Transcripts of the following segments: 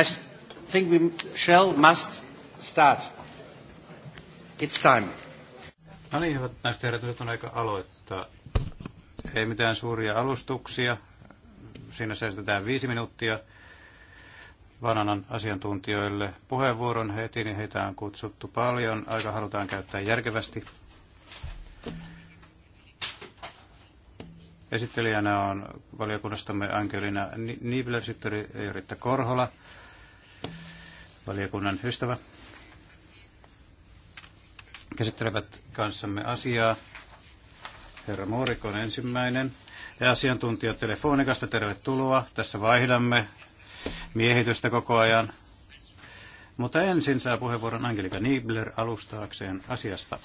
I think we shall, must start. It's time. No niin, hyvät naiset herrat, nyt on aika aloittaa. Ei mitään suuria alustuksia. Siinä säästetään viisi minuuttia. vananan asiantuntijoille puheenvuoron heti, niin heitä on kutsuttu paljon. Aika halutaan käyttää järkevästi. Esittelijänä on valiokunnastamme Angelina Niebler, sitten Jyrittä Korhola, valiokunnan ystävä, käsittelevät kanssamme asiaa. Herra Moorikon ensimmäinen ja asiantuntija Telefonikasta, tervetuloa. Tässä vaihdamme miehitystä koko ajan. Mutta ensin saa puheenvuoron Angelika Niebler alustaakseen asiasta.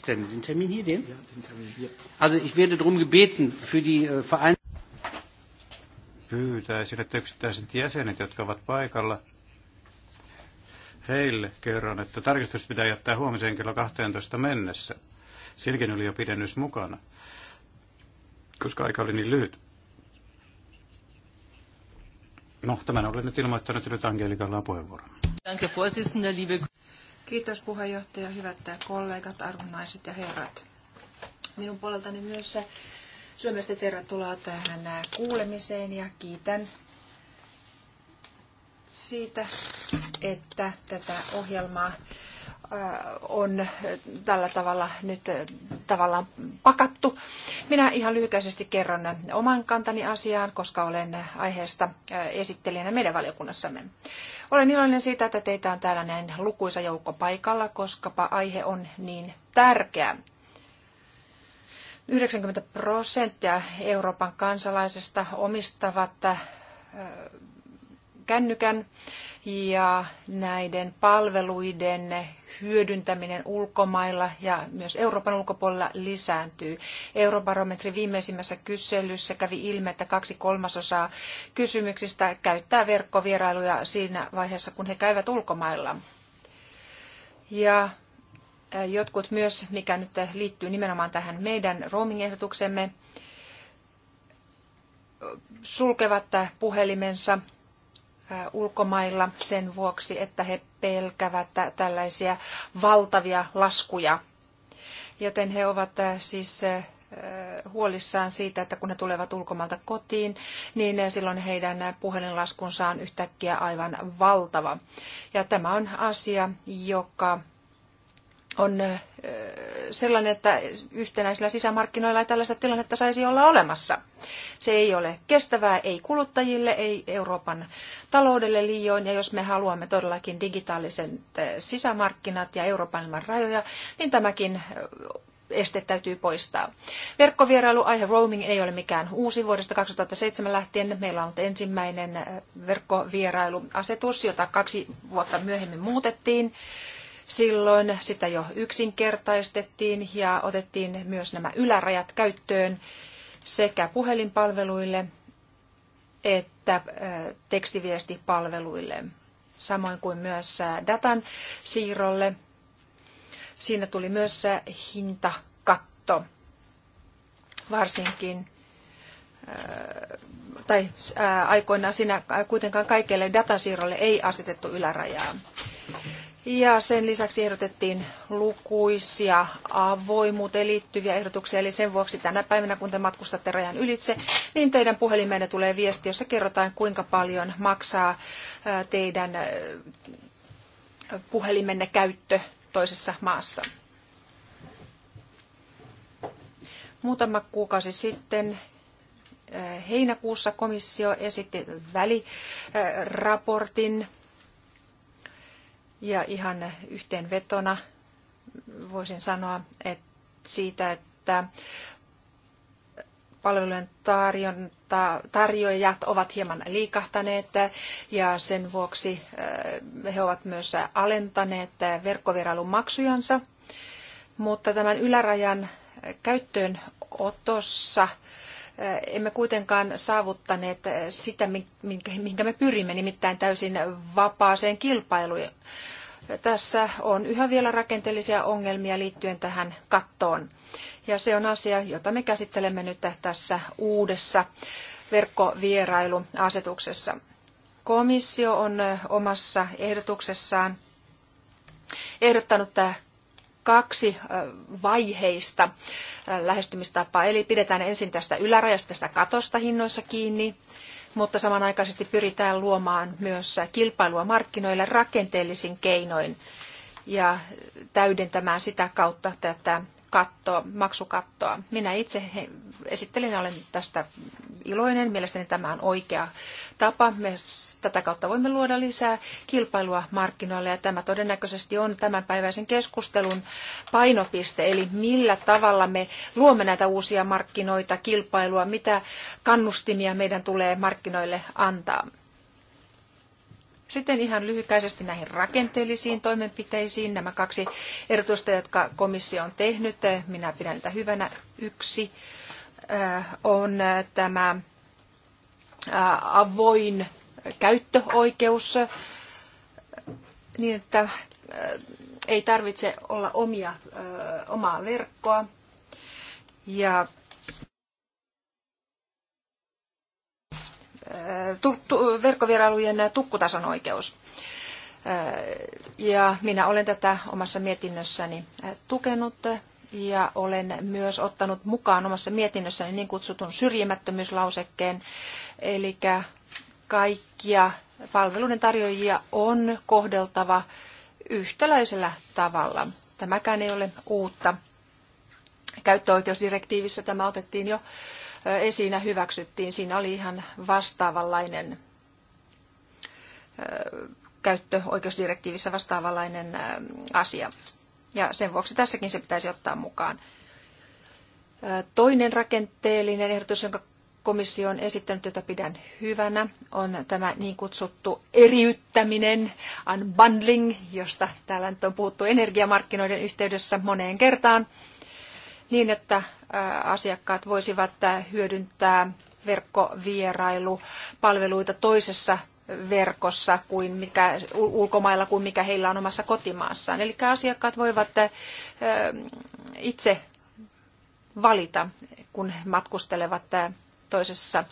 Ist denn den Termin hier den? Ja, den Termin hier. Also ich werde darum gebeten für die äh, Verein Pyytäisin, että yksittäiset jäsenet, jotka ovat paikalla, heille kerron, että tarkistus pitää jättää huomiseen kello 12 mennessä. Silkin oli jo pidennys mukana, koska aika oli niin lyhyt. No, tämän olen nyt ilmoittanut, että nyt Angelikalla on puheenvuoro. Danke, Vorsitzender, liebe Kiitos puheenjohtaja, hyvät kollegat, arvon naiset ja herrat. Minun puoleltani myös Suomesta tervetuloa tähän kuulemiseen ja kiitän siitä, että tätä ohjelmaa on tällä tavalla nyt tavallaan pakattu. Minä ihan lyhykäisesti kerron oman kantani asiaan, koska olen aiheesta esittelijänä meidän valiokunnassamme. Olen iloinen siitä, että teitä on täällä näin lukuisa joukko paikalla, koskapa aihe on niin tärkeä. 90 prosenttia Euroopan kansalaisista omistavat kännykän ja näiden palveluiden hyödyntäminen ulkomailla ja myös Euroopan ulkopuolella lisääntyy. Eurobarometrin viimeisimmässä kyselyssä kävi ilmi, että kaksi kolmasosaa kysymyksistä käyttää verkkovierailuja siinä vaiheessa, kun he käyvät ulkomailla. Ja jotkut myös, mikä nyt liittyy nimenomaan tähän meidän roaming-ehdotuksemme, sulkevat puhelimensa ulkomailla sen vuoksi, että he pelkävät tällaisia valtavia laskuja. Joten he ovat siis huolissaan siitä, että kun he tulevat ulkomailta kotiin, niin silloin heidän puhelinlaskunsa on yhtäkkiä aivan valtava. Ja tämä on asia, joka on sellainen, että yhtenäisillä sisämarkkinoilla ei tällaista tilannetta saisi olla olemassa. Se ei ole kestävää, ei kuluttajille, ei Euroopan taloudelle liioin. Ja jos me haluamme todellakin digitaaliset sisämarkkinat ja Euroopan ilman rajoja, niin tämäkin este täytyy poistaa. Verkkovierailu aihe roaming ei ole mikään uusi. Vuodesta 2007 lähtien meillä on ensimmäinen verkkovierailuasetus, jota kaksi vuotta myöhemmin muutettiin Silloin sitä jo yksinkertaistettiin ja otettiin myös nämä ylärajat käyttöön sekä puhelinpalveluille että äh, tekstiviestipalveluille, samoin kuin myös äh, datan siirrolle. Siinä tuli myös äh, hintakatto, varsinkin tai aikoinaan siinä kuitenkaan kaikille datasiirrolle ei asetettu ylärajaa. Ja sen lisäksi ehdotettiin lukuisia avoimuuteen liittyviä ehdotuksia, eli sen vuoksi tänä päivänä, kun te matkustatte rajan ylitse, niin teidän puhelimeenne tulee viesti, jossa kerrotaan, kuinka paljon maksaa teidän puhelimenne käyttö toisessa maassa. Muutama kuukausi sitten heinäkuussa komissio esitti väliraportin ja ihan yhteenvetona voisin sanoa että siitä, että palvelujen tarjonta, tarjoajat ovat hieman liikahtaneet ja sen vuoksi eh, he ovat myös alentaneet verkkovierailun maksujansa. Mutta tämän ylärajan käyttöönotossa ottossa emme kuitenkaan saavuttaneet sitä, minkä me pyrimme, nimittäin täysin vapaaseen kilpailuun. Tässä on yhä vielä rakenteellisia ongelmia liittyen tähän kattoon. Ja se on asia, jota me käsittelemme nyt tässä uudessa verkkovierailuasetuksessa. Komissio on omassa ehdotuksessaan ehdottanut kaksi vaiheista lähestymistapaa. Eli pidetään ensin tästä ylärajasta, tästä katosta hinnoissa kiinni, mutta samanaikaisesti pyritään luomaan myös kilpailua markkinoille rakenteellisin keinoin ja täydentämään sitä kautta tätä kattoa, maksukattoa. Minä itse esittelin olen tästä iloinen. Mielestäni tämä on oikea tapa. Me tätä kautta voimme luoda lisää kilpailua markkinoille ja tämä todennäköisesti on tämän päiväisen keskustelun painopiste, eli millä tavalla me luomme näitä uusia markkinoita, kilpailua, mitä kannustimia meidän tulee markkinoille antaa. Sitten ihan lyhykäisesti näihin rakenteellisiin toimenpiteisiin. Nämä kaksi erotusta, jotka komissio on tehnyt, eh, minä pidän niitä hyvänä. Yksi eh, on eh, tämä avoin käyttöoikeus, niin että ei tarvitse olla omia, omaa verkkoa. Ja verkkovierailujen tukkutason oikeus. Ja minä olen tätä omassa mietinnössäni tukenut ja olen myös ottanut mukaan omassa mietinnössäni niin kutsutun syrjimättömyyslausekkeen, eli kaikkia palveluiden tarjoajia on kohdeltava yhtäläisellä tavalla. Tämäkään ei ole uutta. Käyttöoikeusdirektiivissä tämä otettiin jo ei siinä hyväksyttiin. Siinä oli ihan vastaavanlainen oikeusdirektiivissä vastaavanlainen asia. Ja sen vuoksi tässäkin se pitäisi ottaa mukaan. Toinen rakenteellinen ehdotus, jonka komissio on esittänyt, jota pidän hyvänä, on tämä niin kutsuttu eriyttäminen, unbundling, josta täällä nyt on puhuttu energiamarkkinoiden yhteydessä moneen kertaan, niin että asiakkaat voisivat äh, hyödyntää verkkovierailupalveluita toisessa verkossa kuin mikä, ulkomailla kuin mikä heillä on omassa kotimaassaan. Eli asiakkaat voivat äh, itse valita, kun matkustelevat äh, toisessa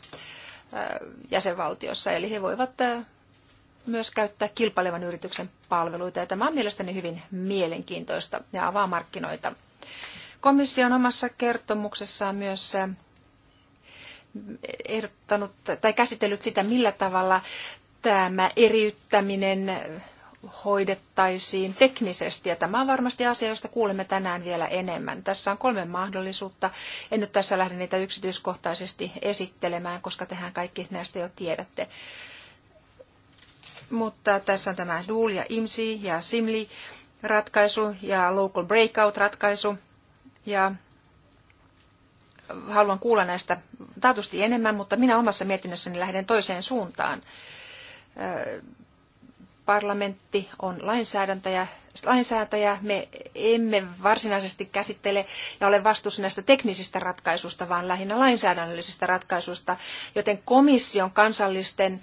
jäsenvaltiossa. Eli he voivat myös käyttää kilpailevan yrityksen palveluita. Ja tämä on mielestäni hyvin mielenkiintoista ja avaa markkinoita. Komission omassa kertomuksessaan myös eh, ehdottanut tai käsitellyt sitä, millä tavalla tämä eriyttäminen hoidettaisiin teknisesti. Ja tämä on varmasti asia, josta kuulemme tänään vielä enemmän. Tässä on kolme mahdollisuutta. En nyt tässä lähde niitä yksityiskohtaisesti esittelemään, koska tehän kaikki näistä jo tiedätte. Mutta tässä on tämä Dual ja IMSI ja SIMLI ratkaisu ja Local Breakout ratkaisu. Ja haluan kuulla näistä taatusti enemmän, mutta minä omassa mietinnössäni lähden toiseen suuntaan. Parlamentti on lainsäädäntäjä, lainsäätäjä. Me emme varsinaisesti käsittele ja ole vastuussa näistä teknisistä ratkaisuista, vaan lähinnä lainsäädännöllisistä ratkaisuista, joten komission kansallisten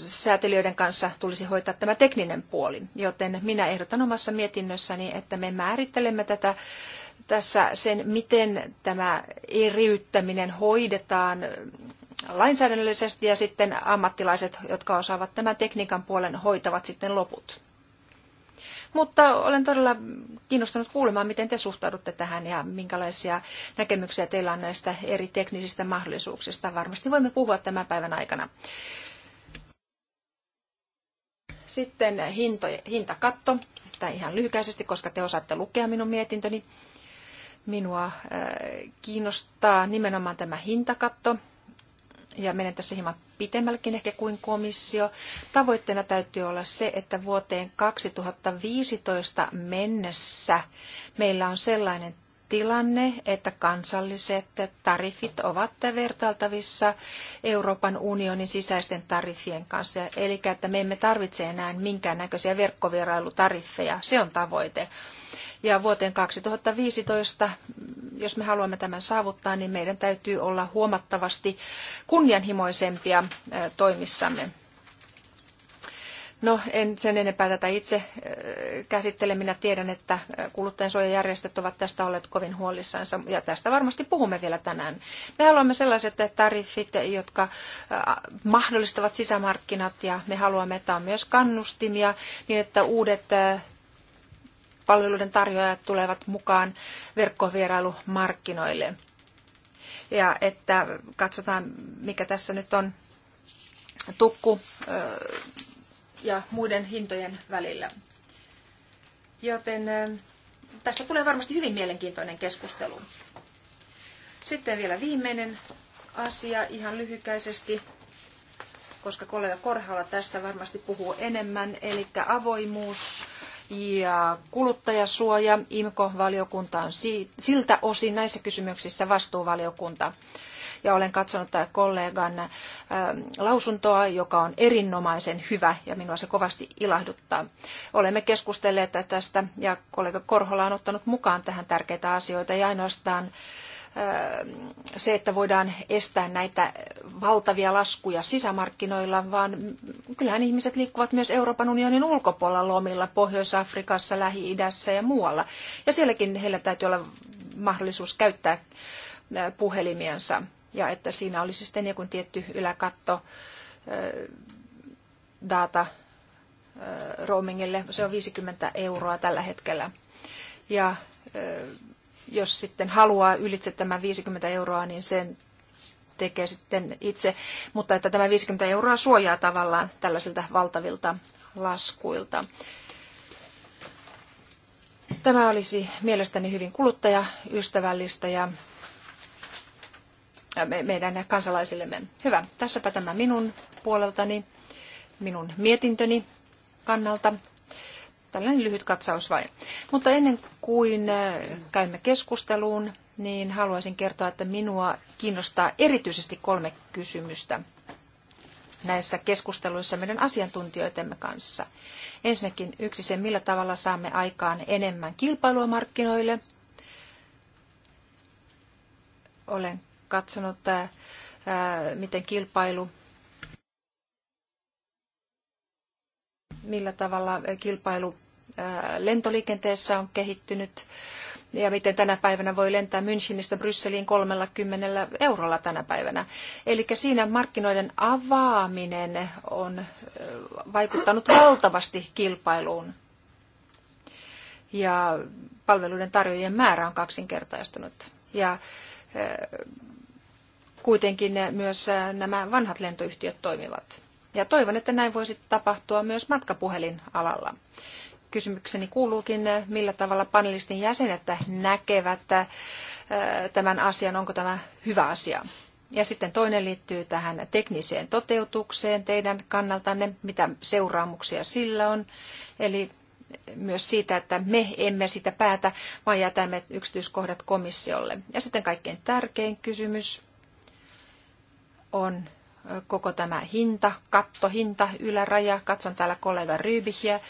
säätelijöiden kanssa tulisi hoitaa tämä tekninen puoli. Joten minä ehdotan omassa mietinnössäni, että me määrittelemme tätä tässä sen, miten tämä eriyttäminen hoidetaan lainsäädännöllisesti ja sitten ammattilaiset, jotka osaavat tämän tekniikan puolen, hoitavat sitten loput. Mutta olen todella kiinnostunut kuulemaan, miten te suhtaudutte tähän ja minkälaisia näkemyksiä teillä on näistä eri teknisistä mahdollisuuksista. Varmasti voimme puhua tämän päivän aikana. Sitten hinto, hintakatto, tai ihan lyhykäisesti, koska te osaatte lukea minun mietintöni. Minua äh, kiinnostaa nimenomaan tämä hintakatto, ja menen tässä hieman pitemmällekin ehkä kuin komissio. Tavoitteena täytyy olla se, että vuoteen 2015 mennessä meillä on sellainen tilanne, että kansalliset tariffit ovat vertailtavissa Euroopan unionin sisäisten tariffien kanssa. Eli että me emme tarvitse enää minkäännäköisiä verkkovierailutariffeja. Se on tavoite. Ja vuoteen 2015, jos me haluamme tämän saavuttaa, niin meidän täytyy olla huomattavasti kunnianhimoisempia toimissamme. No, en sen enempää tätä itse äh, käsittele. Minä tiedän, että äh, kuluttajansuojajärjestöt ovat tästä olleet kovin huolissaan ja tästä varmasti puhumme vielä tänään. Me haluamme sellaiset äh, tariffit, jotka mahdollistavat sisämarkkinat ja me haluamme, että on myös kannustimia niin, että uudet palveluiden tarjoajat tulevat mukaan verkkovierailumarkkinoille. Ja että katsotaan, mikä tässä nyt on tukku ja muiden hintojen välillä. Joten tästä tulee varmasti hyvin mielenkiintoinen keskustelu. Sitten vielä viimeinen asia ihan lyhykäisesti, koska kollega Korhalla tästä varmasti puhuu enemmän, eli avoimuus ja kuluttajasuoja. IMKO-valiokunta on siltä osin näissä kysymyksissä vastuuvaliokunta ja olen katsonut kollegan ähm, lausuntoa, joka on erinomaisen hyvä ja minua se kovasti ilahduttaa. Olemme keskustelleet tästä ja kollega Korhola on ottanut mukaan tähän tärkeitä asioita ja ainoastaan ähm, se, että voidaan estää näitä valtavia laskuja sisämarkkinoilla, vaan kyllähän ihmiset liikkuvat myös Euroopan unionin ulkopuolella lomilla, Pohjois-Afrikassa, Lähi-idässä ja muualla. Ja sielläkin heillä täytyy olla mahdollisuus käyttää äh, puhelimiansa ja että siinä olisi sitten joku tietty yläkatto data roamingille. Se on 50 euroa tällä hetkellä. Ja jos sitten haluaa ylitse tämän 50 euroa, niin sen tekee sitten itse. Mutta että tämä 50 euroa suojaa tavallaan tällaisilta valtavilta laskuilta. Tämä olisi mielestäni hyvin kuluttajaystävällistä ja meidän kansalaisillemme. Hyvä, tässäpä tämä minun puoleltani, minun mietintöni kannalta. Tällainen lyhyt katsaus vain. Mutta ennen kuin käymme keskusteluun, niin haluaisin kertoa, että minua kiinnostaa erityisesti kolme kysymystä näissä keskusteluissa meidän asiantuntijoitemme kanssa. Ensinnäkin yksi se, millä tavalla saamme aikaan enemmän kilpailua markkinoille. Olen katsonut, miten kilpailu, millä tavalla kilpailu lentoliikenteessä on kehittynyt ja miten tänä päivänä voi lentää Münchenistä Brysseliin 30 eurolla tänä päivänä. Eli siinä markkinoiden avaaminen on vaikuttanut valtavasti kilpailuun. Ja palveluiden tarjoajien määrä on kaksinkertaistunut. Ja kuitenkin myös äh, nämä vanhat lentoyhtiöt toimivat. Ja toivon, että näin voisi tapahtua myös matkapuhelinalalla. Kysymykseni kuuluukin, millä tavalla panelistin jäsenet näkevät äh, tämän asian, onko tämä hyvä asia. Ja sitten toinen liittyy tähän tekniseen toteutukseen teidän kannaltanne, mitä seuraamuksia sillä on. Eli myös siitä, että me emme sitä päätä, vaan jätämme yksityiskohdat komissiolle. Ja sitten kaikkein tärkein kysymys, on koko tämä hinta, katto, hinta, yläraja. Katson täällä kollega Rybichia,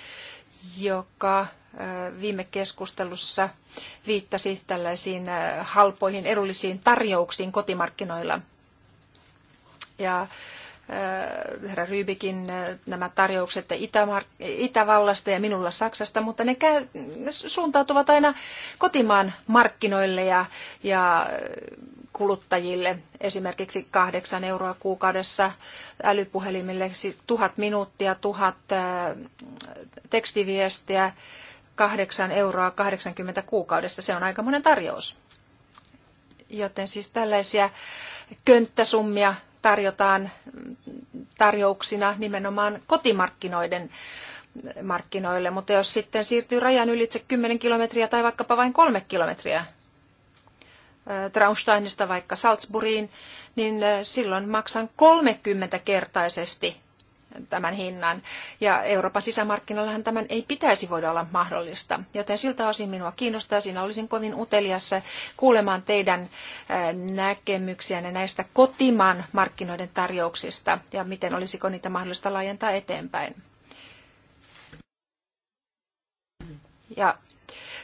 joka viime keskustelussa viittasi tällaisiin halpoihin edullisiin tarjouksiin kotimarkkinoilla. Ja herra Rybikin nämä tarjoukset Itämar- Itävallasta ja minulla Saksasta, mutta ne, käy, ne suuntautuvat aina kotimaan markkinoille ja, ja kuluttajille, esimerkiksi kahdeksan euroa kuukaudessa älypuhelimille, siis tuhat minuuttia, tuhat tekstiviestiä, kahdeksan euroa 80 kuukaudessa. Se on aika monen tarjous. Joten siis tällaisia könttäsummia tarjotaan tarjouksina nimenomaan kotimarkkinoiden markkinoille, mutta jos sitten siirtyy rajan ylitse 10 kilometriä tai vaikkapa vain kolme kilometriä, Traunsteinista vaikka Salzburgiin, niin silloin maksan 30-kertaisesti tämän hinnan. Ja Euroopan sisämarkkinoillahan tämän ei pitäisi voida olla mahdollista. Joten siltä osin minua kiinnostaa, siinä olisin kovin uteliassa kuulemaan teidän näkemyksiänne näistä kotimaan markkinoiden tarjouksista ja miten olisiko niitä mahdollista laajentaa eteenpäin. Ja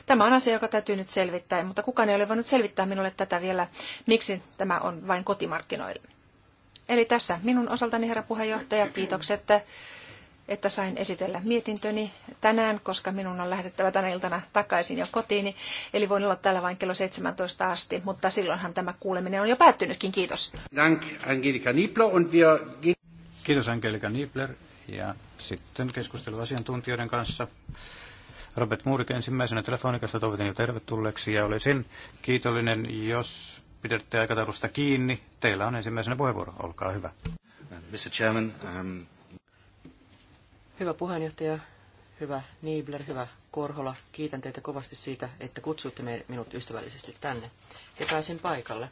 Tämä on asia, joka täytyy nyt selvittää, mutta kukaan ei ole voinut selvittää minulle tätä vielä, miksi tämä on vain kotimarkkinoilla. Eli tässä minun osaltani, herra puheenjohtaja, kiitokset, että, että sain esitellä mietintöni tänään, koska minun on lähdettävä tänä iltana takaisin jo kotiini. Eli voin olla täällä vain kello 17 asti, mutta silloinhan tämä kuuleminen on jo päättynytkin. Kiitos. Dank, Angelika und wir... Kiitos Angelika Niebler ja sitten keskustelu asiantuntijoiden kanssa. Robert Muurik ensimmäisenä telefonikasta toivotin jo tervetulleeksi ja olisin kiitollinen, jos pidätte aikataulusta kiinni. Teillä on ensimmäisenä puheenvuoro. Olkaa hyvä. Mr. Chairman, um... Hyvä puheenjohtaja, hyvä Niibler, hyvä Korhola. Kiitän teitä kovasti siitä, että kutsuitte minut ystävällisesti tänne ja pääsin paikalle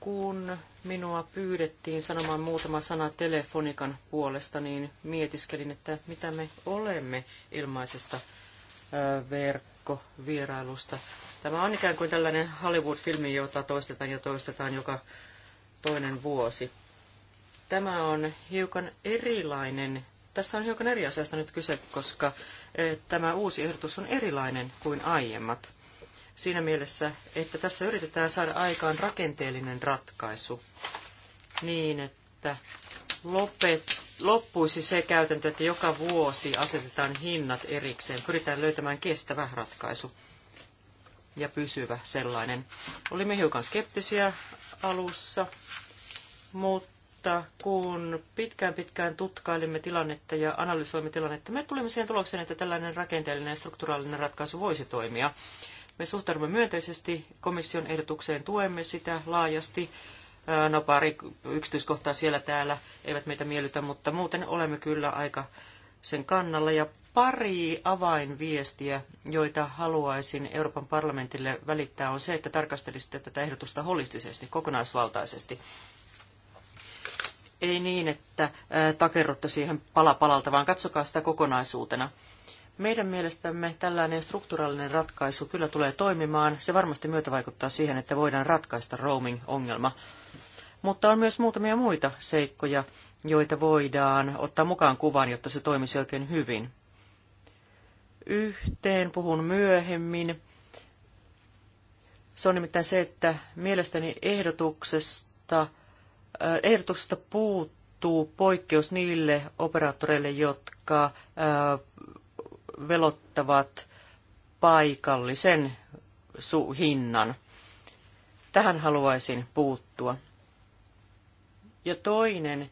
kun minua pyydettiin sanomaan muutama sana telefonikan puolesta, niin mietiskelin, että mitä me olemme ilmaisesta verkkovierailusta. Tämä on ikään kuin tällainen Hollywood-filmi, jota toistetaan ja toistetaan joka toinen vuosi. Tämä on hiukan erilainen, tässä on hiukan eri asiasta nyt kyse, koska tämä uusi ehdotus on erilainen kuin aiemmat siinä mielessä, että tässä yritetään saada aikaan rakenteellinen ratkaisu niin, että lopet, loppuisi se käytäntö, että joka vuosi asetetaan hinnat erikseen. Pyritään löytämään kestävä ratkaisu ja pysyvä sellainen. Olimme hiukan skeptisiä alussa, mutta kun pitkään pitkään tutkailimme tilannetta ja analysoimme tilannetta, me tulimme siihen tulokseen, että tällainen rakenteellinen ja strukturaalinen ratkaisu voisi toimia. Me suhtaudumme myönteisesti komission ehdotukseen, tuemme sitä laajasti. No pari yksityiskohtaa siellä täällä eivät meitä miellytä, mutta muuten olemme kyllä aika sen kannalla. Ja pari avainviestiä, joita haluaisin Euroopan parlamentille välittää, on se, että tarkastelisitte tätä ehdotusta holistisesti, kokonaisvaltaisesti. Ei niin, että takerrutte siihen pala palalta, vaan katsokaa sitä kokonaisuutena. Meidän mielestämme tällainen strukturaalinen ratkaisu kyllä tulee toimimaan. Se varmasti myötävaikuttaa siihen, että voidaan ratkaista roaming-ongelma. Mutta on myös muutamia muita seikkoja, joita voidaan ottaa mukaan kuvaan, jotta se toimisi oikein hyvin. Yhteen puhun myöhemmin. Se on nimittäin se, että mielestäni ehdotuksesta, äh, ehdotuksesta puuttuu poikkeus niille operaattoreille, jotka äh, velottavat paikallisen su- hinnan. Tähän haluaisin puuttua. Ja toinen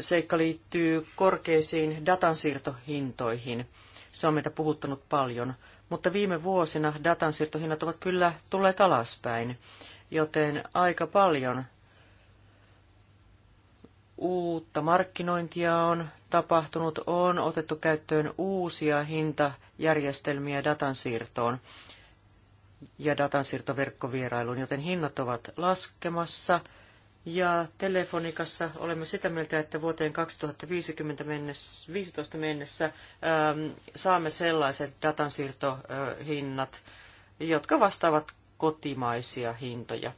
seikka liittyy korkeisiin datansiirtohintoihin. Se on meitä puhuttanut paljon, mutta viime vuosina datansiirtohinnat ovat kyllä tulleet alaspäin, joten aika paljon uutta markkinointia on tapahtunut, on otettu käyttöön uusia hintajärjestelmiä datansiirtoon ja datansiirtoverkkovierailuun, joten hinnat ovat laskemassa. Ja telefonikassa olemme sitä mieltä, että vuoteen 2050 mennessä, 15 mennessä ähm, saamme sellaiset datansiirtohinnat, jotka vastaavat kotimaisia hintoja.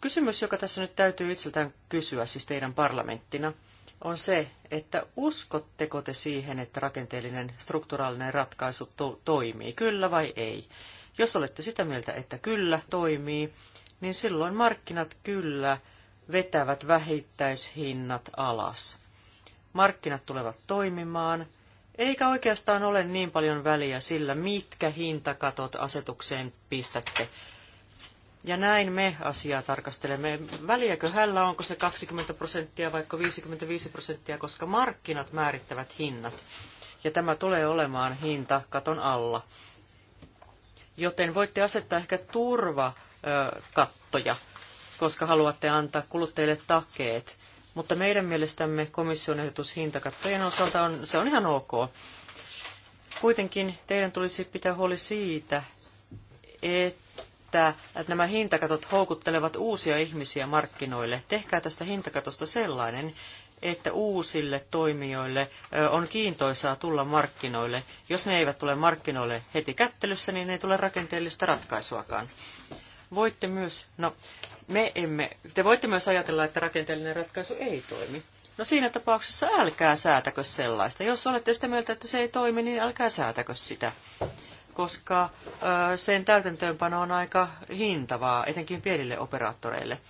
Kysymys, joka tässä nyt täytyy itseltään kysyä, siis teidän parlamenttina, on se, että uskotteko te siihen, että rakenteellinen strukturaalinen ratkaisu to- toimii, kyllä vai ei? Jos olette sitä mieltä, että kyllä toimii, niin silloin markkinat kyllä vetävät vähittäishinnat alas. Markkinat tulevat toimimaan, eikä oikeastaan ole niin paljon väliä sillä, mitkä hintakatot asetukseen pistätte ja näin me asiaa tarkastelemme. Väliäkö hällä onko se 20 prosenttia vaiko 55 prosenttia, koska markkinat määrittävät hinnat. Ja tämä tulee olemaan hinta katon alla. Joten voitte asettaa ehkä turvakattoja, koska haluatte antaa kuluttajille takeet. Mutta meidän mielestämme komission ehdotus hintakattojen osalta on, se on ihan ok. Kuitenkin teidän tulisi pitää huoli siitä, että että nämä hintakatot houkuttelevat uusia ihmisiä markkinoille. Tehkää tästä hintakatosta sellainen, että uusille toimijoille on kiintoisaa tulla markkinoille. Jos ne eivät tule markkinoille heti kättelyssä, niin ei tule rakenteellista ratkaisuakaan. Voitte myös, no, me emme, te voitte myös ajatella, että rakenteellinen ratkaisu ei toimi. No siinä tapauksessa älkää säätäkö sellaista. Jos olette sitä mieltä, että se ei toimi, niin älkää säätäkö sitä koska sen täytäntöönpano on aika hintavaa, etenkin pienille operaattoreille.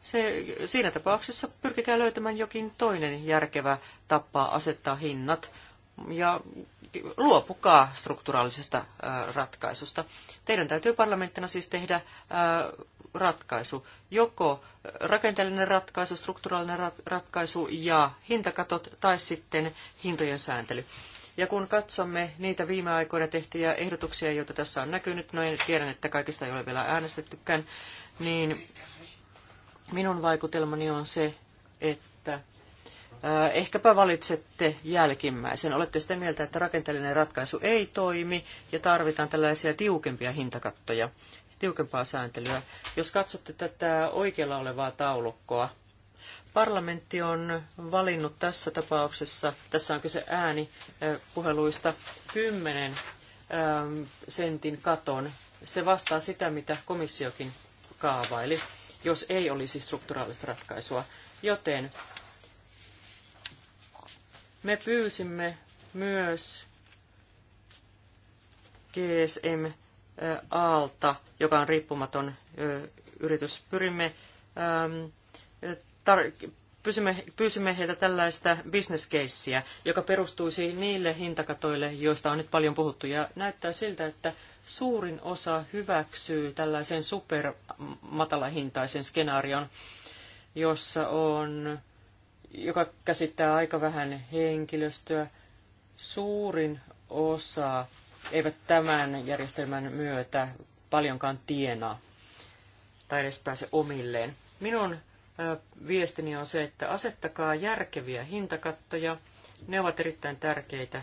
Se, siinä tapauksessa pyrkikää löytämään jokin toinen järkevä tapa asettaa hinnat ja luopukaa strukturaalisesta ratkaisusta. Teidän täytyy parlamenttina siis tehdä ratkaisu, joko rakenteellinen ratkaisu, strukturaalinen ratkaisu ja hintakatot tai sitten hintojen sääntely. Ja kun katsomme niitä viime aikoina tehtyjä ehdotuksia, joita tässä on näkynyt, no en tiedän, että kaikista ei ole vielä äänestettykään, niin minun vaikutelmani on se, että äh, ehkäpä valitsette jälkimmäisen. Olette sitä mieltä, että rakenteellinen ratkaisu ei toimi ja tarvitaan tällaisia tiukempia hintakattoja, tiukempaa sääntelyä. Jos katsotte tätä oikealla olevaa taulukkoa, Parlamentti on valinnut tässä tapauksessa, tässä on kyse äänipuheluista, 10 sentin katon. Se vastaa sitä, mitä komissiokin kaavaili, jos ei olisi strukturaalista ratkaisua. Joten me pyysimme myös GSM Aalta, joka on riippumaton yritys. Pyrimme tar- pysymme, pyysimme heiltä tällaista bisneskeissiä, joka perustuisi niille hintakatoille, joista on nyt paljon puhuttu. Ja näyttää siltä, että suurin osa hyväksyy tällaisen supermatalahintaisen skenaarion, jossa on, joka käsittää aika vähän henkilöstöä. Suurin osa eivät tämän järjestelmän myötä paljonkaan tienaa tai edes pääse omilleen. Minun viestini on se, että asettakaa järkeviä hintakattoja. Ne ovat erittäin tärkeitä.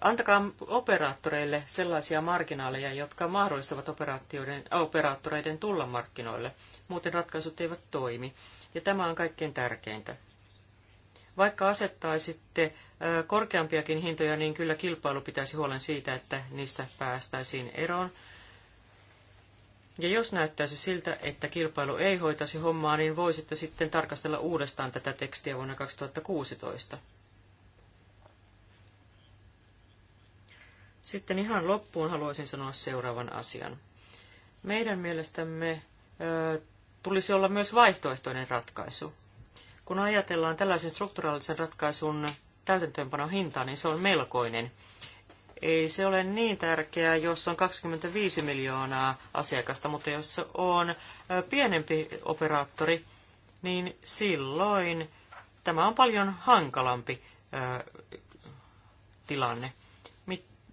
Antakaa operaattoreille sellaisia marginaaleja, jotka mahdollistavat operaattoreiden tulla markkinoille. Muuten ratkaisut eivät toimi. Ja tämä on kaikkein tärkeintä. Vaikka asettaisitte korkeampiakin hintoja, niin kyllä kilpailu pitäisi huolen siitä, että niistä päästäisiin eroon. Ja jos näyttäisi siltä, että kilpailu ei hoitaisi hommaa, niin voisitte sitten tarkastella uudestaan tätä tekstiä vuonna 2016. Sitten ihan loppuun haluaisin sanoa seuraavan asian. Meidän mielestämme ö, tulisi olla myös vaihtoehtoinen ratkaisu. Kun ajatellaan tällaisen strukturaalisen ratkaisun täytäntöönpanohintaa, niin se on melkoinen. Ei se ole niin tärkeää, jos on 25 miljoonaa asiakasta, mutta jos on pienempi operaattori, niin silloin tämä on paljon hankalampi tilanne.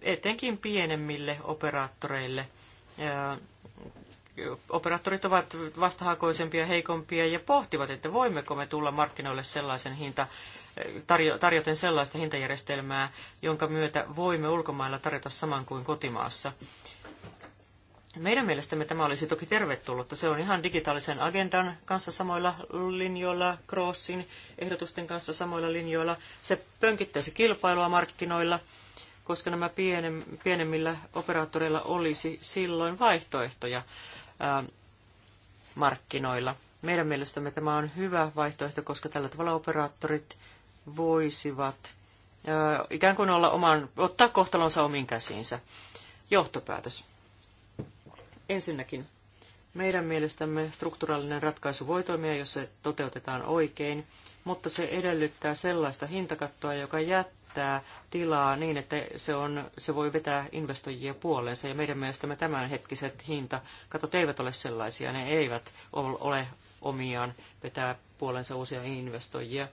Etenkin pienemmille operaattoreille. Operaattorit ovat vastahakoisempia, heikompia ja pohtivat, että voimmeko me tulla markkinoille sellaisen hinta tarjo, tarjoten sellaista hintajärjestelmää, jonka myötä voimme ulkomailla tarjota saman kuin kotimaassa. Meidän mielestämme tämä olisi toki tervetullutta. Se on ihan digitaalisen agendan kanssa samoilla linjoilla, Crossin ehdotusten kanssa samoilla linjoilla. Se pönkittäisi kilpailua markkinoilla, koska nämä pienemmillä operaattoreilla olisi silloin vaihtoehtoja ähm, markkinoilla. Meidän mielestämme tämä on hyvä vaihtoehto, koska tällä tavalla operaattorit voisivat ikään kuin olla oman, ottaa kohtalonsa omiin käsiinsä. Johtopäätös. Ensinnäkin, meidän mielestämme strukturaalinen ratkaisu voi toimia, jos se toteutetaan oikein, mutta se edellyttää sellaista hintakattoa, joka jättää tilaa niin, että se, on, se voi vetää investoijia puoleensa. Ja meidän mielestämme tämänhetkiset hintakatot eivät ole sellaisia, ne eivät ole omiaan vetää puolensa uusia investoijia.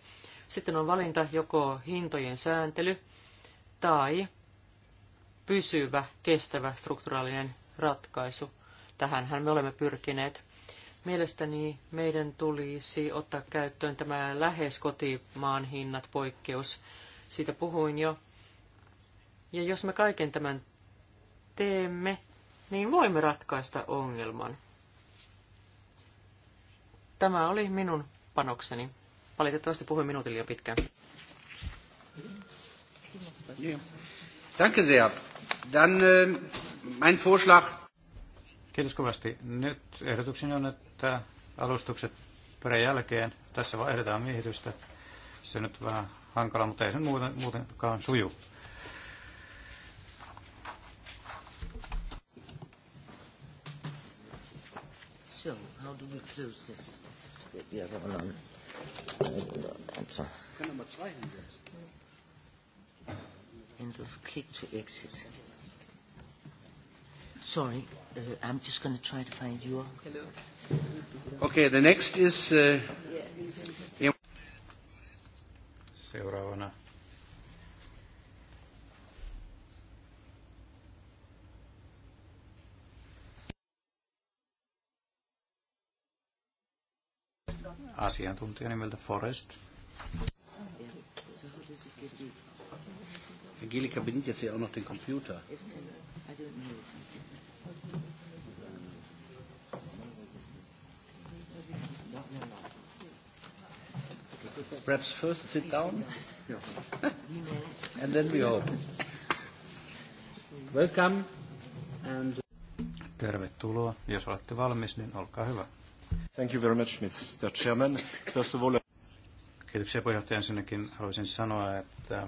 Sitten on valinta joko hintojen sääntely tai pysyvä, kestävä strukturaalinen ratkaisu. Tähänhän me olemme pyrkineet. Mielestäni meidän tulisi ottaa käyttöön tämä lähes kotimaan hinnat poikkeus. Siitä puhuin jo. Ja jos me kaiken tämän teemme, niin voimme ratkaista ongelman. Tämä oli minun panokseni. Valitettavasti puhuin minuutin liian pitkään. Danke sehr. Dann ähm, mein Vorschlag. Kiitos kovasti. Nyt ehdotukseni on, että alustukset perän jälkeen tässä vaihdetaan miehitystä. Se nyt vähän hankala, mutta ei se muuten, muutenkaan suju. So, how do we close this? Get the other one on. End of click to exit. Sorry, uh, I'm just going to try to find you. Hello. Okay, the next is... Uh, Seuraavana asiantuntija nimeltä Forest. Angelika bedient jetzt ja auch noch den Computer. Perhaps first sit down and then we all. Welcome and Tervetuloa. Jos olette valmis, niin olkaa hyvä. Thank you very much, Mr. Chairman. First of all... Uh, Kiitoksia puheenjohtaja. Ensinnäkin haluaisin sanoa, että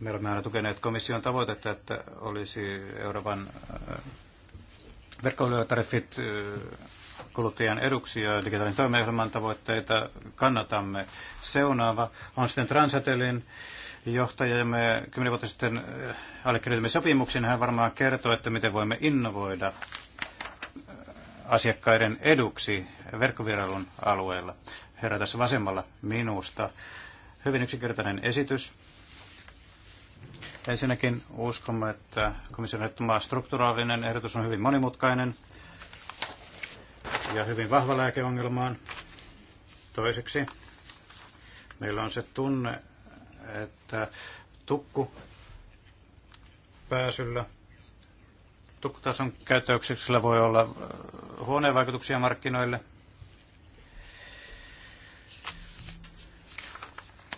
me olemme aina tukeneet komission tavoitetta, että olisi Euroopan äh, verkkoilyötariffit äh, kuluttajan eduksi ja digitaalisen toimeohjelman tavoitteita kannatamme. Seuraava on sitten Transatelin johtaja ja me kymmenen vuotta sitten äh, allekirjoitimme sopimuksen. Hän varmaan kertoo, että miten voimme innovoida asiakkaiden eduksi verkkovierailun alueella. Herra tässä vasemmalla minusta. Hyvin yksinkertainen esitys. Ensinnäkin uskomme, että komission ehdottoma strukturaalinen ehdotus on hyvin monimutkainen ja hyvin vahva lääkeongelmaan. Toiseksi meillä on se tunne, että tukku pääsyllä tukutason käyttäyksellä voi olla äh, huoneen vaikutuksia markkinoille.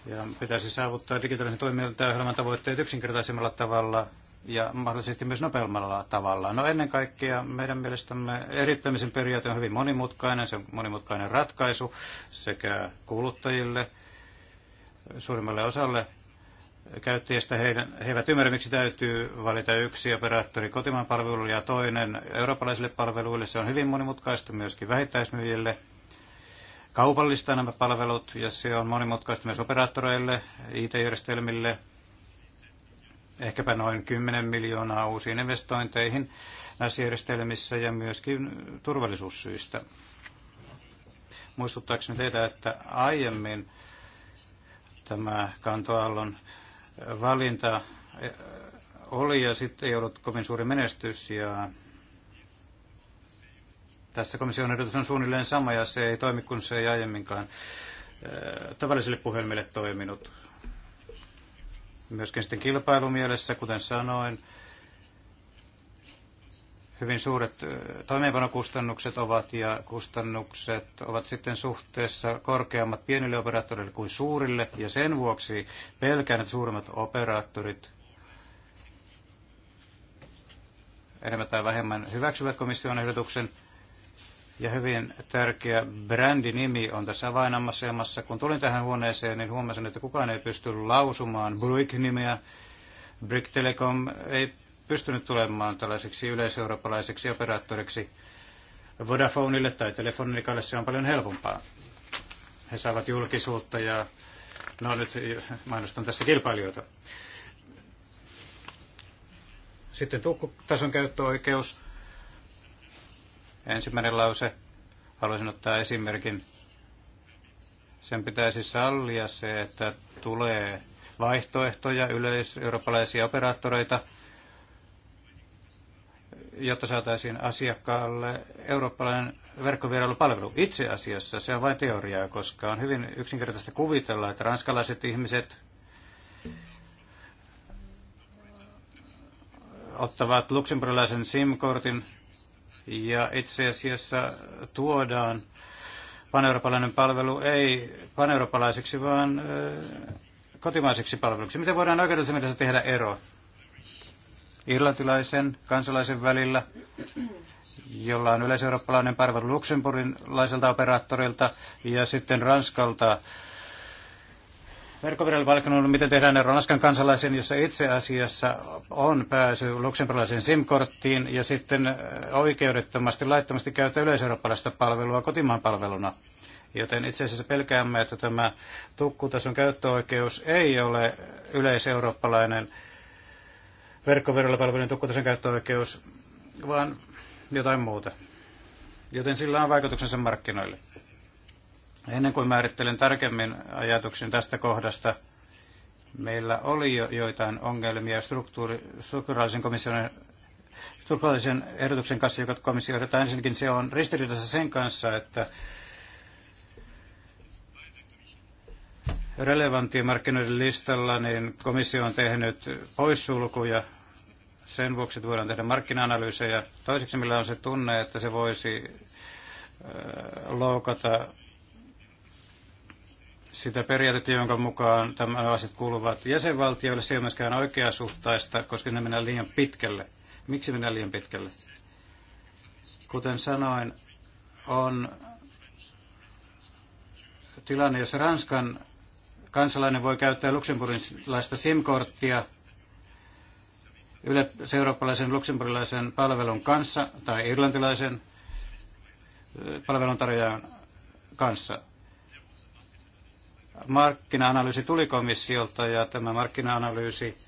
Ja pitäisi saavuttaa digitaalisen ohjelman tavoitteet yksinkertaisemmalla tavalla ja mahdollisesti myös nopeammalla tavalla. No ennen kaikkea meidän mielestämme erittämisen periaate on hyvin monimutkainen, se on monimutkainen ratkaisu sekä kuluttajille, suurimmalle osalle käyttäjistä heidän, he eivät ymmärrä, miksi täytyy valita yksi operaattori kotimaan palveluille ja toinen eurooppalaisille palveluille. Se on hyvin monimutkaista myöskin vähittäismyyjille Kaupallista nämä palvelut ja se on monimutkaista myös operaattoreille, IT-järjestelmille, ehkäpä noin 10 miljoonaa uusiin investointeihin näissä järjestelmissä ja myöskin turvallisuussyistä. Muistuttaakseni teitä, että aiemmin tämä kantoallon valinta oli ja sitten ei ollut kovin suuri menestys ja tässä komission ehdotus on suunnilleen sama ja se ei toimi kuin se ei aiemminkaan tavallisille puhelimille toiminut. Myöskin sitten kilpailumielessä, kuten sanoin, hyvin suuret toimeenpanokustannukset ovat ja kustannukset ovat sitten suhteessa korkeammat pienille operaattoreille kuin suurille ja sen vuoksi pelkään, että suuremmat operaattorit enemmän tai vähemmän hyväksyvät komission ehdotuksen. Ja hyvin tärkeä brändinimi on tässä avainasemassa. Kun tulin tähän huoneeseen, niin huomasin, että kukaan ei pysty lausumaan Brick-nimeä. Brick Telecom ei pystynyt tulemaan tällaiseksi yleiseurooppalaiseksi operaattoriksi. Vodafoneille tai Telefonikalle se on paljon helpompaa. He saavat julkisuutta ja no nyt mainostan tässä kilpailijoita. Sitten tukkutason käyttöoikeus. Ensimmäinen lause. Haluaisin ottaa esimerkin. Sen pitäisi sallia se, että tulee vaihtoehtoja yleiseurooppalaisia operaattoreita – jotta saataisiin asiakkaalle eurooppalainen verkkovierailupalvelu. Itse asiassa se on vain teoriaa, koska on hyvin yksinkertaista kuvitella, että ranskalaiset ihmiset ottavat luksemburilaisen SIM-kortin ja itse asiassa tuodaan paneuroopalainen palvelu ei paneuroopalaiseksi, vaan kotimaiseksi palveluksi. Miten voidaan oikeudellisessa mielessä tehdä ero? irlantilaisen kansalaisen välillä, jolla on yleiseurooppalainen palvelu Luxemburgilaiselta operaattorilta ja sitten Ranskalta verkkovirallivalkannut, miten tehdään Ranskan kansalaisen, jossa itse asiassa on pääsy luksemburgilaisen SIM-korttiin ja sitten äh, oikeudettomasti, laittomasti käytä yleiseurooppalaista palvelua kotimaan palveluna. Joten itse asiassa pelkäämme, että tämä tukkutason käyttöoikeus ei ole yleiseurooppalainen eurooppalainen verkkoverolla palvelujen tukkotason käyttöoikeus, vaan jotain muuta. Joten sillä on vaikutuksensa markkinoille. Ennen kuin määrittelen tarkemmin ajatuksen tästä kohdasta, meillä oli jo joitain ongelmia strukturaalisen komission strukturaalisen ehdotuksen kanssa, joka komissio Ensinnäkin se on ristiriidassa sen kanssa, että relevanttien markkinoiden listalla, niin komissio on tehnyt poissulkuja. Sen vuoksi että voidaan tehdä markkina-analyysejä. Toiseksi millä on se tunne, että se voisi äh, loukata sitä periaatetta, jonka mukaan tämä asiat kuuluvat jäsenvaltioille. Se ei ole myöskään oikeasuhtaista, koska ne mennään liian pitkälle. Miksi mennään liian pitkälle? Kuten sanoin, on tilanne, jossa Ranskan kansalainen voi käyttää luksemburilaista SIM-korttia yle, eurooppalaisen palvelun kanssa tai irlantilaisen palveluntarjoajan kanssa. Markkina-analyysi tuli komissiolta ja tämä markkina-analyysi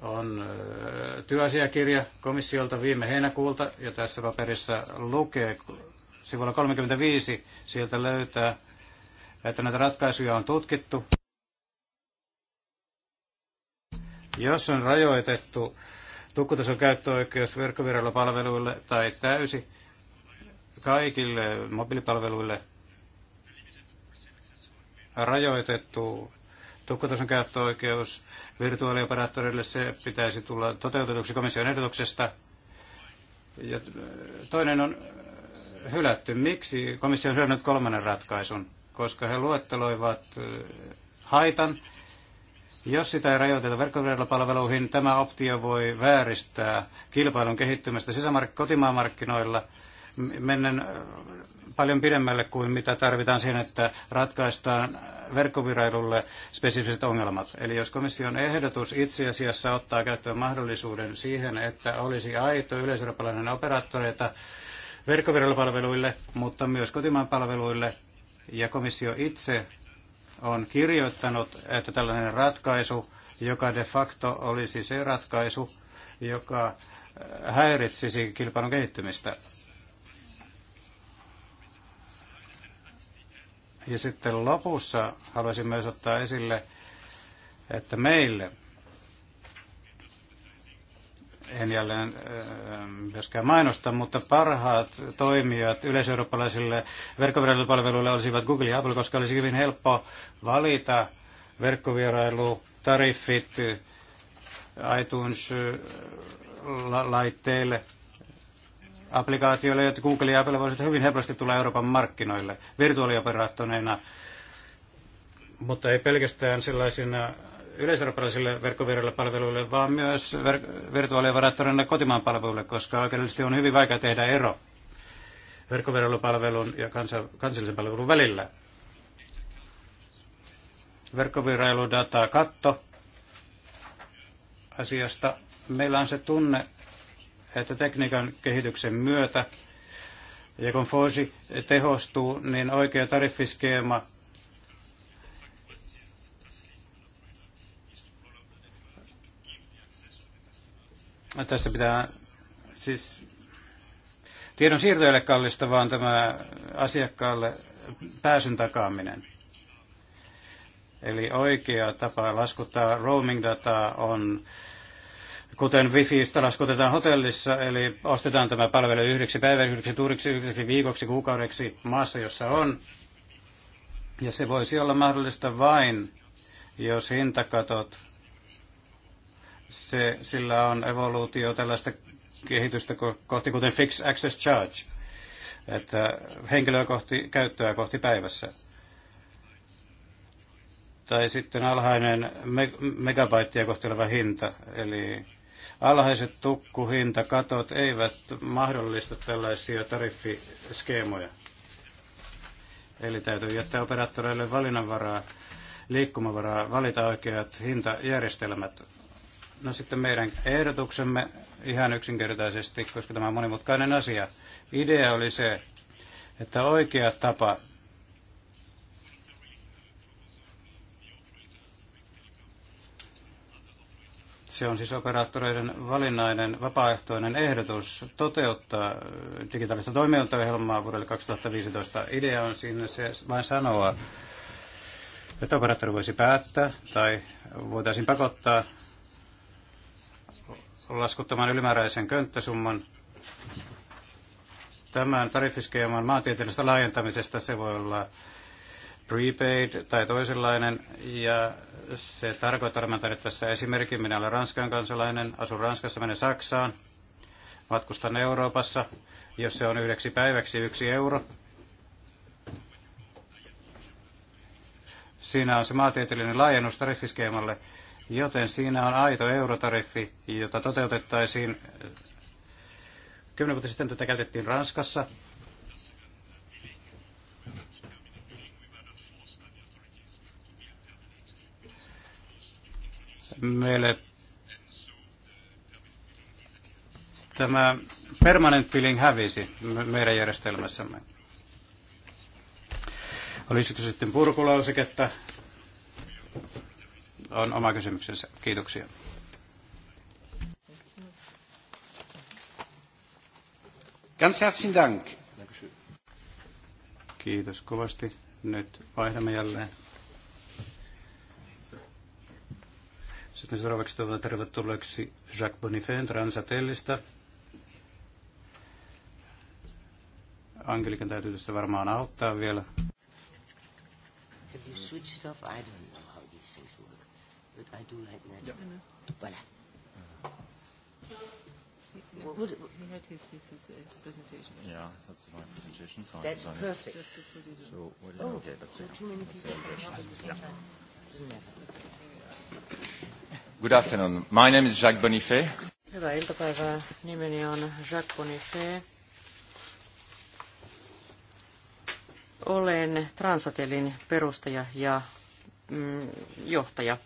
on työasiakirja komissiolta viime heinäkuulta ja tässä paperissa lukee sivulla 35 sieltä löytää että näitä ratkaisuja on tutkittu. Jos on rajoitettu tukkutason käyttöoikeus verkkoviralopalveluille tai täysi kaikille mobiilipalveluille rajoitettu tukkutason käyttöoikeus virtuaalioperaattorille, se pitäisi tulla toteutetuksi komission ehdotuksesta. Ja toinen on hylätty. Miksi komissio on hylännyt kolmannen ratkaisun? koska he luetteloivat haitan. Jos sitä ei rajoiteta verkkoverkkopalveluihin, tämä optio voi vääristää kilpailun kehittymistä sisämark- kotimaanmarkkinoilla mennään paljon pidemmälle kuin mitä tarvitaan siihen, että ratkaistaan verkkovirailulle spesifiset ongelmat. Eli jos komission ehdotus itse asiassa ottaa käyttöön mahdollisuuden siihen, että olisi aito yleiseurooppalainen operaattoreita verkkoviralupalveluille, mutta myös kotimaan palveluille, ja komissio itse on kirjoittanut, että tällainen ratkaisu, joka de facto olisi se ratkaisu, joka äh, häiritsisi kilpailun kehittymistä. Ja sitten lopussa haluaisin myös ottaa esille, että meille – en jälleen äh, myöskään mainosta, mutta parhaat toimijat yleiseurooppalaisille verkkovierailupalveluille olisivat Google ja Apple, koska olisi hyvin helppo valita verkkovierailutariffit iTunes-laitteille, applikaatioille, joita Google ja Apple voisivat hyvin helposti tulla Euroopan markkinoille virtuaalioperaattoreina, mutta ei pelkästään sellaisina yleiseurooppalaisille verkkovirjoille palveluille, vaan myös ver- virtuaalivaraattorina kotimaan palveluille, koska oikeudellisesti on hyvin vaikea tehdä ero palvelun ja kansa- kansallisen palvelun välillä. Verkkovirjailudataa katto asiasta. Meillä on se tunne, että tekniikan kehityksen myötä ja kun Forge tehostuu, niin oikea tariffiskeema Tässä pitää siis tiedon siirtoille kallista, vaan tämä asiakkaalle pääsyn takaaminen. Eli oikea tapa laskuttaa roaming-dataa on, kuten wifiistä laskutetaan hotellissa, eli ostetaan tämä palvelu yhdeksi päivän, yhdeksi tuuriksi, yhdeksi viikoksi, kuukaudeksi maassa, jossa on. Ja se voisi olla mahdollista vain, jos hintakatot se, sillä on evoluutio tällaista kehitystä kohti, kuten Fixed Access Charge, että henkilöä kohti, käyttöä kohti päivässä. Tai sitten alhainen megabaittia kohti oleva hinta, eli alhaiset tukkuhintakatot eivät mahdollista tällaisia tariffiskeemoja. Eli täytyy jättää operaattoreille valinnanvaraa, liikkumavaraa, valita oikeat hintajärjestelmät No sitten meidän ehdotuksemme ihan yksinkertaisesti, koska tämä on monimutkainen asia. Idea oli se, että oikea tapa Se on siis operaattoreiden valinnainen vapaaehtoinen ehdotus toteuttaa digitaalista toimintaohjelmaa vuodelle 2015. Idea on siinä se vain sanoa, että operaattori voisi päättää tai voitaisiin pakottaa laskuttamaan ylimääräisen könttäsumman. Tämän tariffiskeeman maantieteellisestä laajentamisesta se voi olla prepaid tai toisenlainen, ja se tarkoittaa, että mä tässä esimerkin, minä olen Ranskan kansalainen, asun Ranskassa, menen Saksaan, matkustan Euroopassa, jos se on yhdeksi päiväksi yksi euro. Siinä on se maatieteellinen laajennus tariffiskeemalle. Joten siinä on aito eurotariffi, jota toteutettaisiin. Kymmenen vuotta sitten tätä käytettiin Ranskassa. Meille tämä permanent billing hävisi meidän järjestelmässämme. Olisiko sitten purkulauseketta on oma kysymyksensä. Kiitoksia. Ganz herzlichen Dank. Kiitos kovasti. Nyt vaihdamme jälleen. Sitten seuraavaksi tuota tervetulleeksi Jacques Bonifén Transatellista. Angelikan täytyy tässä varmaan auttaa vielä. Have you switched it off? I don't know. I do Voilà. Would, he had his, his, his presentation. Yeah, that's my presentation. So that's perfect. Just to put it so, what is oh, okay, that's it. too many people the same Good afternoon. My name is Jacques Bonifay. Hyvää iltapäivää. Nimeni on Jacques Bonifay. Olen Transatelin perustaja ja Mm, johtaja.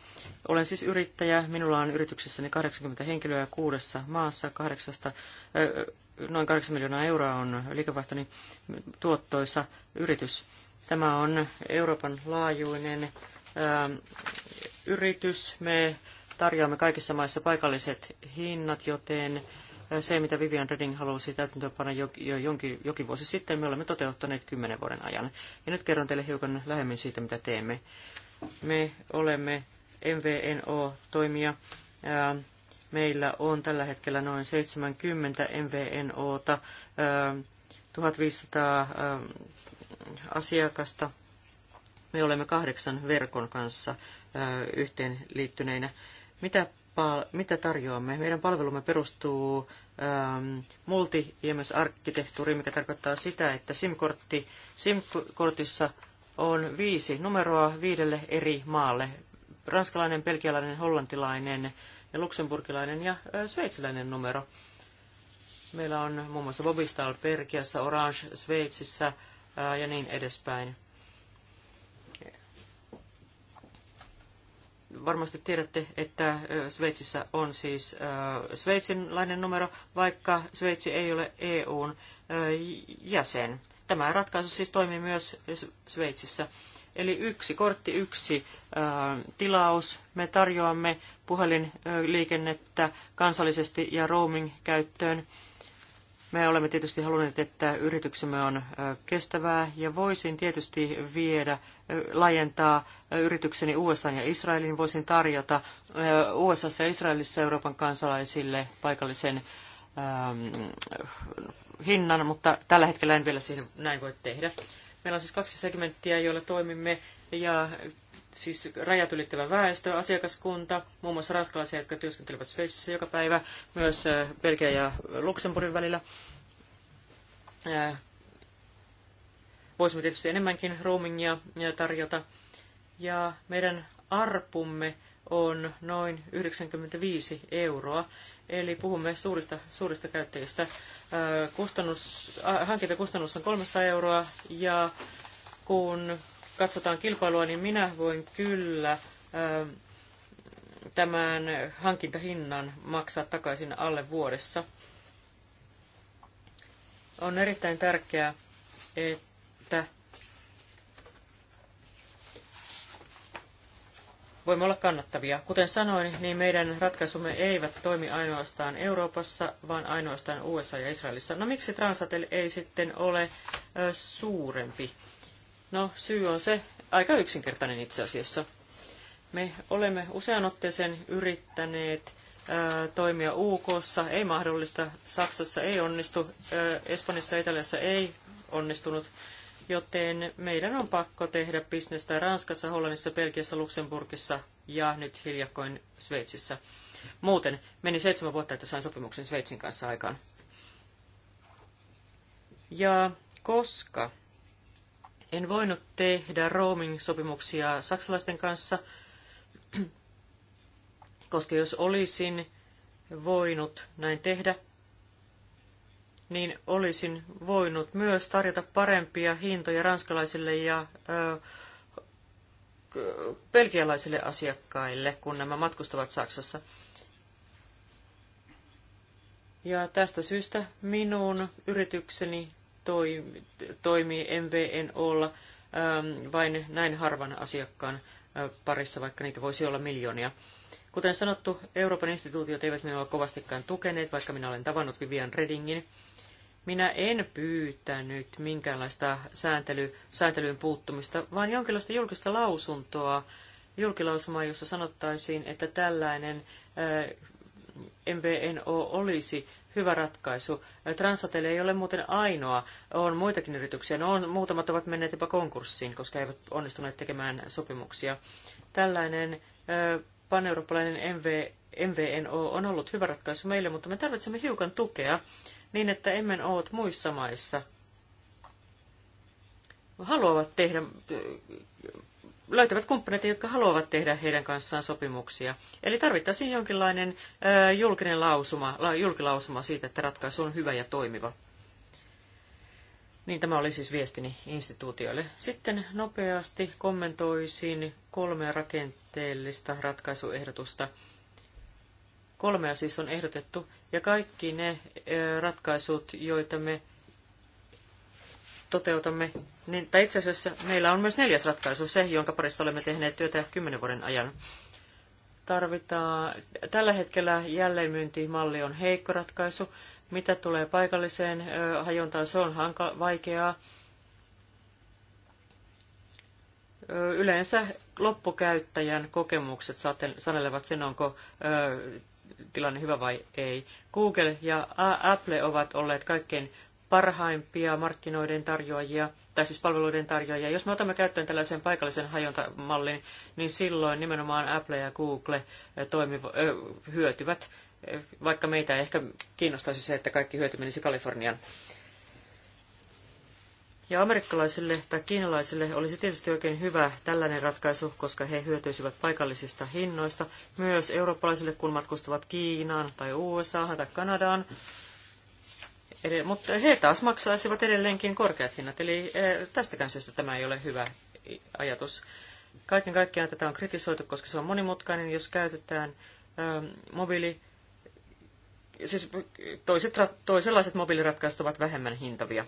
Olen siis yrittäjä. Minulla on yrityksessäni 80 henkilöä kuudessa maassa. 800, noin 8 miljoonaa euroa on liikevaihtoni tuottoisa yritys. Tämä on Euroopan laajuinen yritys. Me tarjoamme kaikissa maissa paikalliset hinnat, joten se, mitä Vivian Redding halusi täytäntöönpana jo, jo jonkin, jokin vuosi sitten, me olemme toteuttaneet kymmenen vuoden ajan. Ja nyt kerron teille hiukan lähemmin siitä, mitä teemme. Me olemme MVNO-toimija. Meillä on tällä hetkellä noin 70 MVNOta, 1500 asiakasta. Me olemme kahdeksan verkon kanssa yhteen liittyneinä. Mitä, mitä tarjoamme? Meidän palvelumme perustuu multi-IMS-arkkitehtuuriin, mikä tarkoittaa sitä, että SIM-kortti, SIM-kortissa on viisi numeroa viidelle eri maalle. Ranskalainen, belgialainen, hollantilainen, luksemburgilainen ja sveitsiläinen numero. Meillä on muun muassa Bobistal Belgiassa, Orange Sveitsissä ja niin edespäin. varmasti tiedätte, että Sveitsissä on siis sveitsiläinen numero, vaikka Sveitsi ei ole EUn jäsen. Tämä ratkaisu siis toimii myös Sveitsissä. Eli yksi kortti, yksi tilaus. Me tarjoamme puhelinliikennettä kansallisesti ja roaming-käyttöön. Me olemme tietysti halunneet, että yrityksemme on kestävää ja voisin tietysti viedä, laajentaa yritykseni USA ja Israelin. Voisin tarjota USA ja Israelissa Euroopan kansalaisille paikallisen hinnan, mutta tällä hetkellä en vielä siihen näin voi tehdä. Meillä on siis kaksi segmenttiä, joilla toimimme, ja siis rajat ylittävä väestö, asiakaskunta, muun muassa ranskalaisia, jotka työskentelevät Sveitsissä joka päivä, myös äh, Belgia ja Luxemburgin välillä. Äh, voisimme tietysti enemmänkin roamingia äh, tarjota. Ja meidän arpumme on noin 95 euroa. Eli puhumme suurista, suurista käyttäjistä. Kustannus, hankintakustannus on 300 euroa ja kun katsotaan kilpailua, niin minä voin kyllä tämän hankintahinnan maksaa takaisin alle vuodessa. On erittäin tärkeää, että voimme olla kannattavia. Kuten sanoin, niin meidän ratkaisumme eivät toimi ainoastaan Euroopassa, vaan ainoastaan USA ja Israelissa. No miksi Transatel ei sitten ole ö, suurempi? No syy on se aika yksinkertainen itse asiassa. Me olemme usean otteeseen yrittäneet ö, toimia UKssa, ei mahdollista, Saksassa ei onnistu, ö, Espanjassa ja Italiassa ei onnistunut joten meidän on pakko tehdä bisnestä Ranskassa, Hollannissa, Belgiassa, Luxemburgissa ja nyt hiljakkoin Sveitsissä. Muuten meni seitsemän vuotta, että sain sopimuksen Sveitsin kanssa aikaan. Ja koska en voinut tehdä roaming-sopimuksia saksalaisten kanssa, koska jos olisin voinut näin tehdä, niin olisin voinut myös tarjota parempia hintoja ranskalaisille ja ö, belgialaisille asiakkaille, kun nämä matkustavat Saksassa. Ja tästä syystä minun yritykseni toimi, toimii MVNOlla vain näin harvan asiakkaan parissa, vaikka niitä voisi olla miljoonia. Kuten sanottu, Euroopan instituutiot eivät minua kovastikaan tukeneet, vaikka minä olen tavannut Vivian Redingin. Minä en pyytänyt minkäänlaista sääntely, sääntelyyn puuttumista, vaan jonkinlaista julkista lausuntoa, julkilausumaa, jossa sanottaisiin, että tällainen äh, MVNO olisi hyvä ratkaisu. Transatelle ei ole muuten ainoa, on muitakin yrityksiä. No on, muutamat ovat menneet jopa konkurssiin, koska eivät onnistuneet tekemään sopimuksia. Tällainen ö, äh, paneurooppalainen MV, MVNO on ollut hyvä ratkaisu meille, mutta me tarvitsemme hiukan tukea niin, että MNOt muissa maissa haluavat tehdä, löytävät kumppaneita, jotka haluavat tehdä heidän kanssaan sopimuksia. Eli tarvittaisiin jonkinlainen julkinen lausuma, julkilausuma siitä, että ratkaisu on hyvä ja toimiva. Niin tämä oli siis viestini instituutioille. Sitten nopeasti kommentoisin kolmea rakenteellista ratkaisuehdotusta. Kolmea siis on ehdotettu, ja kaikki ne ratkaisut, joita me toteutamme, niin, tai itse asiassa meillä on myös neljäs ratkaisu, se, jonka parissa olemme tehneet työtä kymmenen vuoden ajan. Tarvitaan, tällä hetkellä jälleenmyyntimalli on heikko ratkaisu. Mitä tulee paikalliseen hajontaan, se on hanka- vaikeaa. Yleensä loppukäyttäjän kokemukset sanelevat sen, onko tilanne hyvä vai ei. Google ja Apple ovat olleet kaikkein parhaimpia markkinoiden tarjoajia, tai siis palveluiden tarjoajia. Jos me otamme käyttöön tällaisen paikallisen hajontamallin, niin silloin nimenomaan Apple ja Google toimiv- hyötyvät vaikka meitä ei ehkä kiinnostaisi se, että kaikki hyöty menisi Kalifornian. Ja amerikkalaisille tai kiinalaisille olisi tietysti oikein hyvä tällainen ratkaisu, koska he hyötyisivät paikallisista hinnoista. Myös eurooppalaisille, kun matkustavat Kiinaan tai USA tai Kanadaan. Mutta he taas maksaisivat edelleenkin korkeat hinnat, eli e, tästäkään syystä tämä ei ole hyvä ajatus. Kaiken kaikkiaan tätä on kritisoitu, koska se on monimutkainen, jos käytetään e, mobiili siis toiset, toisenlaiset mobiiliratkaisut ovat vähemmän hintavia.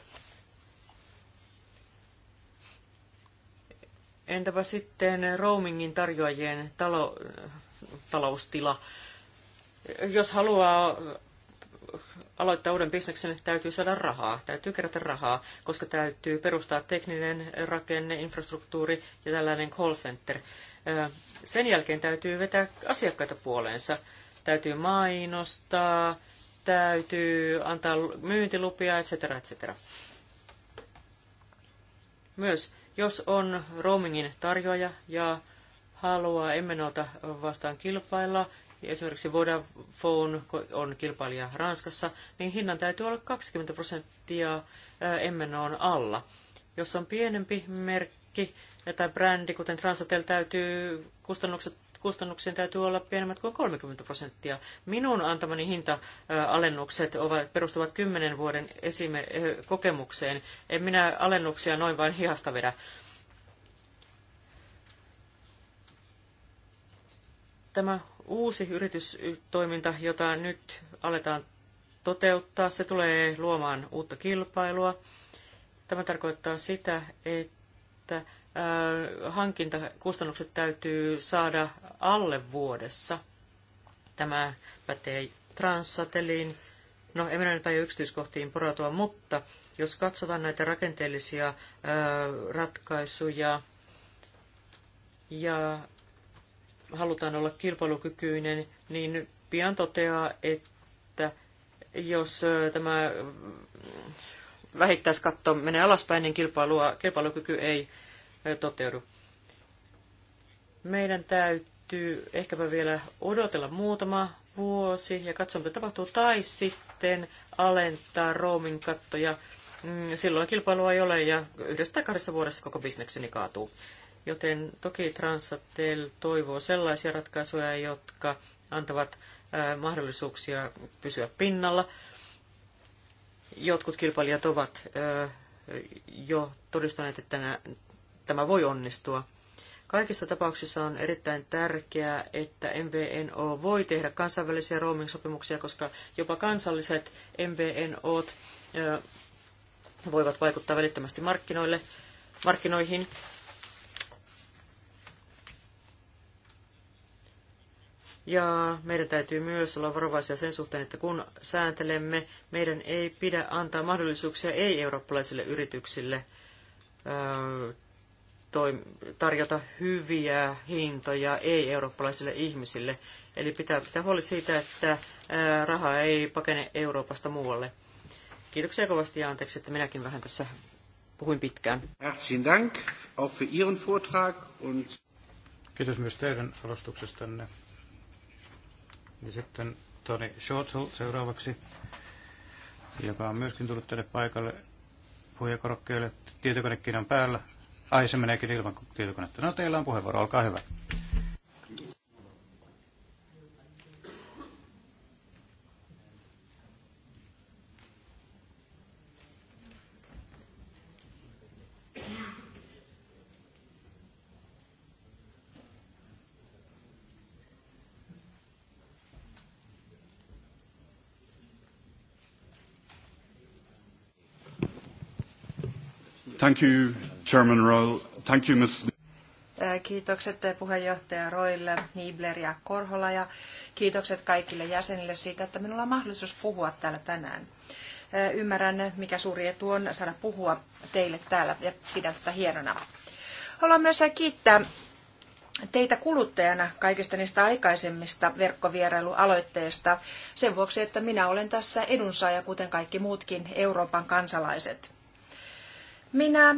Entäpä sitten roamingin tarjoajien talo, taloustila? Jos haluaa aloittaa uuden bisneksen, täytyy saada rahaa, täytyy kerätä rahaa, koska täytyy perustaa tekninen rakenne, infrastruktuuri ja tällainen call center. Sen jälkeen täytyy vetää asiakkaita puoleensa täytyy mainostaa, täytyy antaa myyntilupia, etc. etc. Myös jos on roamingin tarjoaja ja haluaa emmenota vastaan kilpailla, esimerkiksi Vodafone on kilpailija Ranskassa, niin hinnan täytyy olla 20 prosenttia Emmenoon alla. Jos on pienempi merkki tai brändi, kuten Transatel, täytyy kustannukset kustannuksien täytyy olla pienemmät kuin 30 prosenttia. Minun antamani hinta-alennukset ovat, perustuvat kymmenen vuoden esimer- kokemukseen. En minä alennuksia noin vain hihasta vedä. Tämä uusi yritystoiminta, jota nyt aletaan toteuttaa, se tulee luomaan uutta kilpailua. Tämä tarkoittaa sitä, että hankintakustannukset täytyy saada alle vuodessa. Tämä pätee Transsatelliin. No, en mennä nyt aio yksityiskohtiin poratua, mutta jos katsotaan näitä rakenteellisia ratkaisuja ja halutaan olla kilpailukykyinen, niin pian toteaa, että jos tämä vähittäiskatto menee alaspäin, niin kilpailua, kilpailukyky ei toteudu. Meidän täytyy ehkäpä vielä odotella muutama vuosi ja katsoa, mitä tapahtuu, tai sitten alentaa roomin kattoja. Mm, silloin kilpailua ei ole ja yhdessä tai kahdessa vuodessa koko bisnekseni kaatuu. Joten toki Transatel toivoo sellaisia ratkaisuja, jotka antavat mahdollisuuksia pysyä pinnalla. Jotkut kilpailijat ovat jo todistaneet, että tämä voi onnistua. Kaikissa tapauksissa on erittäin tärkeää, että MVNO voi tehdä kansainvälisiä roaming-sopimuksia, koska jopa kansalliset MVNOt voivat vaikuttaa välittömästi markkinoille, markkinoihin. Ja meidän täytyy myös olla varovaisia sen suhteen, että kun sääntelemme, meidän ei pidä antaa mahdollisuuksia ei-eurooppalaisille yrityksille tarjota hyviä hintoja ei-eurooppalaisille ihmisille. Eli pitää pitää huoli siitä, että raha ei pakene Euroopasta muualle. Kiitoksia kovasti ja anteeksi, että minäkin vähän tässä puhuin pitkään. Herzlichen Dank auch für Ihren Vortrag und Kiitos myös teidän alustuksestanne. Ja sitten Toni Schotzel seuraavaksi, joka on myöskin tullut tänne paikalle puhujakorokkeelle tietokonekin on päällä. Ai, se meneekin ilman tietokonetta. No, teillä on puheenvuoro, olkaa hyvä. Thank you, Chairman Thank you, Ms. Kiitokset puheenjohtaja Roille, Niebler ja Korhola ja kiitokset kaikille jäsenille siitä, että minulla on mahdollisuus puhua täällä tänään. Ymmärrän, mikä suuri etu on saada puhua teille täällä ja pidän tätä hienona. Haluan myös kiittää teitä kuluttajana kaikista niistä aikaisemmista verkkovierailualoitteista sen vuoksi, että minä olen tässä edunsaaja, kuten kaikki muutkin Euroopan kansalaiset. Minä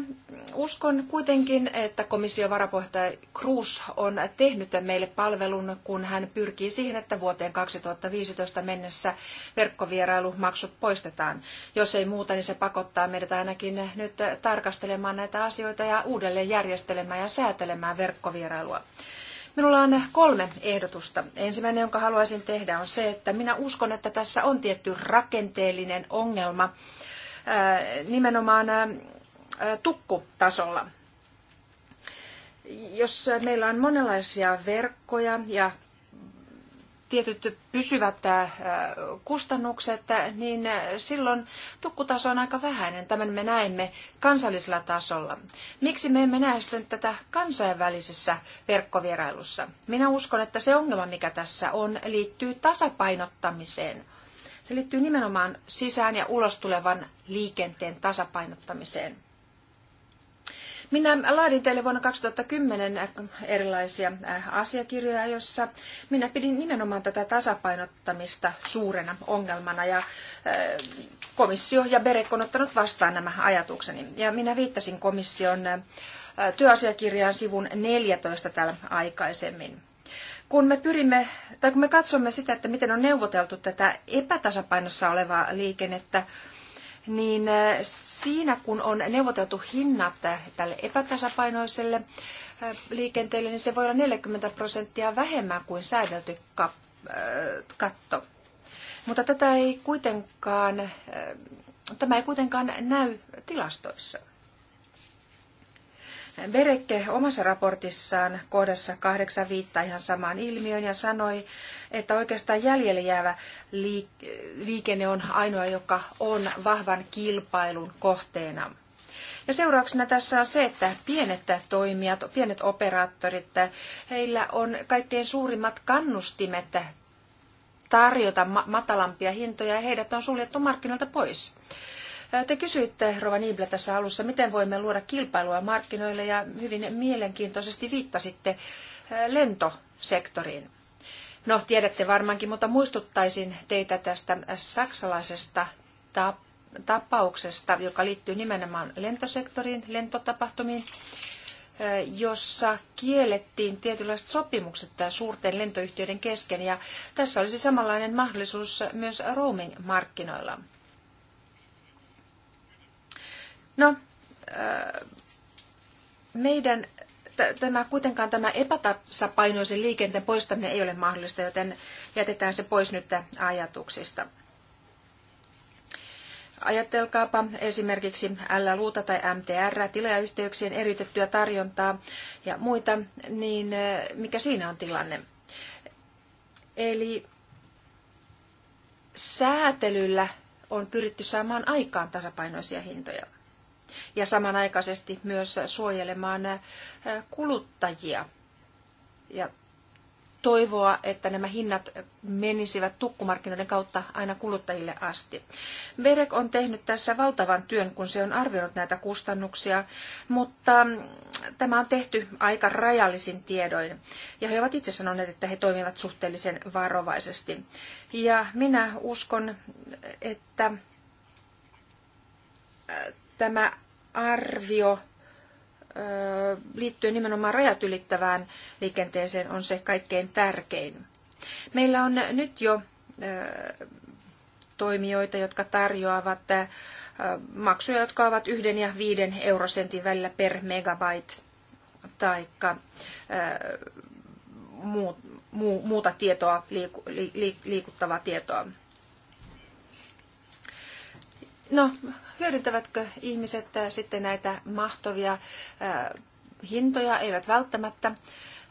uskon kuitenkin, että komission varapuheenjohtaja Cruz on tehnyt meille palvelun, kun hän pyrkii siihen, että vuoteen 2015 mennessä verkkovierailumaksut poistetaan. Jos ei muuta, niin se pakottaa meidät ainakin nyt tarkastelemaan näitä asioita ja uudelleen järjestelemään ja säätelemään verkkovierailua. Minulla on kolme ehdotusta. Ensimmäinen, jonka haluaisin tehdä, on se, että minä uskon, että tässä on tietty rakenteellinen ongelma nimenomaan tukkutasolla. Jos meillä on monenlaisia verkkoja ja tietyt pysyvät kustannukset, niin silloin tukkutaso on aika vähäinen. Tämän me näemme kansallisella tasolla. Miksi me emme näe sitten tätä kansainvälisessä verkkovierailussa? Minä uskon, että se ongelma, mikä tässä on, liittyy tasapainottamiseen. Se liittyy nimenomaan sisään ja ulos tulevan liikenteen tasapainottamiseen. Minä laadin teille vuonna 2010 äh, erilaisia äh, asiakirjoja, jossa minä pidin nimenomaan tätä tasapainottamista suurena ongelmana ja äh, komissio ja Berek on ottanut vastaan nämä ajatukseni. Ja minä viittasin komission työasiakirjaan sivun 14 täällä aikaisemmin kun me pyrimme, tai kun me katsomme sitä, että miten on neuvoteltu tätä epätasapainossa olevaa liikennettä niin äh, siinä kun on neuvoteltu hinnat tälle epätasapainoiselle äh, liikenteelle, niin se voi olla 40 prosenttia vähemmän kuin säädelty äh, katto. Mutta tätä ei kuitenkaan, tämä ei kuitenkaan näy tilastoissa. Berekke omassa raportissaan kohdassa kahdeksan viittaa ihan samaan ilmiöön ja sanoi, että oikeastaan jäljelle jäävä liikenne on ainoa, joka on vahvan kilpailun kohteena. Ja seurauksena tässä on se, että pienet toimijat, pienet operaattorit, heillä on kaikkein suurimmat kannustimet tarjota matalampia hintoja ja heidät on suljettu markkinoilta pois. Te kysyitte, Rova Niible, tässä alussa, miten voimme luoda kilpailua markkinoille ja hyvin mielenkiintoisesti viittasitte lentosektoriin. No, tiedätte varmaankin, mutta muistuttaisin teitä tästä saksalaisesta tapauksesta, joka liittyy nimenomaan lentosektoriin, lentotapahtumiin, jossa kiellettiin tietynlaiset sopimukset suurten lentoyhtiöiden kesken. Ja tässä olisi samanlainen mahdollisuus myös roaming-markkinoilla. No, äh, meidän tämä, kuitenkaan tämä epätasapainoisen liikenteen poistaminen ei ole mahdollista, joten jätetään se pois nyt ajatuksista. Ajatelkaapa esimerkiksi LLUta tai MTR, tilajayhteyksien eriytettyä tarjontaa ja muita, niin äh, mikä siinä on tilanne? Eli säätelyllä on pyritty saamaan aikaan tasapainoisia hintoja ja samanaikaisesti myös suojelemaan äh, kuluttajia ja toivoa, että nämä hinnat menisivät tukkumarkkinoiden kautta aina kuluttajille asti. Berek on tehnyt tässä valtavan työn, kun se on arvioinut näitä kustannuksia, mutta mm, tämä on tehty aika rajallisin tiedoin. Ja he ovat itse sanoneet, että he toimivat suhteellisen varovaisesti. Ja minä uskon, että äh, tämä arvio liittyen nimenomaan rajat ylittävään liikenteeseen on se kaikkein tärkein. Meillä on nyt jo toimijoita, jotka tarjoavat maksuja, jotka ovat yhden ja viiden eurosentin välillä per megabyte tai muuta tietoa, liikuttavaa tietoa. No, hyödyntävätkö ihmiset äh, sitten näitä mahtavia äh, hintoja? Eivät välttämättä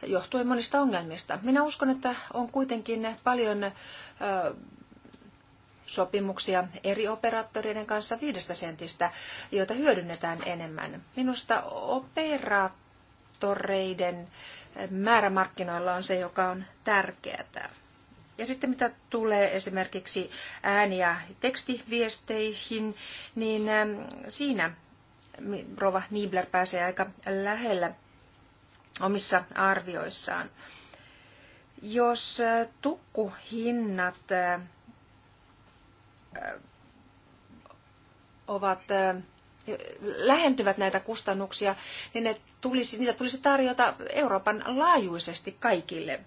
johtuen monista ongelmista. Minä uskon, että on kuitenkin paljon äh, sopimuksia eri operaattoreiden kanssa viidestä sentistä, joita hyödynnetään enemmän. Minusta operaattoreiden määrä markkinoilla on se, joka on tärkeää. Ja sitten mitä tulee esimerkiksi ääni- ja tekstiviesteihin, niin ähm, siinä Rova Niebler pääsee aika lähellä omissa arvioissaan. Jos äh, tukkuhinnat äh, äh, ovat lähentyvät näitä kustannuksia, niin ne tulisi, niitä tulisi tarjota Euroopan laajuisesti kaikille –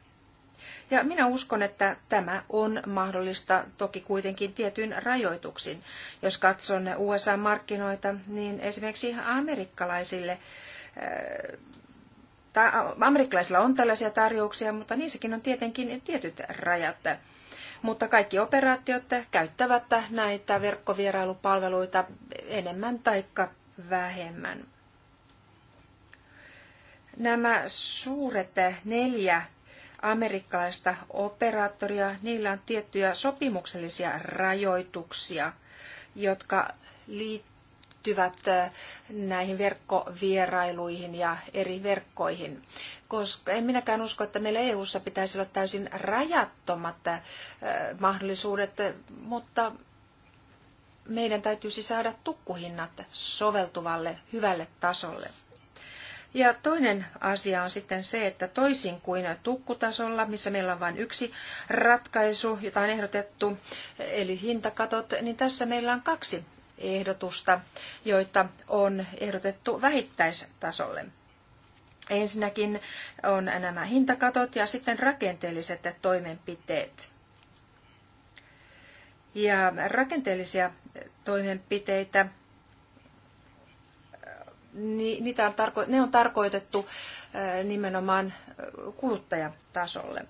ja minä uskon, että tämä on mahdollista toki kuitenkin tietyin rajoituksin. Jos katson USA-markkinoita, niin esimerkiksi amerikkalaisille Amerikkalaisilla on tällaisia tarjouksia, mutta niissäkin on tietenkin tietyt rajat mutta kaikki operaatiot käyttävät näitä verkkovierailupalveluita enemmän tai vähemmän. Nämä suuret neljä amerikkalaista operaattoria, niillä on tiettyjä sopimuksellisia rajoituksia, jotka liittyvät näihin verkkovierailuihin ja eri verkkoihin. Koska en minäkään usko, että meillä EU:ssa pitäisi olla täysin rajattomat mahdollisuudet, mutta meidän täytyisi saada tukkuhinnat soveltuvalle hyvälle tasolle. Ja toinen asia on sitten se, että toisin kuin tukkutasolla, missä meillä on vain yksi ratkaisu, jota on ehdotettu, eli hintakatot, niin tässä meillä on kaksi ehdotusta, joita on ehdotettu vähittäistasolle. Ensinnäkin on nämä hintakatot ja sitten rakenteelliset toimenpiteet. Ja rakenteellisia toimenpiteitä niitä on tarko- ne on tarkoitettu nimenomaan kuluttajatasolle.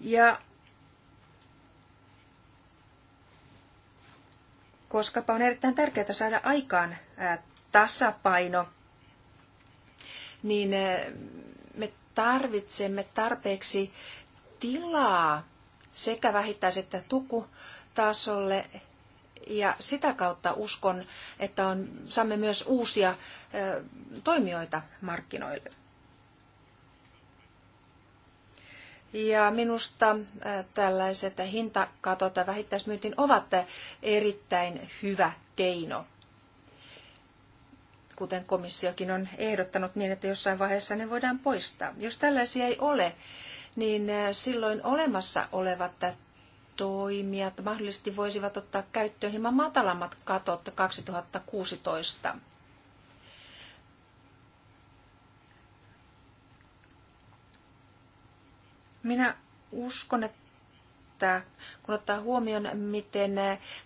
Ja koskapa on erittäin tärkeää saada aikaan tasapaino, niin me tarvitsemme tarpeeksi tilaa sekä vähittäis- että tukutasolle ja sitä kautta uskon, että on, saamme myös uusia toimijoita markkinoille. Ja minusta tällaiset hintakatot ja vähittäismyyntiin ovat erittäin hyvä keino, kuten komissiokin on ehdottanut niin, että jossain vaiheessa ne voidaan poistaa. Jos tällaisia ei ole, niin silloin olemassa olevat toimijat mahdollisesti voisivat ottaa käyttöön hieman matalammat katot 2016. Minä uskon, että kun ottaa huomioon, miten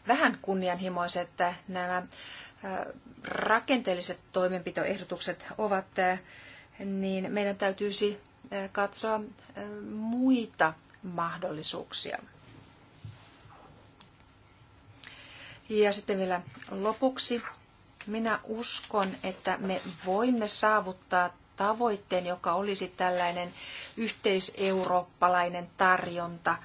vähän kunnianhimoiset nämä äh, rakenteelliset toimenpitoehdotukset ovat, niin meidän täytyisi äh, katsoa äh, muita mahdollisuuksia. Ja sitten vielä lopuksi. Minä uskon, että me voimme saavuttaa tavoitteen, joka olisi tällainen yhteiseurooppalainen tarjonta.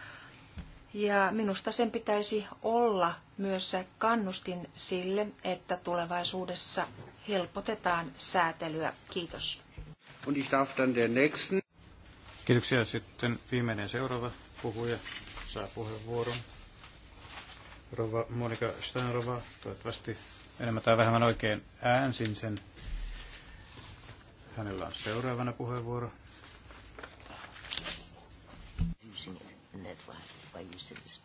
Ja minusta sen pitäisi olla myös kannustin sille, että tulevaisuudessa helpotetaan säätelyä. Kiitos. Und ich darf dann der nächsten... Kiitoksia. Sitten viimeinen seuraava puhuja saa puheenvuoron. Rova Monika Steinrova, toivottavasti enemmän tai vähemmän oikein äänsin sen. Hänellä on seuraavana puheenvuoro. Using why you said this.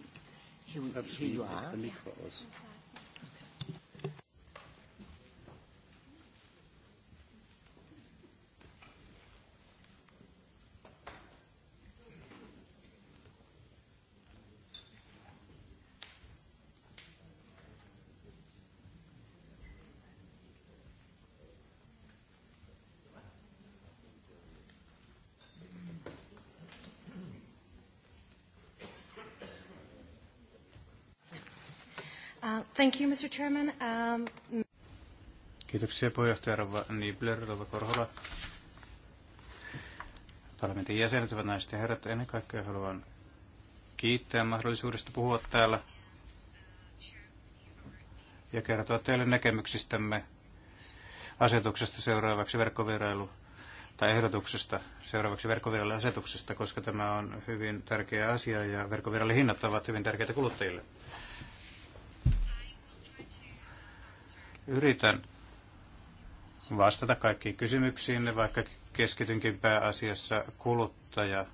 Here, here you are. Uh, thank you, Mr. Chairman. Um... Kiitoksia puheenjohtaja Rova Nibler, Rova Korhola. Parlamentin jäsenet, ovat naiset ja herrat, ennen kaikkea haluan kiittää mahdollisuudesta puhua täällä ja kertoa teille näkemyksistämme asetuksesta seuraavaksi verkkovierailu tai ehdotuksesta seuraavaksi verkkoviralle asetuksesta, koska tämä on hyvin tärkeä asia ja verkkoviralle hinnat ovat hyvin tärkeitä kuluttajille. Yritän vastata kaikkiin kysymyksiin, vaikka keskitynkin pääasiassa kuluttaja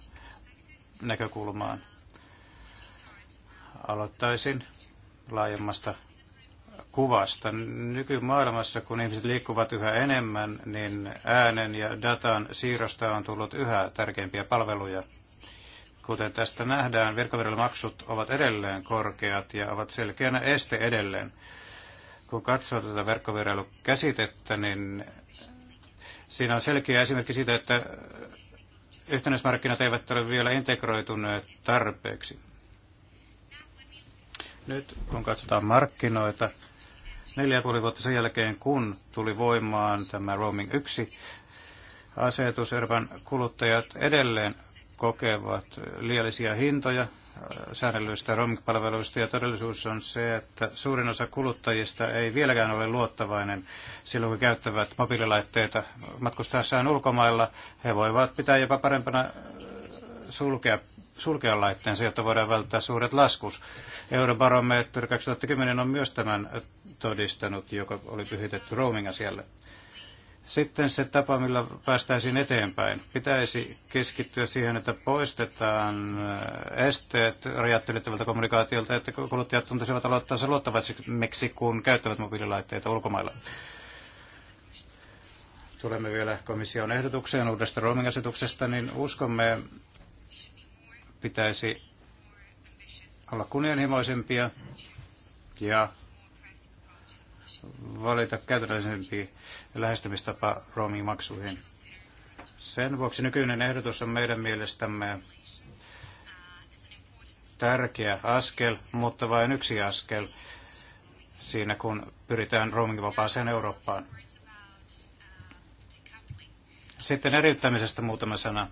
näkökulmaan. Aloittaisin laajemmasta kuvasta. Nykymaailmassa, kun ihmiset liikkuvat yhä enemmän, niin äänen ja datan siirrosta on tullut yhä tärkeimpiä palveluja. Kuten tästä nähdään, virkavirallemaksut ovat edelleen korkeat ja ovat selkeänä este edelleen kun katsoo tätä verkkovirailukäsitettä, niin siinä on selkeä esimerkki siitä, että yhtenäismarkkinat eivät ole vielä integroituneet tarpeeksi. Nyt kun katsotaan markkinoita, neljä puoli vuotta sen jälkeen, kun tuli voimaan tämä Roaming 1 asetus, Euroopan kuluttajat edelleen kokevat liiallisia hintoja, säädellyistä roaming-palveluista ja todellisuus on se, että suurin osa kuluttajista ei vieläkään ole luottavainen silloin, kun käyttävät mobiililaitteita matkustaessaan ulkomailla. He voivat pitää jopa parempana äh, sulkea, sulkea laitteensa, jotta voidaan välttää suuret laskus. Eurobarometer 2010 on myös tämän todistanut, joka oli pyhitetty roaming-asialle. Sitten se tapa, millä päästäisiin eteenpäin. Pitäisi keskittyä siihen, että poistetaan äh, esteet rajattelettavilta kommunikaatiolta, että kuluttajat tuntisivat se luottavaksi, kun käyttävät mobiililaitteita ulkomailla. Tulemme vielä komission ehdotukseen uudesta roaming-asetuksesta, niin uskomme pitäisi olla kunnianhimoisempia ja valita käytännöllisempi lähestymistapa roaming-maksuihin. Sen vuoksi nykyinen ehdotus on meidän mielestämme tärkeä askel, mutta vain yksi askel siinä, kun pyritään roaming-vapaaseen Eurooppaan. Sitten eriyttämisestä muutama sana.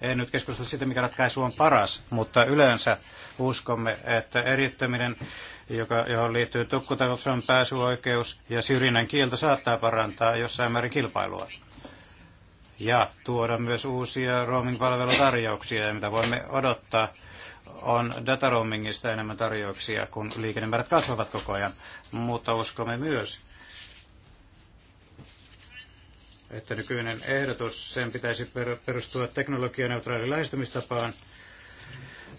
En nyt keskustella siitä, mikä ratkaisu on paras, mutta yleensä uskomme, että eriyttäminen joka, johon liittyy tukkutavuksen pääsyoikeus ja syrjinnän kielto saattaa parantaa jossain määrin kilpailua ja tuoda myös uusia roaming-palvelutarjouksia, ja mitä voimme odottaa, on data roamingista enemmän tarjouksia, kun liikennemäärät kasvavat koko ajan. Mutta uskomme myös, että nykyinen ehdotus, sen pitäisi perustua teknologianeutraaliin lähestymistapaan.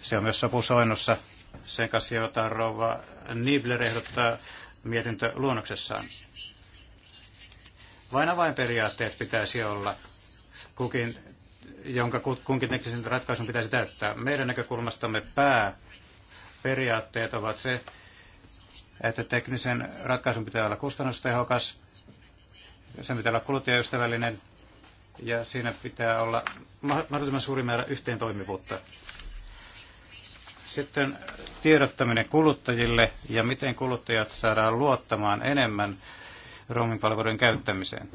Se on myös sopusoinnussa sen kanssa, jota Rova Niebler ehdottaa mietintö luonnoksessaan. Vain avainperiaatteet pitäisi olla kukin, jonka kunkin teknisen ratkaisun pitäisi täyttää. Meidän näkökulmastamme pääperiaatteet ovat se, että teknisen ratkaisun pitää olla kustannustehokas, sen pitää olla kuluttajaystävällinen ja siinä pitää olla mahdollisimman suuri määrä yhteentoimivuutta. Sitten tiedottaminen kuluttajille ja miten kuluttajat saadaan luottamaan enemmän roaming palveluiden käyttämiseen.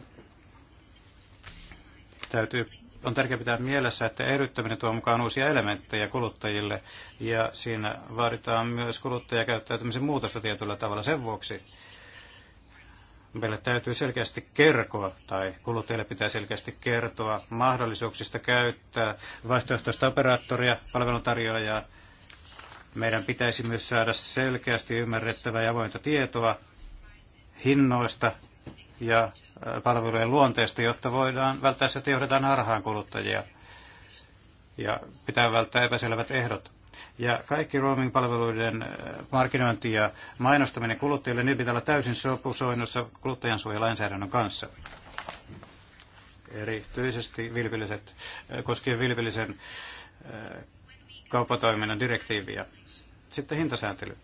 Täytyy, on tärkeää pitää mielessä, että eryttäminen tuo mukaan uusia elementtejä kuluttajille ja siinä vaaditaan myös kuluttajakäyttäytymisen muutosta tietyllä tavalla sen vuoksi. Meille täytyy selkeästi kertoa, tai kuluttajille pitää selkeästi kertoa mahdollisuuksista käyttää vaihtoehtoista operaattoria, palveluntarjoajaa, meidän pitäisi myös saada selkeästi ymmärrettävää ja avointa tietoa hinnoista ja äh, palvelujen luonteesta, jotta voidaan välttää se, että johdetaan harhaan kuluttajia ja pitää välttää epäselvät ehdot. Ja kaikki roaming-palveluiden äh, markkinointi ja mainostaminen kuluttajille, niin pitää olla täysin sopusoinnussa suojalainsäädännön kanssa. Erityisesti vilpilliset, äh, koskien vilpillisen kauppatoiminnan direktiiviä. Sitten hintasääntely.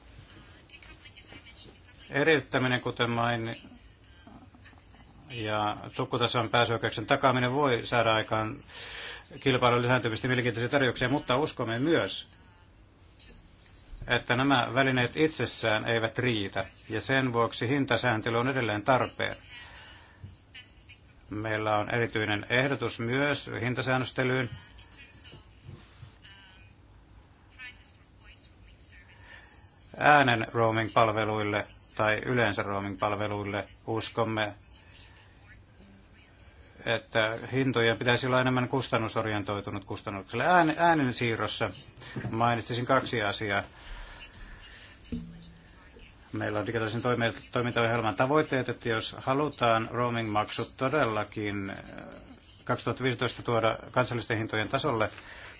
Eriyttäminen, kuten mainin, ja tukkutason pääsyoikeuksien takaaminen voi saada aikaan kilpailun lisääntymistä mielenkiintoisia tarjouksia, mutta uskomme myös, että nämä välineet itsessään eivät riitä, ja sen vuoksi hintasääntely on edelleen tarpeen. Meillä on erityinen ehdotus myös hintasäännöstelyyn, äänen roaming-palveluille tai yleensä roaming-palveluille. Uskomme, että hintojen pitäisi olla enemmän kustannusorientoitunut kustannukselle. äänen siirrossa mainitsisin kaksi asiaa. Meillä on digitaalisen toimintaohjelman tavoitteet, että jos halutaan roaming-maksut todellakin 2015 äh, tuoda kansallisten hintojen tasolle,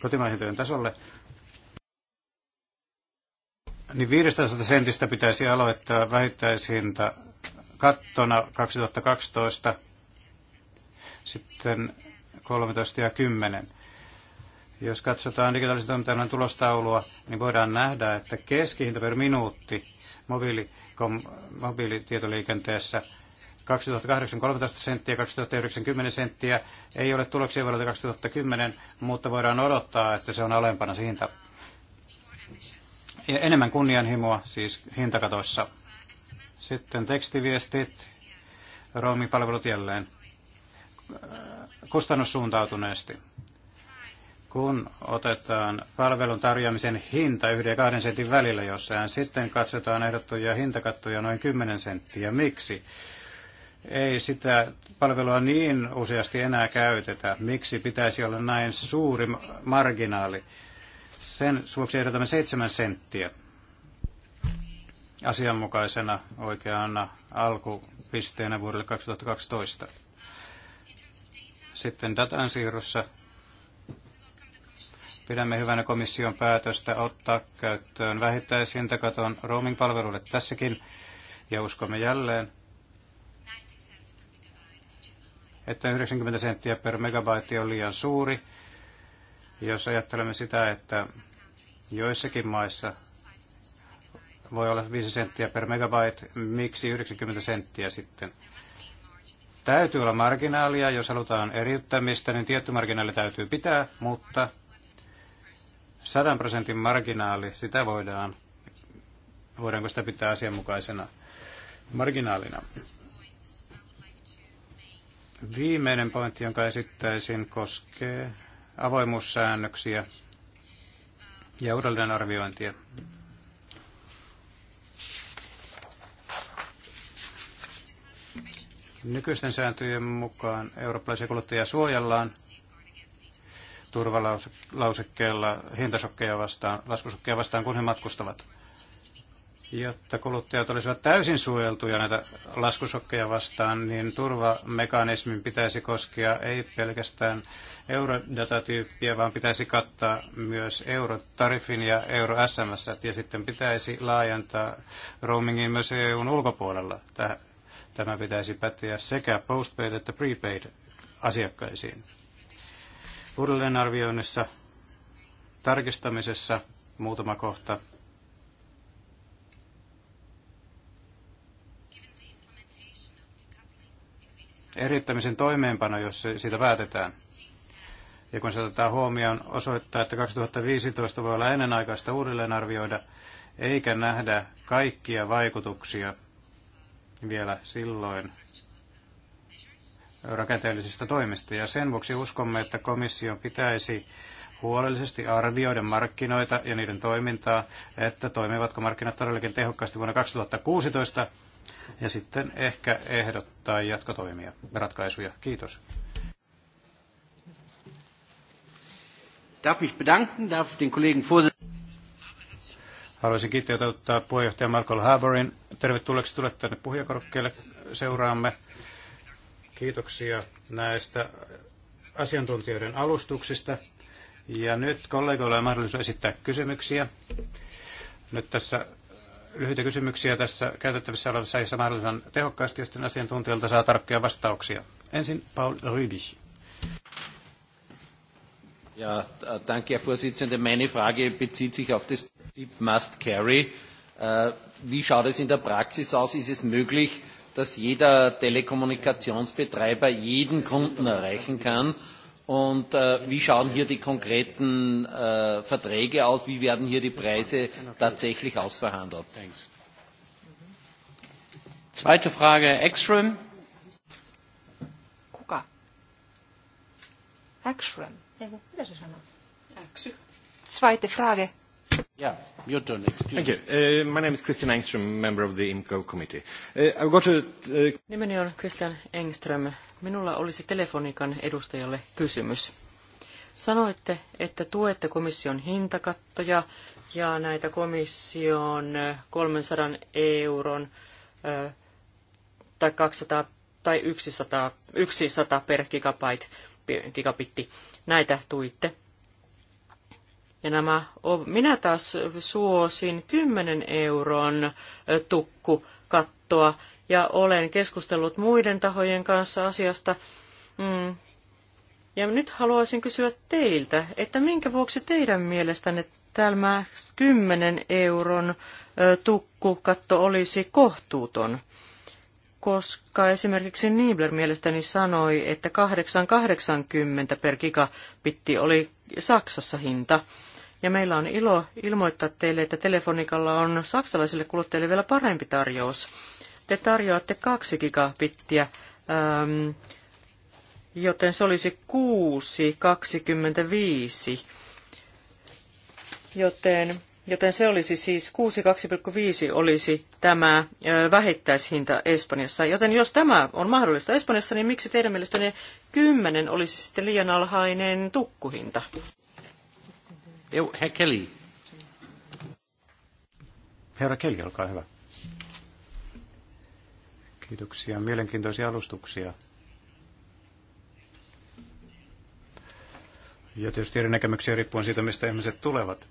kotimaan hintojen tasolle, niin 500 sentistä pitäisi aloittaa vähittäishinta kattona 2012, sitten 13 ja 10. Jos katsotaan digitaalisen toimintaelämän tulostaulua, niin voidaan nähdä, että keskihinta per minuutti mobiili, kom, mobiilitietoliikenteessä 2008 13 senttiä, 2090 senttiä. Ei ole tuloksia vuodelta 2010, mutta voidaan odottaa, että se on alempana siitä enemmän kunnianhimoa siis hintakatoissa. Sitten tekstiviestit, roomipalvelut jälleen kustannussuuntautuneesti. Kun otetaan palvelun tarjoamisen hinta yhden ja kahden sentin välillä jossain, sitten katsotaan ehdottuja hintakattoja noin 10 senttiä. Miksi? Ei sitä palvelua niin useasti enää käytetä. Miksi pitäisi olla näin suuri marginaali? Sen vuoksi ehdotamme 7 senttiä asianmukaisena oikeana alkupisteenä vuodelle 2012. Sitten datan siirrossa pidämme hyvänä komission päätöstä ottaa käyttöön vähittäishintakaton roaming-palveluille tässäkin, ja uskomme jälleen, että 90 senttiä per megabaitti on liian suuri jos ajattelemme sitä, että joissakin maissa voi olla 5 senttiä per megabyte, miksi 90 senttiä sitten? Täytyy olla marginaalia, jos halutaan eriyttämistä, niin tietty marginaali täytyy pitää, mutta 100 prosentin marginaali, sitä voidaan, voidaanko sitä pitää asianmukaisena marginaalina. Viimeinen pointti, jonka esittäisin, koskee avoimuussäännöksiä ja uudelleenarviointia. Nykyisten sääntöjen mukaan eurooppalaisia kuluttajia suojellaan turvalausekkeella hintasokkeja vastaan, laskusokkeja vastaan, kun he matkustavat jotta kuluttajat olisivat täysin suojeltuja näitä laskusokkeja vastaan, niin turvamekanismin pitäisi koskea ei pelkästään eurodatatyyppiä, vaan pitäisi kattaa myös eurotarifin ja euro SMS, ja sitten pitäisi laajentaa roamingin myös EUn ulkopuolella. Tämä pitäisi päteä sekä postpaid että prepaid asiakkaisiin. Uudelleenarvioinnissa tarkistamisessa muutama kohta Eriyttämisen toimeenpano, jos siitä päätetään, ja kun se otetaan huomioon, osoittaa, että 2015 voi olla ennenaikaista uudelleen arvioida, eikä nähdä kaikkia vaikutuksia vielä silloin rakenteellisista toimista. Ja sen vuoksi uskomme, että komission pitäisi huolellisesti arvioida markkinoita ja niiden toimintaa, että toimivatko markkinat todellakin tehokkaasti vuonna 2016 ja sitten ehkä ehdottaa jatkotoimia, ratkaisuja. Kiitos. Darf ich bedanken, darf den Kollegen Haluaisin kiittää ja puheenjohtaja Malcolm Harborin. Tervetulleeksi tulet tänne puhujakorokkeelle. Seuraamme. Kiitoksia näistä asiantuntijoiden alustuksista. Ja nyt kollegoilla on mahdollisuus esittää kysymyksiä. Nyt tässä lyhyitä kysymyksiä tässä käytettävissä olevassa ajassa mahdollisimman tehokkaasti, ja sitten asiantuntijoilta saa tarkkoja vastauksia. Ensin Paul Rübich. Ja, äh, danke, Herr Vorsitzende. Meine Frage bezieht sich auf das Prinzip Must Carry. Äh, wie schaut es in der Praxis aus? Ist es möglich, dass jeder Telekommunikationsbetreiber jeden Kunden erreichen kann? Und äh, wie schauen hier die konkreten äh, Verträge aus? Wie werden hier die Preise tatsächlich ausverhandelt? Zweite Frage, Ekström. Kuka? Ekström. Zweite Frage. Ja your turn next. Thank you. Uh, my name is Christian Engström, member of the IMCO committee. Uh, I've got a, uh... Nimeni on Christian Engström. Minulla olisi telefonikan edustajalle kysymys. Sanoitte, että tuette komission hintakattoja ja näitä komission 300 euron tai 200 tai 100, 100 per gigabyte, gigabitti. Näitä tuitte. Ja nämä, minä taas suosin 10 euron tukkukattoa ja olen keskustellut muiden tahojen kanssa asiasta. Mm. Ja nyt haluaisin kysyä teiltä, että minkä vuoksi teidän mielestänne tämä 10 euron tukkukatto olisi kohtuuton? Koska esimerkiksi Niebler mielestäni sanoi, että 8,80 per gigabitti oli Saksassa hinta. Ja meillä on ilo ilmoittaa teille, että Telefonikalla on saksalaisille kuluttajille vielä parempi tarjous. Te tarjoatte kaksi gigabittiä, ähm, joten se olisi 6,25. Joten, joten se olisi siis 6,2,5 olisi tämä ö, vähittäishinta Espanjassa. Joten jos tämä on mahdollista Espanjassa, niin miksi teidän mielestänne 10 olisi sitten liian alhainen tukkuhinta? herr Kelly. Herra Kelly, olkaa hyvä. Kiitoksia. Mielenkiintoisia alustuksia. Ja tietysti eri näkemyksiä riippuen siitä, mistä ihmiset tulevat.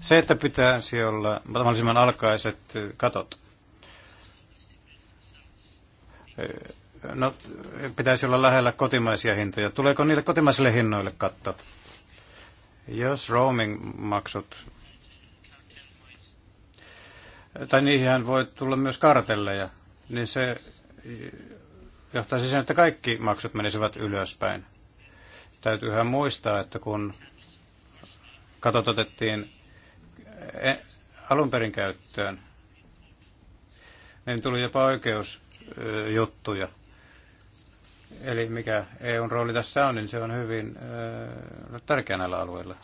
Se, että pitää olla mahdollisimman alkaiset katot no, pitäisi olla lähellä kotimaisia hintoja. Tuleeko niille kotimaisille hinnoille katto? Jos roaming-maksut, tai niihin voi tulla myös kartelleja, niin se johtaisi siihen, että kaikki maksut menisivät ylöspäin. Täytyyhän muistaa, että kun katot otettiin e- alun perin käyttöön, niin tuli jopa oikeusjuttuja Eli mikä EUn rooli tässä on, niin se on hyvin äh, tärkeä näillä alueilla.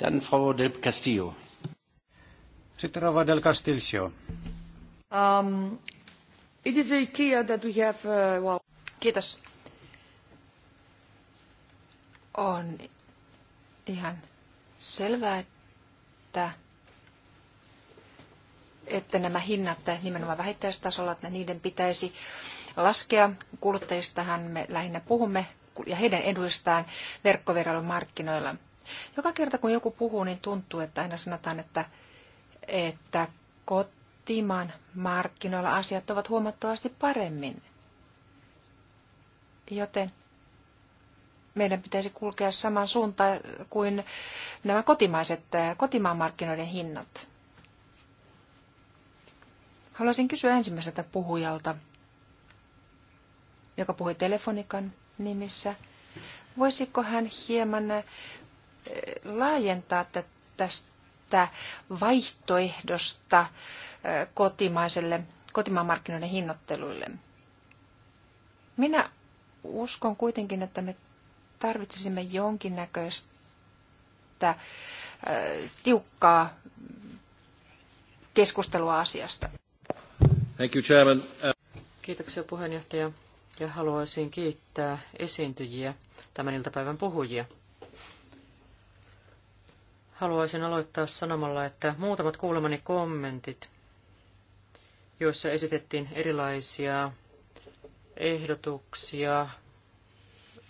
Dan Frau del Castillo. Sitten Rova del Castillo. Um, it is very clear that we have, uh, well... Kiitos. On ihan selvää, että että nämä hinnat nimenomaan vähittäistasolla, että niiden pitäisi laskea. Kuluttajistahan me lähinnä puhumme ja heidän edustaan verkkovierailumarkkinoilla. Joka kerta kun joku puhuu, niin tuntuu, että aina sanotaan, että, että kotimaan markkinoilla asiat ovat huomattavasti paremmin. Joten meidän pitäisi kulkea saman suuntaan kuin nämä kotimaiset, kotimaan markkinoiden hinnat. Haluaisin kysyä ensimmäiseltä puhujalta – joka puhui telefonikan nimissä. Voisiko hän hieman eh, laajentaa tästä vaihtoehdosta eh, kotimaiselle, kotimaan markkinoiden hinnoitteluille? Minä uskon kuitenkin, että me tarvitsisimme jonkinnäköistä eh, tiukkaa keskustelua asiasta. Thank you, Chairman. Kiitoksia puheenjohtaja ja haluaisin kiittää esiintyjiä, tämän iltapäivän puhujia. Haluaisin aloittaa sanomalla, että muutamat kuulemani kommentit, joissa esitettiin erilaisia ehdotuksia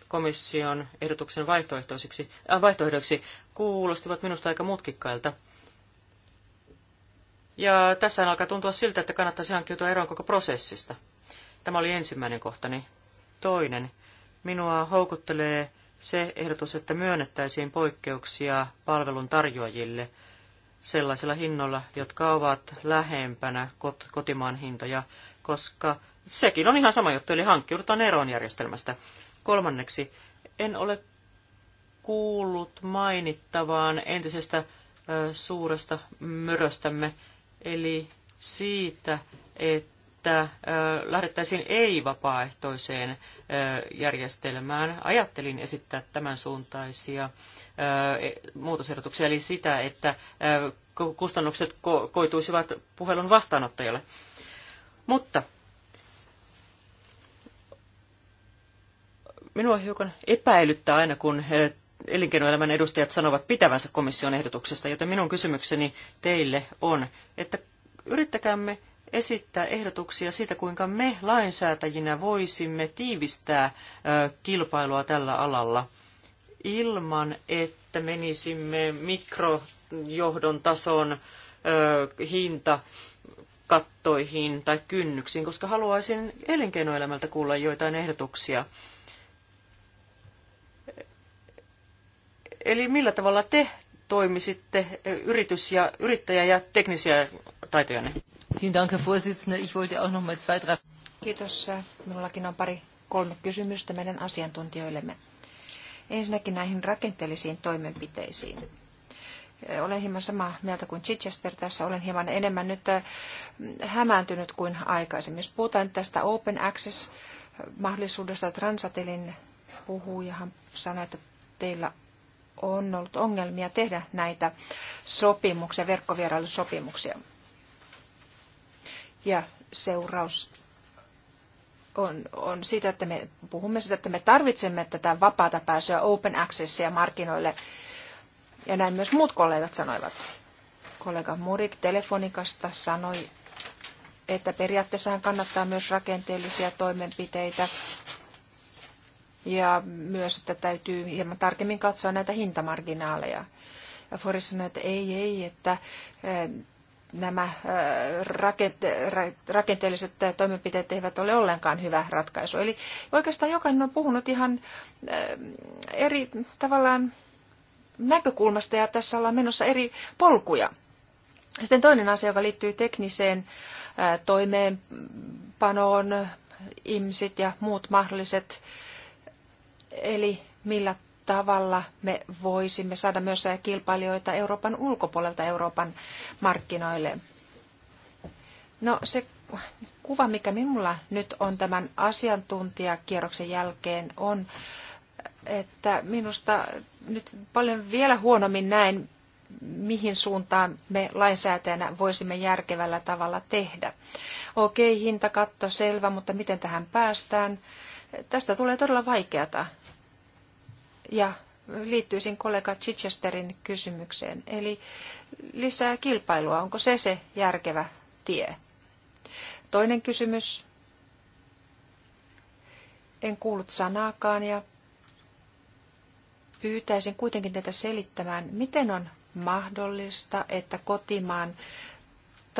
komission ehdotuksen vaihtoehtoisiksi, äh, vaihtoehdoksi, kuulostivat minusta aika mutkikkailta. Ja tässä alkaa tuntua siltä, että kannattaisi hankkiutua eroon koko prosessista. Tämä oli ensimmäinen kohtani. Toinen. Minua houkuttelee se ehdotus, että myönnettäisiin poikkeuksia palvelun tarjoajille sellaisilla hinnoilla, jotka ovat lähempänä kotimaan hintoja, koska sekin on ihan sama juttu, eli hankkiudutaan eroon järjestelmästä. Kolmanneksi, en ole kuullut mainittavaan entisestä suuresta möröstämme, eli siitä, että että lähdettäisiin ei-vapaaehtoiseen järjestelmään. Ajattelin esittää tämän suuntaisia e, muutosehdotuksia, eli sitä, että kustannukset koituisivat puhelun vastaanottajalle. Mutta minua hiukan epäilyttää aina, kun elinkeinoelämän edustajat sanovat pitävänsä komission ehdotuksesta, joten minun kysymykseni teille on, että yrittäkäämme esittää ehdotuksia siitä, kuinka me lainsäätäjinä voisimme tiivistää kilpailua tällä alalla ilman, että menisimme mikrojohdon tason hinta kattoihin tai kynnyksiin, koska haluaisin elinkeinoelämältä kuulla joitain ehdotuksia. Eli millä tavalla te toimisitte yritys- ja yrittäjä- ja teknisiä taitojanne? Vielen Dank, Herr Vorsitzender. Ich wollte auch noch mal zwei, drei... Kiitos. Minullakin on pari kolme kysymystä meidän asiantuntijoillemme. Ensinnäkin näihin rakenteellisiin toimenpiteisiin. Olen hieman samaa mieltä kuin Chichester tässä. Olen hieman enemmän nyt äh, hämääntynyt kuin aikaisemmin. Jos puhutaan tästä Open Access-mahdollisuudesta, Transatelin puhujahan sanoi, että teillä on ollut ongelmia tehdä näitä sopimuksia, verkkovierailusopimuksia. Ja seuraus on, on sitä, että me puhumme sitä, että me tarvitsemme tätä vapaata pääsyä open accessia markkinoille. Ja näin myös muut kollegat sanoivat. Kollega Murik Telefonikasta sanoi, että periaatteessahan kannattaa myös rakenteellisia toimenpiteitä ja myös, että täytyy hieman tarkemmin katsoa näitä hintamarginaaleja. Ja Fori sanoi, että ei, ei, että nämä rakenteelliset toimenpiteet eivät ole ollenkaan hyvä ratkaisu. Eli oikeastaan jokainen on puhunut ihan eri tavallaan näkökulmasta ja tässä ollaan menossa eri polkuja. Sitten toinen asia, joka liittyy tekniseen toimeenpanoon, IMSit ja muut mahdolliset, eli millä tavalla me voisimme saada myös kilpailijoita Euroopan ulkopuolelta Euroopan markkinoille. No se kuva, mikä minulla nyt on tämän asiantuntijakierroksen jälkeen, on, että minusta nyt paljon vielä huonommin näin, mihin suuntaan me lainsäätäjänä voisimme järkevällä tavalla tehdä. Okei, hintakatto selvä, mutta miten tähän päästään? Tästä tulee todella vaikeata ja liittyisin kollega Chichesterin kysymykseen. Eli lisää kilpailua, onko se se järkevä tie? Toinen kysymys. En kuullut sanaakaan ja pyytäisin kuitenkin tätä selittämään, miten on mahdollista, että kotimaan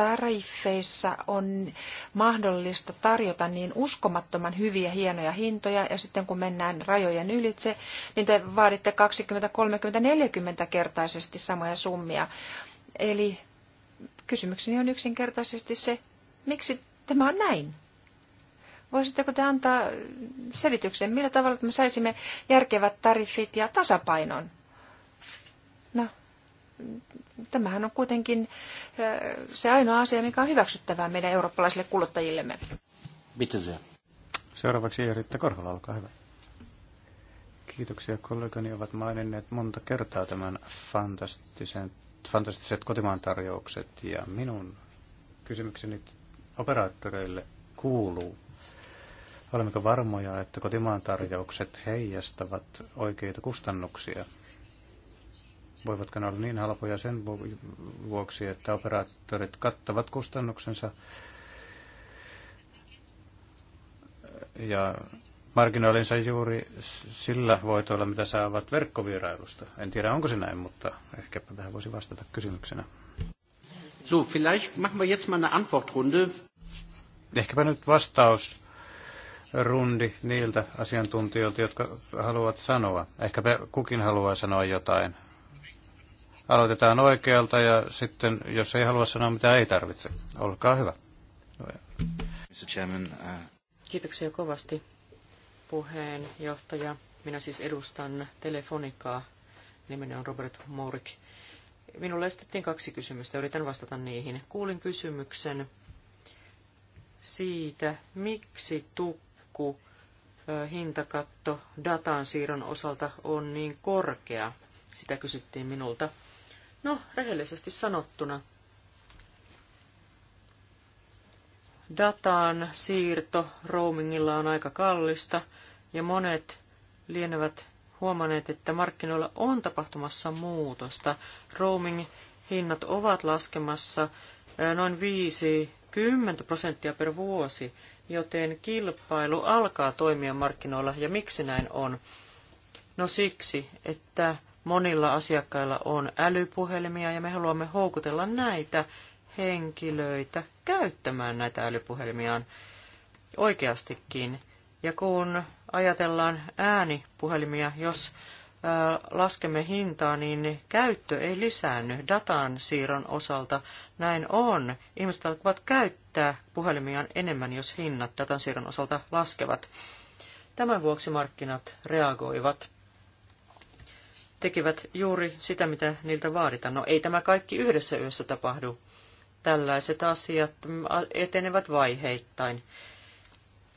tariffeissa on mahdollista tarjota niin uskomattoman hyviä hienoja hintoja ja sitten kun mennään rajojen ylitse, niin te vaaditte 20, 30, 40 kertaisesti samoja summia. Eli kysymykseni on yksinkertaisesti se, miksi tämä on näin? Voisitteko te antaa selityksen, millä tavalla me saisimme järkevät tariffit ja tasapainon? No, tämähän on kuitenkin se ainoa asia, mikä on hyväksyttävää meidän eurooppalaisille kuluttajillemme. Bitse. Seuraavaksi Eeritta Korhola, olkaa hyvä. Kiitoksia. Kollegani ovat maininneet monta kertaa tämän fantastisen, fantastiset kotimaan tarjoukset ja minun kysymykseni operaattoreille kuuluu. Olemmeko varmoja, että kotimaan tarjoukset heijastavat oikeita kustannuksia voivatko ne olla niin halpoja sen vuoksi, että operaattorit kattavat kustannuksensa ja marginaalinsa juuri sillä voitoilla, mitä saavat verkkovierailusta. En tiedä, onko se näin, mutta ehkäpä tähän voisi vastata kysymyksenä. So, vielleicht machen wir jetzt mal eine Antwortrunde. Ehkäpä nyt vastaus rundi niiltä asiantuntijoilta, jotka haluavat sanoa. Ehkäpä kukin haluaa sanoa jotain aloitetaan oikealta ja sitten, jos ei halua sanoa, mitä ei tarvitse. Olkaa hyvä. Uh, Kiitoksia kovasti puheenjohtaja. Minä siis edustan Telefonikaa. Nimeni on Robert Morik. Minulle esitettiin kaksi kysymystä. Yritän vastata niihin. Kuulin kysymyksen siitä, miksi tukku hintakatto datan siirron osalta on niin korkea. Sitä kysyttiin minulta. No, rehellisesti sanottuna. dataan siirto roamingilla on aika kallista ja monet lienevät huomanneet, että markkinoilla on tapahtumassa muutosta. Roaming-hinnat ovat laskemassa noin 50 prosenttia per vuosi, joten kilpailu alkaa toimia markkinoilla. Ja miksi näin on? No siksi, että Monilla asiakkailla on älypuhelimia ja me haluamme houkutella näitä henkilöitä käyttämään näitä älypuhelimiaan oikeastikin. Ja kun ajatellaan äänipuhelimia, jos laskemme hintaa, niin käyttö ei lisäänny datan siirron osalta. Näin on. Ihmiset alkavat käyttää puhelimiaan enemmän, jos hinnat datan siirron osalta laskevat. Tämän vuoksi markkinat reagoivat tekevät juuri sitä, mitä niiltä vaaditaan. No ei tämä kaikki yhdessä yössä tapahdu. Tällaiset asiat mm, etenevät vaiheittain.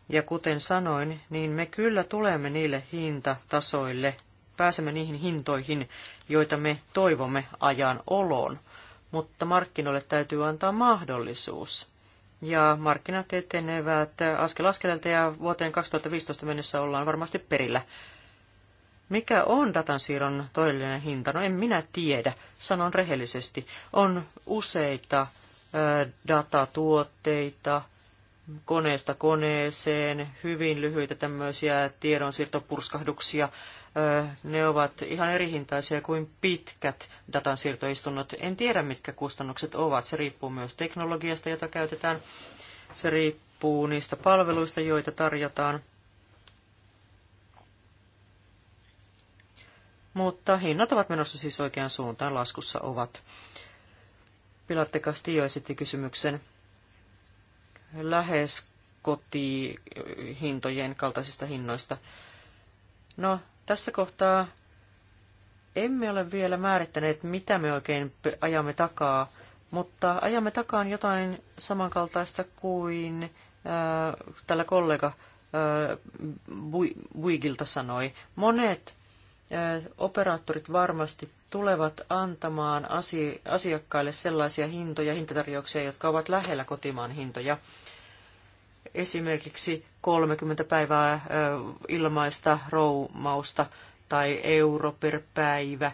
Ja kuten sanoin, niin me kyllä tulemme niille hintatasoille, pääsemme niihin hintoihin, joita me toivomme ajan oloon. Mutta markkinoille täytyy antaa mahdollisuus. Ja markkinat etenevät askel askeleelta ja vuoteen 2015 mennessä ollaan varmasti perillä mikä on datansiirron todellinen hinta? No en minä tiedä, sanon rehellisesti. On useita datatuotteita, koneesta koneeseen, hyvin lyhyitä tämmöisiä tiedonsiirtopurskahduksia. Ne ovat ihan eri hintaisia kuin pitkät datansiirtoistunnot. En tiedä, mitkä kustannukset ovat. Se riippuu myös teknologiasta, jota käytetään. Se riippuu niistä palveluista, joita tarjotaan. mutta hinnat ovat menossa siis oikeaan suuntaan, laskussa ovat. Pilatte Castillo esitti kysymyksen lähes kotihintojen kaltaisista hinnoista. No, tässä kohtaa emme ole vielä määrittäneet, mitä me oikein ajamme takaa, mutta ajamme takaan jotain samankaltaista kuin äh, tällä kollega äh, Buigilta sanoi. Monet operaattorit varmasti tulevat antamaan asiakkaille sellaisia hintoja, hintatarjouksia, jotka ovat lähellä kotimaan hintoja. Esimerkiksi 30 päivää ilmaista roumausta tai euro per päivä.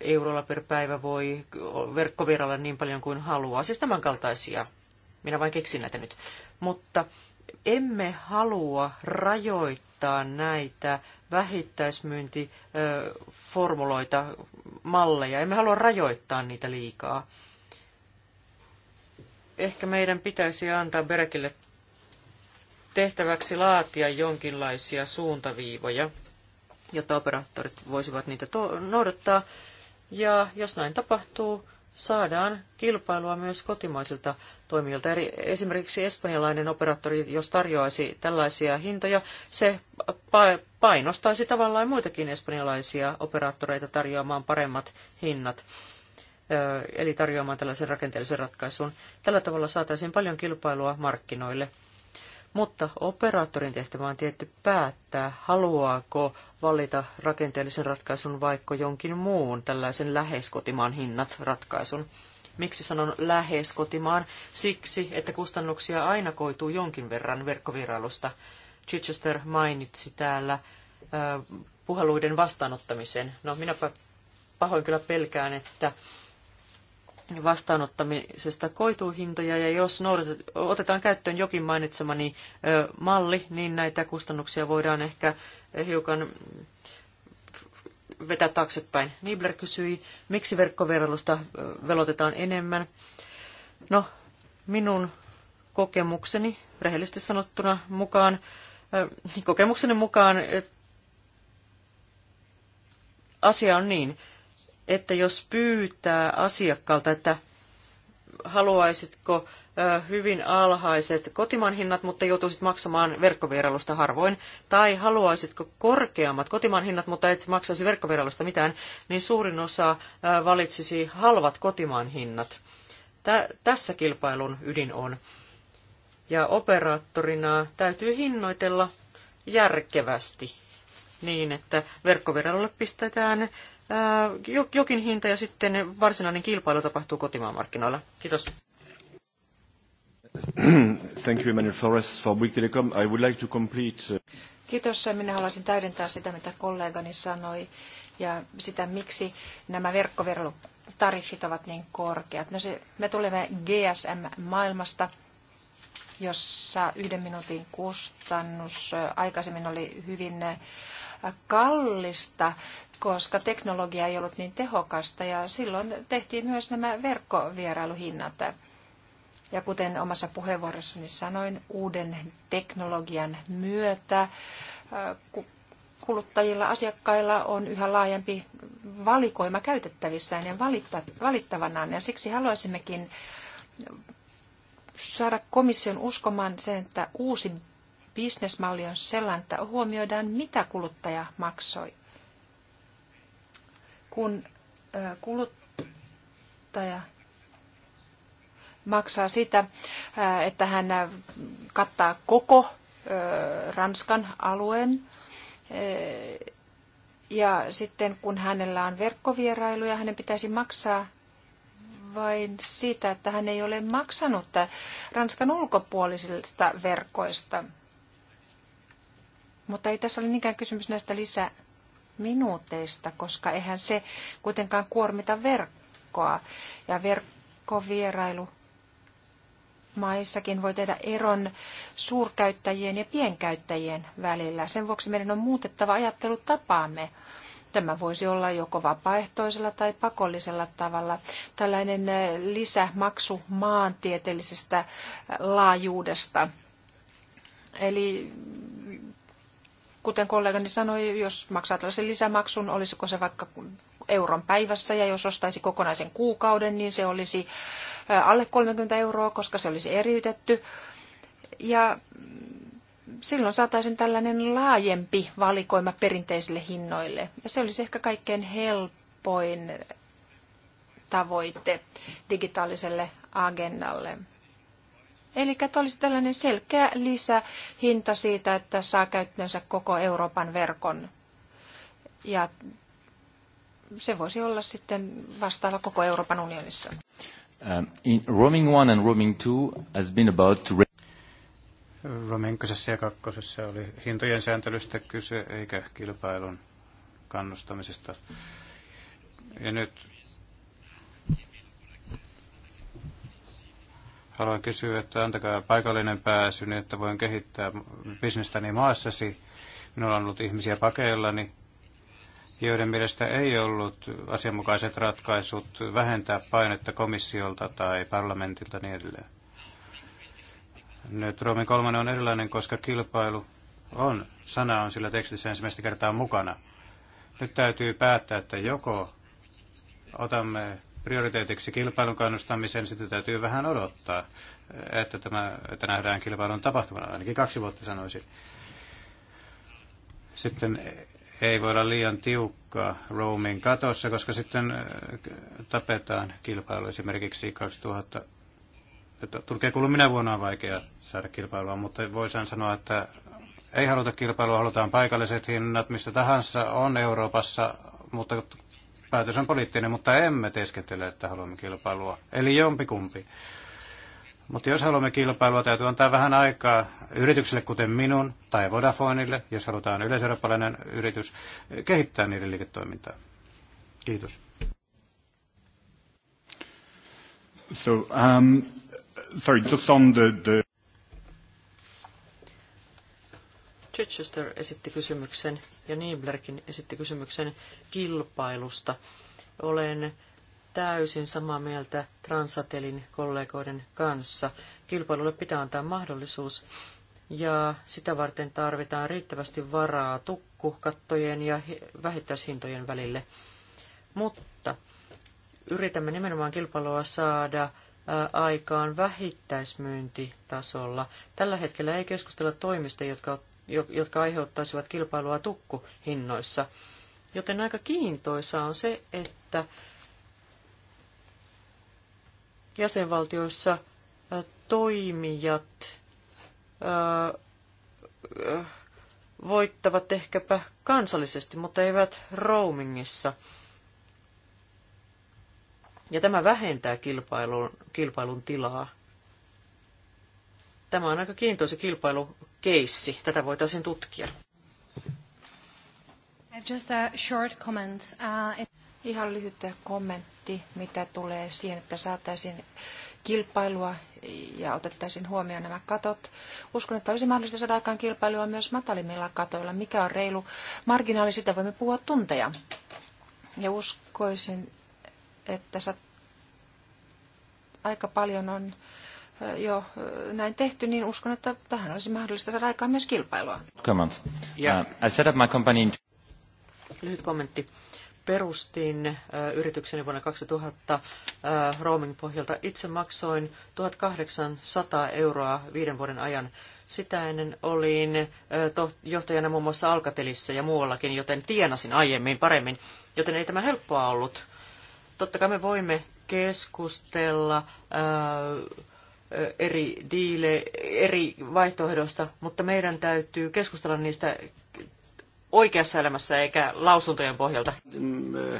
Eurolla per päivä voi verkkovieralla niin paljon kuin haluaa. Siis tämän kaltaisia. Minä vain keksin näitä nyt. Mutta emme halua rajoittaa näitä vähittäismyyntiformuloita, malleja. Emme halua rajoittaa niitä liikaa. Ehkä meidän pitäisi antaa Berekille tehtäväksi laatia jonkinlaisia suuntaviivoja, jotta operaattorit voisivat niitä noudattaa. Ja jos näin tapahtuu, saadaan kilpailua myös kotimaisilta toimijoilta. Esimerkiksi espanjalainen operaattori, jos tarjoaisi tällaisia hintoja, se painostaisi tavallaan muitakin espanjalaisia operaattoreita tarjoamaan paremmat hinnat eli tarjoamaan tällaisen rakenteellisen ratkaisun. Tällä tavalla saataisiin paljon kilpailua markkinoille. Mutta operaattorin tehtävä on tietty päättää, haluaako valita rakenteellisen ratkaisun vaikka jonkin muun tällaisen lähes kotimaan hinnat ratkaisun. Miksi sanon lähes kotimaan? Siksi, että kustannuksia aina koituu jonkin verran verkkovierailusta. Chichester mainitsi täällä puheluiden vastaanottamisen. No minä pahoin kyllä pelkään, että vastaanottamisesta koituu hintoja, ja jos otetaan käyttöön jokin mainitsemani malli, niin näitä kustannuksia voidaan ehkä hiukan vetää taaksepäin. Nibler kysyi, miksi verkkovierailusta velotetaan enemmän. No, minun kokemukseni, rehellisesti sanottuna mukaan, niin kokemukseni mukaan asia on niin, että jos pyytää asiakkaalta, että haluaisitko hyvin alhaiset kotimaan hinnat, mutta joutuisit maksamaan verkkovierailusta harvoin, tai haluaisitko korkeammat kotimaan hinnat, mutta et maksaisi verkkovierailusta mitään, niin suurin osa valitsisi halvat kotimaan hinnat. tässä kilpailun ydin on. Ja operaattorina täytyy hinnoitella järkevästi niin, että verkkovierailulle pistetään jokin hinta ja sitten varsinainen kilpailu tapahtuu kotimaan markkinoilla. Kiitos. Thank you, Emmanuel for Bouygues Telecom. I would like to complete... Uh, Kiitos. Minä haluaisin täydentää sitä, mitä kollegani sanoi ja sitä, miksi nämä verkkoverotariffit ovat niin korkeat. No se, me tulemme GSM-maailmasta, jossa yhden minuutin kustannus aikaisemmin oli hyvin kallista, koska teknologia ei ollut niin tehokasta ja silloin tehtiin myös nämä verkkovierailuhinnat. Ja kuten omassa puheenvuorossani sanoin, uuden teknologian myötä kuluttajilla, asiakkailla on yhä laajempi valikoima käytettävissään ja valittavanaan. Ja siksi haluaisimmekin saada komission uskomaan sen, että uusi bisnesmalli on sellainen, että huomioidaan, mitä kuluttaja maksoi. Kun kuluttaja maksaa sitä, äh, että hän äh, kattaa koko äh, Ranskan alueen. Ja sitten kun hänellä on verkkovierailuja, hänen pitäisi maksaa vain siitä, että hän ei ole maksanut Ranskan ulkopuolisista verkoista. Mutta ei tässä ole niinkään kysymys näistä lisäminuuteista, koska eihän se kuitenkaan kuormita verkkoa. Ja verkkovierailu maissakin voi tehdä eron suurkäyttäjien ja pienkäyttäjien välillä. Sen vuoksi meidän on muutettava ajattelutapaamme. Tämä voisi olla joko vapaaehtoisella tai pakollisella tavalla. Tällainen äh, lisämaksu maantieteellisestä äh, laajuudesta. Eli kuten kollegani sanoi, jos maksaa tällaisen lisämaksun, olisiko se vaikka euron päivässä ja jos ostaisi kokonaisen kuukauden, niin se olisi alle 30 euroa, koska se olisi eriytetty. Ja silloin saataisiin tällainen laajempi valikoima perinteisille hinnoille. Ja se olisi ehkä kaikkein helpoin tavoite digitaaliselle agendalle. Eli että olisi tällainen selkeä lisähinta siitä, että saa käyttöönsä koko Euroopan verkon. Ja se voisi olla sitten vastaava koko Euroopan unionissa. Um, in roaming 1 and roaming 2 has been about to... Roaming ja kakkosessa oli hintojen sääntelystä kyse eikä kilpailun kannustamisesta. Ja nyt haluan kysyä, että antakaa paikallinen pääsy, niin että voin kehittää bisnestäni maassasi. Minulla on ollut ihmisiä pakeillani, joiden mielestä ei ollut asianmukaiset ratkaisut vähentää painetta komissiolta tai parlamentilta niin edelleen. Nyt Roomin kolmannen on erilainen, koska kilpailu on, sana on sillä tekstissä ensimmäistä kertaa mukana. Nyt täytyy päättää, että joko otamme prioriteetiksi kilpailun kannustamisen, sitä täytyy vähän odottaa, että, tämä, että nähdään kilpailun tapahtumana. ainakin kaksi vuotta sanoisin. Sitten ei voi olla liian tiukkaa roaming katossa, koska sitten äh, tapetaan kilpailu. Esimerkiksi 2000, Tulkee kuulu minä vuonna on vaikea saada kilpailua, mutta voisin sanoa, että ei haluta kilpailua, halutaan paikalliset hinnat, missä tahansa on Euroopassa, mutta päätös on poliittinen, mutta emme teeskentele, että haluamme kilpailua. Eli jompikumpi. kumpi. Mutta jos haluamme kilpailua, täytyy antaa vähän aikaa yrityksille, kuten minun tai Vodafoneille, jos halutaan yleiseurooppalainen yritys, kehittää niiden liiketoimintaa. Kiitos. So, um, sorry, just on the, the... Chichester esitti kysymyksen ja Nieblerkin esitti kysymyksen kilpailusta. Olen täysin samaa mieltä Transatelin kollegoiden kanssa. Kilpailulle pitää antaa mahdollisuus ja sitä varten tarvitaan riittävästi varaa tukkukattojen ja vähittäishintojen välille. Mutta yritämme nimenomaan kilpailua saada aikaan vähittäismyyntitasolla. Tällä hetkellä ei keskustella toimista, jotka, jotka aiheuttaisivat kilpailua tukkuhinnoissa. Joten aika kiintoisaa on se, että jäsenvaltioissa toimijat voittavat ehkäpä kansallisesti, mutta eivät roamingissa. Ja tämä vähentää kilpailun, kilpailun tilaa. Tämä on aika kiintoisa kilpailukeissi. Tätä voitaisiin tutkia. Just a short comment. Uh, it... Ihan lyhyt kommentti, mitä tulee siihen, että saataisiin kilpailua ja otettaisiin huomioon nämä katot. Uskon, että olisi mahdollista saada aikaan kilpailua myös matalimmilla katoilla. Mikä on reilu marginaali, sitä voimme puhua tunteja. Ja uskoisin, että aika paljon on jo näin tehty, niin uskon, että tähän olisi mahdollista saada aikaan myös kilpailua. Yeah. Uh, I set up my company in... Lyhyt kommentti perustin yritykseni vuonna 2000 roaming pohjalta. Itse maksoin 1800 euroa viiden vuoden ajan. Sitä ennen olin johtajana muun muassa Alcatelissa ja muuallakin, joten tienasin aiemmin paremmin, joten ei tämä helppoa ollut. Totta kai me voimme keskustella eri, diile, eri vaihtoehdoista, mutta meidän täytyy keskustella niistä oikeassa elämässä eikä lausuntojen pohjalta. Äh,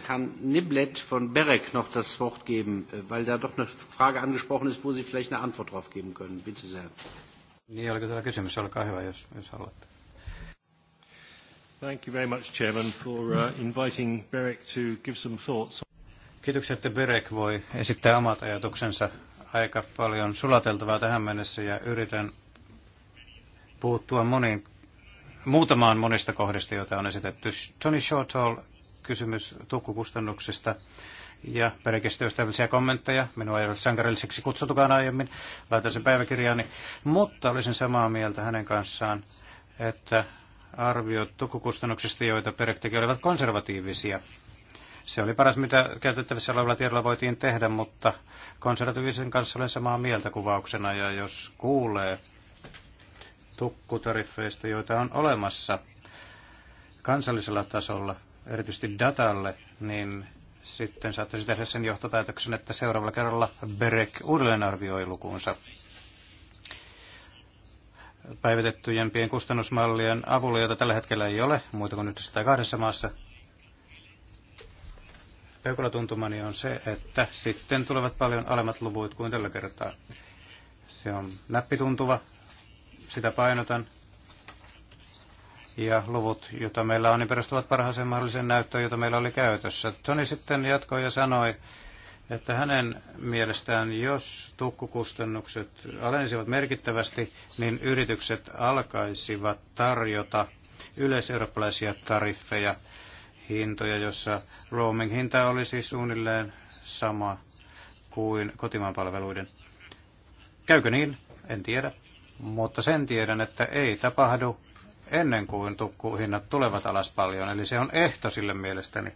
Herrn Niblet von Berek noch das Wort geben, äh, weil da doch eine Frage angesprochen ist, wo Sie vielleicht eine Antwort drauf geben können. Bitte sehr. Niin, oliko tämä kysymys? Olkaa hyvä, jos, jos haluatte. Thank you very much, Chairman, for uh, inviting Berek to give some thoughts. Kiitoksia, että Berek voi esittää omat ajatuksensa. Aika paljon sulateltavaa tähän mennessä ja yritän puuttua moniin muutamaan monista kohdista, joita on esitetty. Tony Shortall, kysymys tukkukustannuksista ja pelkästään ystävällisiä kommentteja. Minua ei ole sankarilliseksi kutsutukaan aiemmin, laitoin sen päiväkirjaani, mutta olisin samaa mieltä hänen kanssaan, että arviot tukukustannuksista, joita Perek teki, olivat konservatiivisia. Se oli paras, mitä käytettävissä olevalla tiedolla voitiin tehdä, mutta konservatiivisen kanssa olen samaa mieltä kuvauksena, ja jos kuulee tukkutariffeista, joita on olemassa kansallisella tasolla, erityisesti datalle, niin sitten saattaisi tehdä sen johtopäätöksen, että seuraavalla kerralla BEREC uudelleen arvioi lukuunsa. Päivitettyjen pienkustannusmallien avulla, joita tällä hetkellä ei ole, muuta kuin yhdessä tai kahdessa maassa, peukalotuntumani on se, että sitten tulevat paljon alemmat luvut kuin tällä kertaa. Se on näppituntuva sitä painotan. Ja luvut, joita meillä on, niin perustuvat parhaaseen mahdolliseen näyttöön, jota meillä oli käytössä. Toni sitten jatkoi ja sanoi, että hänen mielestään, jos tukkukustannukset alenisivat merkittävästi, niin yritykset alkaisivat tarjota yleiseurooppalaisia tariffeja, hintoja, jossa roaming-hinta olisi suunnilleen sama kuin kotimaan palveluiden. Käykö niin? En tiedä. Mutta sen tiedän, että ei tapahdu ennen kuin tukkuhinnat tulevat alas paljon. Eli se on ehto sille mielestäni,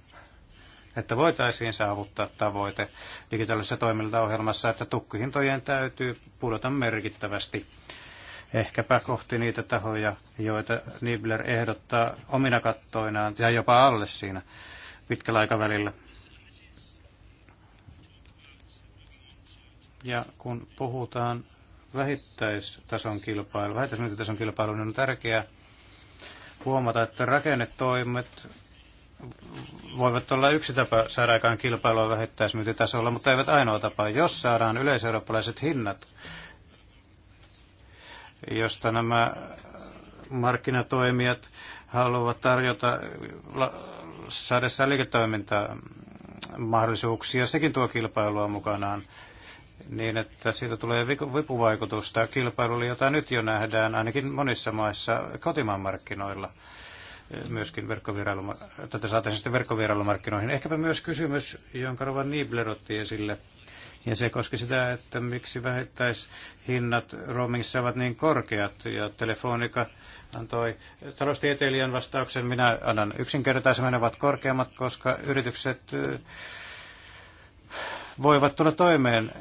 että voitaisiin saavuttaa tavoite digitaalisessa toimintaohjelmassa, että tukkuhintojen täytyy pudota merkittävästi ehkäpä kohti niitä tahoja, joita Nibler ehdottaa omina kattoinaan ja jopa alle siinä pitkällä aikavälillä. Ja kun puhutaan vähittäistason kilpailu, vähittäismyyntitason kilpailu, niin on tärkeää huomata, että rakennetoimet voivat olla yksi tapa saada aikaan kilpailua vähittäismyyntitasolla, mutta eivät ainoa tapa. Jos saadaan yleiseurooppalaiset hinnat, josta nämä markkinatoimijat haluavat tarjota saadessaan liiketoimintaa mahdollisuuksia. Sekin tuo kilpailua mukanaan niin että siitä tulee vipuvaikutusta oli, jota nyt jo nähdään ainakin monissa maissa kotimaan markkinoilla myöskin verkkovirailuma- tätä saataisiin sitten Ehkäpä myös kysymys, jonka Rovan Niebler otti esille, ja se koski sitä, että miksi vähittäishinnat roamingissa ovat niin korkeat, ja telefonika antoi taloustieteilijän vastauksen, minä annan yksinkertaisemmin, ne ovat korkeammat, koska yritykset voivat tulla toimeen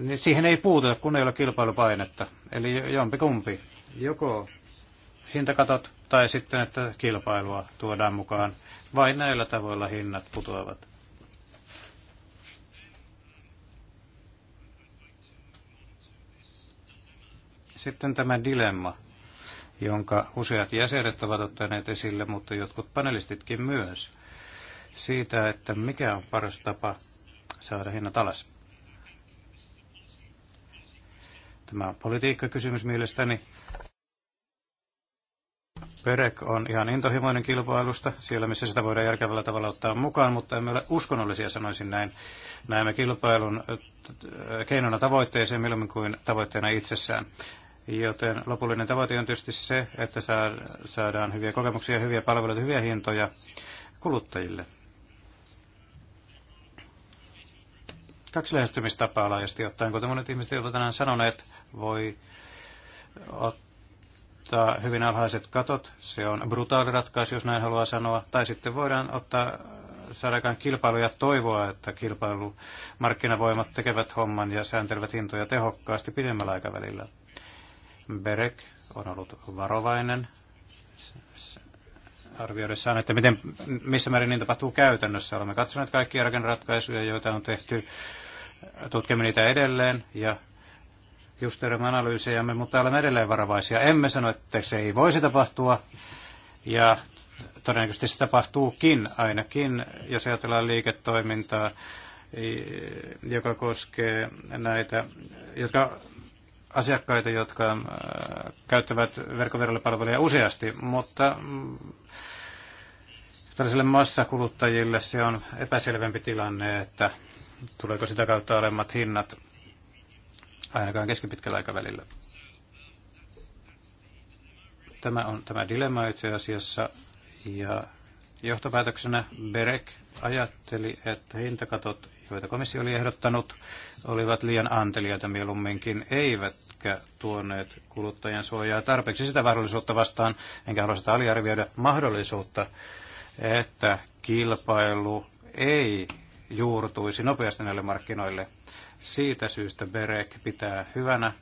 niin siihen ei puututa, kun ei ole kilpailupainetta. Eli jompi kumpi. Joko hintakatot tai sitten, että kilpailua tuodaan mukaan. Vain näillä tavoilla hinnat putoavat. Sitten tämä dilemma, jonka useat jäsenet ovat ottaneet esille, mutta jotkut panelistitkin myös, siitä, että mikä on paras tapa saada hinnat alas. Tämä on politiikkakysymys mielestäni. Perek on ihan intohimoinen kilpailusta, siellä missä sitä voidaan järkevällä tavalla ottaa mukaan, mutta emme ole uskonnollisia, sanoisin näin. Näemme kilpailun keinona tavoitteeseen milloin kuin tavoitteena itsessään. Joten lopullinen tavoite on tietysti se, että saadaan hyviä kokemuksia, hyviä palveluita, hyviä hintoja kuluttajille. kaksi lähestymistapaa laajasti ottaen. Kuten monet ihmiset ovat tänään sanoneet, voi ottaa hyvin alhaiset katot. Se on brutaali ratkaisu, jos näin haluaa sanoa. Tai sitten voidaan ottaa saadaan kilpailu ja toivoa, että kilpailu tekevät homman ja sääntelevät hintoja tehokkaasti pidemmällä aikavälillä. Berek on ollut varovainen arvioidessaan, että miten, missä määrin niin tapahtuu käytännössä. Olemme katsoneet kaikkia rakenneratkaisuja, joita on tehty tutkimme niitä edelleen ja justeerimme analyysejämme, mutta olemme edelleen varovaisia. Emme sano, että se ei voisi tapahtua ja todennäköisesti se tapahtuukin ainakin, jos ajatellaan liiketoimintaa, joka koskee näitä, jotka asiakkaita, jotka äh, käyttävät verkkoverolipalveluja useasti, mutta mm, tällaisille massakuluttajille se on epäselvempi tilanne, että Tuleeko sitä kautta alemmat hinnat ainakaan keskipitkällä aikavälillä? Tämä on tämä dilemma itse asiassa. Ja johtopäätöksenä Berek ajatteli, että hintakatot, joita komissio oli ehdottanut, olivat liian anteliaita mieluumminkin, eivätkä tuoneet kuluttajan suojaa tarpeeksi sitä mahdollisuutta vastaan, enkä halua sitä aliarvioida, mahdollisuutta, että kilpailu ei juurtuisi nopeasti näille markkinoille. Siitä syystä Berek pitää hyvänä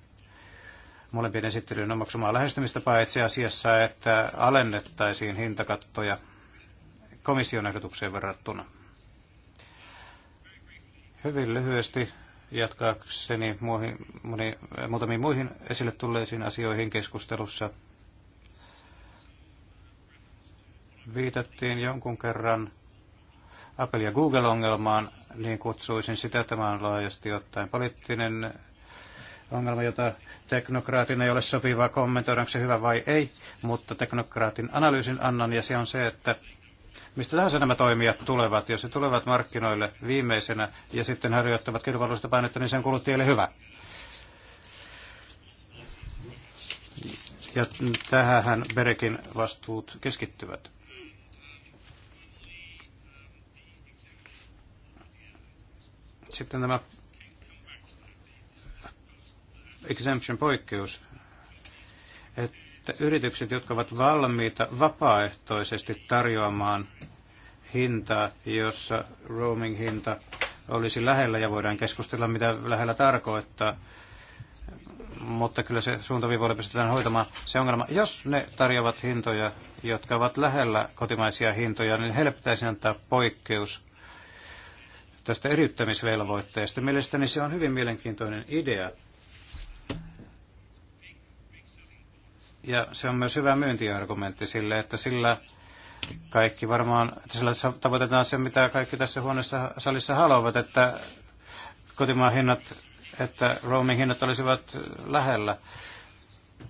molempien esittelyyn omaksumaa lähestymistapaa itse asiassa, että alennettaisiin hintakattoja komission ehdotukseen verrattuna. Hyvin lyhyesti jatkaakseni muihin, moni, muutamiin muihin esille tulleisiin asioihin keskustelussa. Viitattiin jonkun kerran Apple- ja Google-ongelmaan, niin kutsuisin sitä. tämän laajasti ottaen poliittinen ongelma, jota teknokraatin ei ole sopivaa kommentoida, onko se hyvä vai ei, mutta teknokraatin analyysin annan, ja se on se, että mistä tahansa nämä toimijat tulevat, jos he tulevat markkinoille viimeisenä ja sitten harjoittavat kilpailuista painetta, niin sen kuluttajille hyvä. Ja tähän Berekin vastuut keskittyvät. Sitten tämä exemption poikkeus, että yritykset, jotka ovat valmiita vapaaehtoisesti tarjoamaan hintaa, jossa roaming-hinta olisi lähellä ja voidaan keskustella, mitä lähellä tarkoittaa, mutta kyllä se suuntaviivoilla pystytään hoitamaan se ongelma. Jos ne tarjoavat hintoja, jotka ovat lähellä kotimaisia hintoja, niin heille pitäisi antaa poikkeus tästä eriyttämisvelvoitteesta. Mielestäni se on hyvin mielenkiintoinen idea. Ja se on myös hyvä myyntiargumentti sille, että sillä kaikki varmaan, että sillä tavoitetaan se, mitä kaikki tässä huoneessa salissa haluavat, että kotimaan hinnat, että roaming hinnat olisivat lähellä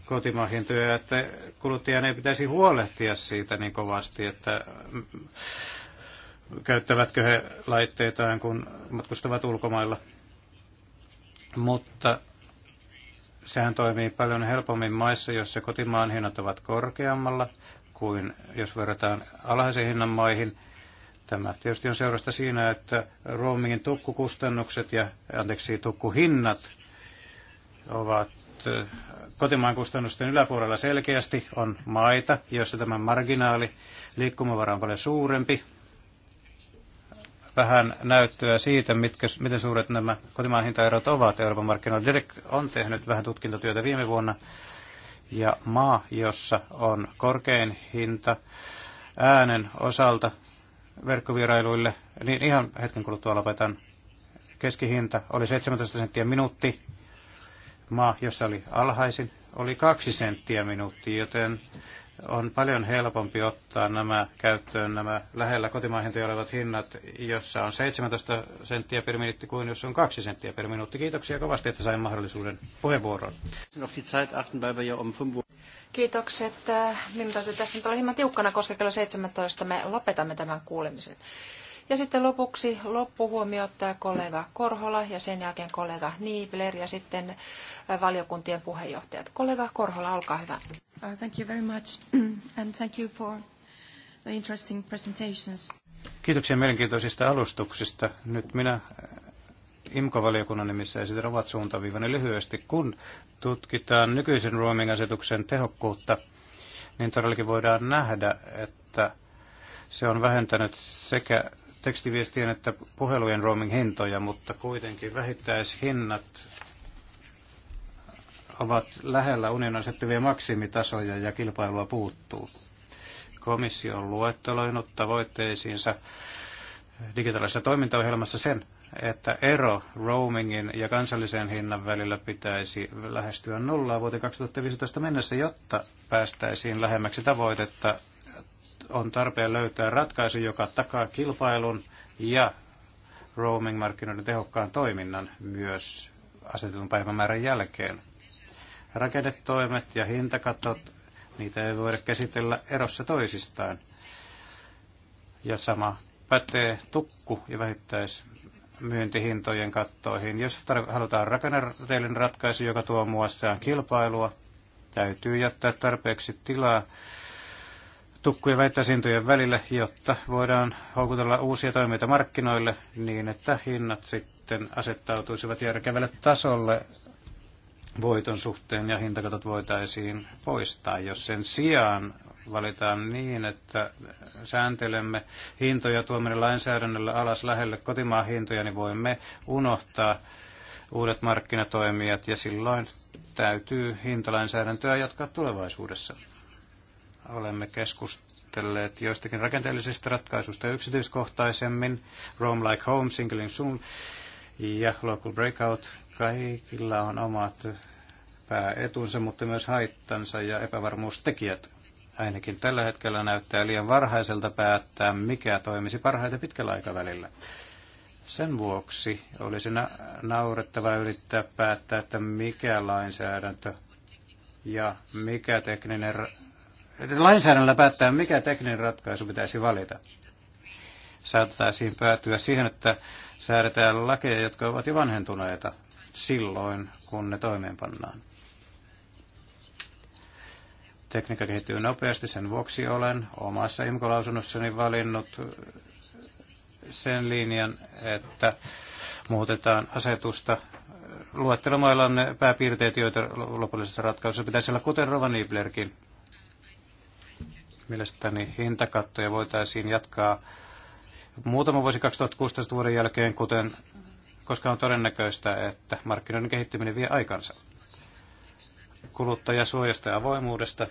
kotimaan hintoja, että kuluttajan ei pitäisi huolehtia siitä niin kovasti, että käyttävätkö he laitteitaan, kun matkustavat ulkomailla. Mutta sehän toimii paljon helpommin maissa, joissa kotimaan hinnat ovat korkeammalla kuin jos verrataan alhaisen hinnan maihin. Tämä tietysti on seurasta siinä, että roamingin tukkukustannukset ja anteeksi, tukkuhinnat ovat eh, kotimaan kustannusten yläpuolella selkeästi on maita, joissa tämä marginaali liikkumavara on paljon suurempi vähän näyttöä siitä, mitkä, miten suuret nämä kotimaan hintaerot ovat Euroopan markkinoilla. Direk on tehnyt vähän tutkintotyötä viime vuonna, ja maa, jossa on korkein hinta äänen osalta verkkovierailuille, niin ihan hetken kuluttua lopetan. Keskihinta oli 17 senttiä minuutti. Maa, jossa oli alhaisin, oli 2 senttiä minuutti, joten on paljon helpompi ottaa nämä käyttöön nämä lähellä kotimaahintoja olevat hinnat, jossa on 17 senttiä per minuutti kuin jos on 2 senttiä per minuutti. Kiitoksia kovasti, että sain mahdollisuuden puheenvuoroon. Um Kiitokset. Äh, minun täytyy tässä nyt olla hieman tiukkana, koska kello 17 me lopetamme tämän kuulemisen. Ja sitten lopuksi loppuhuomio ottaa äh, kollega Korhola ja sen jälkeen kollega Niibler ja sitten äh, valiokuntien puheenjohtajat. Kollega Korhola, olkaa hyvä. Uh, thank you very much and thank you for the interesting presentations. Kiitoksia mielenkiintoisista alustuksista. Nyt minä äh, imco valiokunnan nimissä esitän ovat suuntaviivani lyhyesti. Kun tutkitaan nykyisen roaming-asetuksen tehokkuutta, niin todellakin voidaan nähdä, että se on vähentänyt sekä tekstiviestien että puhelujen roaming-hintoja, mutta kuitenkin vähittäishinnat ovat lähellä unionin asettavia maksimitasoja ja kilpailua puuttuu. Komissio on luetteloinut tavoitteisiinsa digitaalisessa toimintaohjelmassa sen, että ero roamingin ja kansallisen hinnan välillä pitäisi lähestyä nollaa vuoteen 2015 mennessä, jotta päästäisiin lähemmäksi tavoitetta on tarpeen löytää ratkaisu, joka takaa kilpailun ja roaming-markkinoiden tehokkaan toiminnan myös asetetun päivämäärän jälkeen. Rakennetoimet ja hintakatot, niitä ei voida käsitellä erossa toisistaan. Ja sama pätee tukku- ja myyntihintojen kattoihin. Jos halutaan rakennereilin ratkaisu, joka tuo muassaan kilpailua, täytyy jättää tarpeeksi tilaa tukkujen ja väittäisintojen välillä, jotta voidaan houkutella uusia toimijoita markkinoille niin, että hinnat sitten asettautuisivat järkevälle tasolle voiton suhteen ja hintakatot voitaisiin poistaa, jos sen sijaan valitaan niin, että sääntelemme hintoja tuominen lainsäädännöllä alas lähelle kotimaan hintoja, niin voimme unohtaa uudet markkinatoimijat ja silloin täytyy hintalainsäädäntöä jatkaa tulevaisuudessa olemme keskustelleet joistakin rakenteellisista ratkaisuista yksityiskohtaisemmin, Rome Like Home, Singling Soon ja Local Breakout. Kaikilla on omat pääetunsa, mutta myös haittansa ja epävarmuustekijät. Ainakin tällä hetkellä näyttää liian varhaiselta päättää, mikä toimisi parhaiten pitkällä aikavälillä. Sen vuoksi olisi na- naurettava yrittää päättää, että mikä lainsäädäntö ja mikä tekninen lainsäädännöllä päättää, mikä tekninen ratkaisu pitäisi valita. Saattaisiin päätyä siihen, että säädetään lakeja, jotka ovat jo vanhentuneita silloin, kun ne toimeenpannaan. Tekniikka kehittyy nopeasti, sen vuoksi olen omassa imkolausunnossani valinnut sen linjan, että muutetaan asetusta luettelemalla ne pääpiirteet, joita lopullisessa ratkaisussa pitäisi olla, kuten Rovaniblerkin Mielestäni hintakattoja voitaisiin jatkaa muutama vuosi 2016 vuoden jälkeen, kuten koska on todennäköistä, että markkinoiden kehittyminen vie aikansa. Kuluttajasuojasta ja avoimuudesta.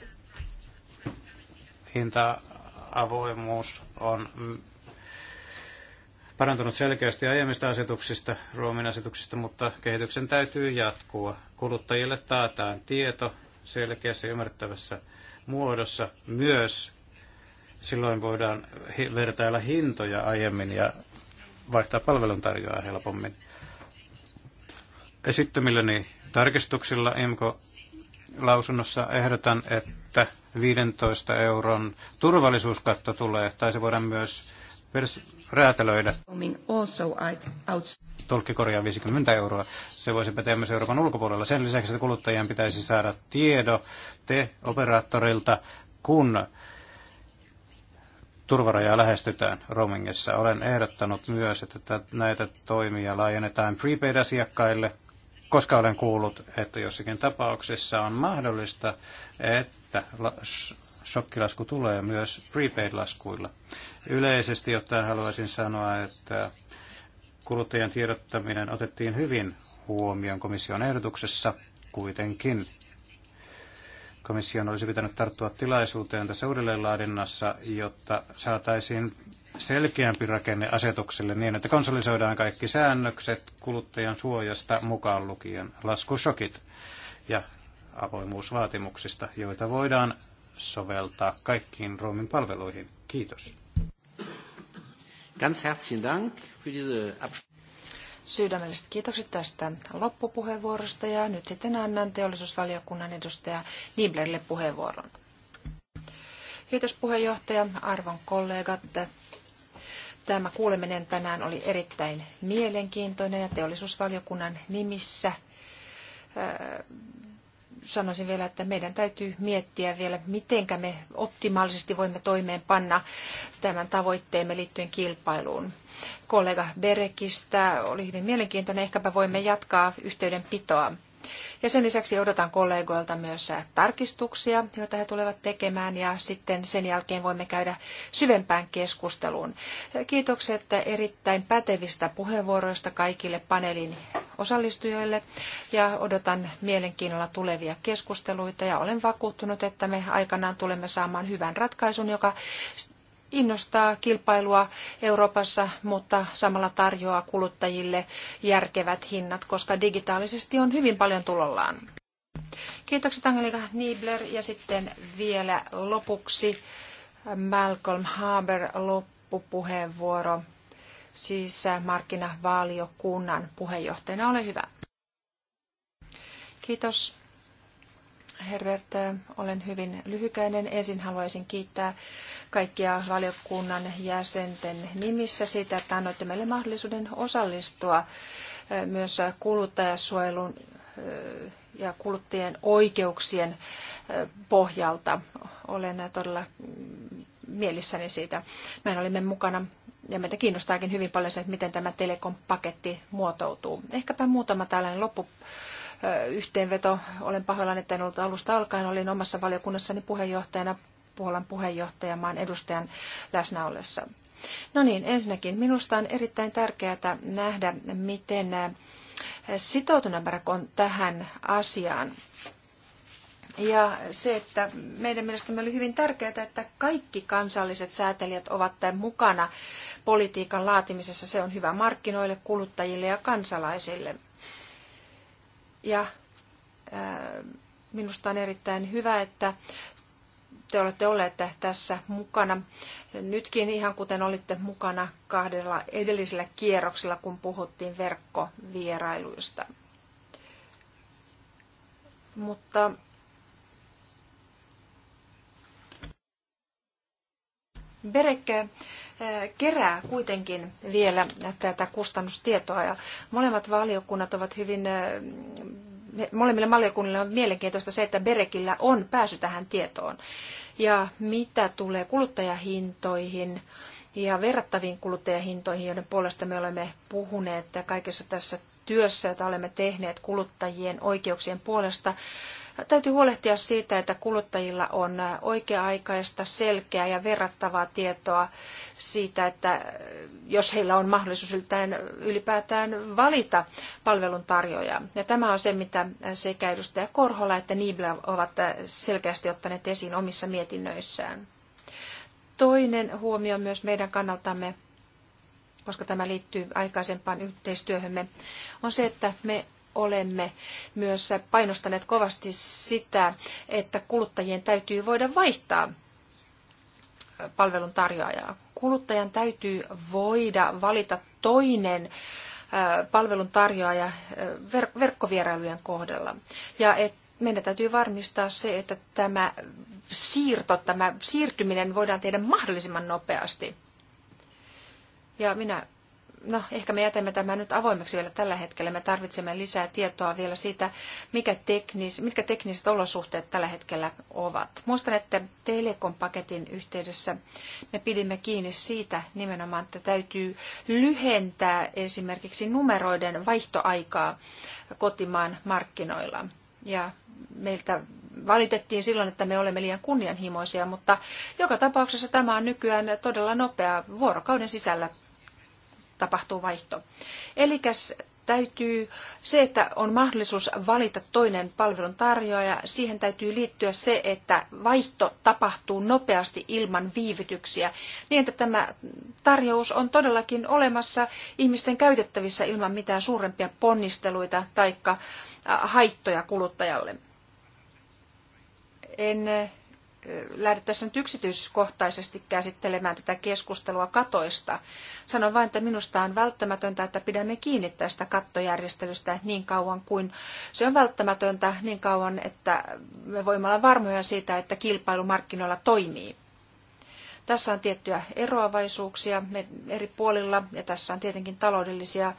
Hinta-avoimuus on parantunut selkeästi aiemmista asetuksista, Ruomin asetuksista, mutta kehityksen täytyy jatkua. Kuluttajille taataan tieto selkeässä ja ymmärrettävässä muodossa myös. Silloin voidaan vertailla hintoja aiemmin ja vaihtaa palveluntarjoajaa helpommin. Esittämilläni tarkistuksilla IMKO lausunnossa ehdotan, että 15 euron turvallisuuskatto tulee, tai se voidaan myös vers, räätälöidä. Tulkki korjaa 50 euroa. Se voisi päteä myös Euroopan ulkopuolella. Sen lisäksi, että kuluttajien pitäisi saada tiedo te operaattorilta, kun turvarajaa lähestytään roamingissa. Olen ehdottanut myös, että näitä toimia laajennetaan prepaid-asiakkaille, koska olen kuullut, että jossakin tapauksessa on mahdollista, että shokkilasku tulee myös prepaid-laskuilla. Yleisesti ottaen haluaisin sanoa, että kuluttajan tiedottaminen otettiin hyvin huomioon komission ehdotuksessa kuitenkin. Komission olisi pitänyt tarttua tilaisuuteen tässä uudelleenlaadinnassa, jotta saataisiin selkeämpi rakenne asetukselle niin, että konsolisoidaan kaikki säännökset kuluttajan suojasta mukaan lukien laskushokit ja avoimuusvaatimuksista, joita voidaan soveltaa kaikkiin Roomin palveluihin. Kiitos. Ganz herzlichen Dank für diese Sydämelliset kiitokset tästä loppupuheenvuorosta ja nyt sitten annan teollisuusvaliokunnan edustaja Niblerille puheenvuoron. Kiitos puheenjohtaja, arvon kollegat. Tämä kuuleminen tänään oli erittäin mielenkiintoinen ja teollisuusvaliokunnan nimissä sanoisin vielä, että meidän täytyy miettiä vielä, miten me optimaalisesti voimme toimeenpanna tämän tavoitteemme liittyen kilpailuun. Kollega Berekistä oli hyvin mielenkiintoinen. Ehkäpä voimme jatkaa yhteydenpitoa. Ja sen lisäksi odotan kollegoilta myös tarkistuksia, joita he tulevat tekemään, ja sitten sen jälkeen voimme käydä syvempään keskusteluun. Kiitokset erittäin pätevistä puheenvuoroista kaikille paneelin osallistujoille ja odotan mielenkiinnolla tulevia keskusteluita ja olen vakuuttunut, että me aikanaan tulemme saamaan hyvän ratkaisun, joka innostaa kilpailua Euroopassa, mutta samalla tarjoaa kuluttajille järkevät hinnat, koska digitaalisesti on hyvin paljon tulollaan. Kiitokset Angelika Niebler ja sitten vielä lopuksi Malcolm Haber loppupuheenvuoro siis markkinavaliokunnan puheenjohtajana. Ole hyvä. Kiitos. Herbert, olen hyvin lyhykäinen. Ensin haluaisin kiittää kaikkia valiokunnan jäsenten nimissä siitä, että annoitte meille mahdollisuuden osallistua myös kuluttajasuojelun ja kuluttajien oikeuksien pohjalta. Olen todella mielissäni siitä. Mehän olimme mukana ja meitä kiinnostaakin hyvin paljon se, että miten tämä Telekom-paketti muotoutuu. Ehkäpä muutama tällainen loppu yhteenveto. Olen pahoillani, että en ollut alusta alkaen. Olin omassa valiokunnassani puheenjohtajana Puolan maan edustajan läsnä ollessa. No niin, ensinnäkin minusta on erittäin tärkeää nähdä, miten sitoutuneempana on tähän asiaan. Ja se, että meidän mielestämme oli hyvin tärkeää, että kaikki kansalliset säätelijät ovat mukana politiikan laatimisessa. Se on hyvä markkinoille, kuluttajille ja kansalaisille. Ja äh, minusta on erittäin hyvä, että te olette olleet tässä mukana. Nytkin ihan kuten olitte mukana kahdella edellisellä kierroksella, kun puhuttiin verkkovierailuista. Mutta Berek eh, kerää kuitenkin vielä tätä kustannustietoa ja molemmat valiokunnat ovat hyvin eh, molemmille valiokunnille on mielenkiintoista se, että Berekillä on pääsy tähän tietoon. Ja mitä tulee kuluttajahintoihin ja verrattaviin kuluttajahintoihin, joiden puolesta me olemme puhuneet kaikessa tässä työssä, jota olemme tehneet kuluttajien oikeuksien puolesta, täytyy huolehtia siitä, että kuluttajilla on oikea-aikaista, selkeää ja verrattavaa tietoa siitä, että jos heillä on mahdollisuus ylipäätään valita palveluntarjoaja. Ja tämä on se, mitä sekä edustaja Korhola että Niibla ovat selkeästi ottaneet esiin omissa mietinnöissään. Toinen huomio myös meidän kannaltamme koska tämä liittyy aikaisempaan yhteistyöhömme, on se, että me olemme myös painostaneet kovasti sitä, että kuluttajien täytyy voida vaihtaa palvelun tarjoajaa. Kuluttajan täytyy voida valita toinen palvelun tarjoaja verkkovierailujen kohdalla. Ja et meidän täytyy varmistaa se, että tämä siirto, tämä siirtyminen voidaan tehdä mahdollisimman nopeasti. Ja minä, no ehkä me jätämme tämän nyt avoimeksi vielä tällä hetkellä. Me tarvitsemme lisää tietoa vielä siitä, mikä teknis, mitkä tekniset olosuhteet tällä hetkellä ovat. Muistan, että Telekom-paketin yhteydessä me pidimme kiinni siitä nimenomaan, että täytyy lyhentää esimerkiksi numeroiden vaihtoaikaa kotimaan markkinoilla. Ja meiltä valitettiin silloin, että me olemme liian kunnianhimoisia, mutta joka tapauksessa tämä on nykyään todella nopea. Vuorokauden sisällä tapahtuu vaihto. Eli täytyy se, että on mahdollisuus valita toinen palvelun tarjoaja, siihen täytyy liittyä se, että vaihto tapahtuu nopeasti ilman viivytyksiä, niin että tämä tarjous on todellakin olemassa ihmisten käytettävissä ilman mitään suurempia ponnisteluita tai haittoja kuluttajalle. En lähde tässä nyt yksityiskohtaisesti käsittelemään tätä keskustelua katoista. Sanon vain, että minusta on välttämätöntä, että pidämme kiinni tästä kattojärjestelystä niin kauan kuin se on välttämätöntä, niin kauan, että me voimme olla varmoja siitä, että kilpailu markkinoilla toimii. Tässä on tiettyjä eroavaisuuksia eri puolilla ja tässä on tietenkin taloudellisia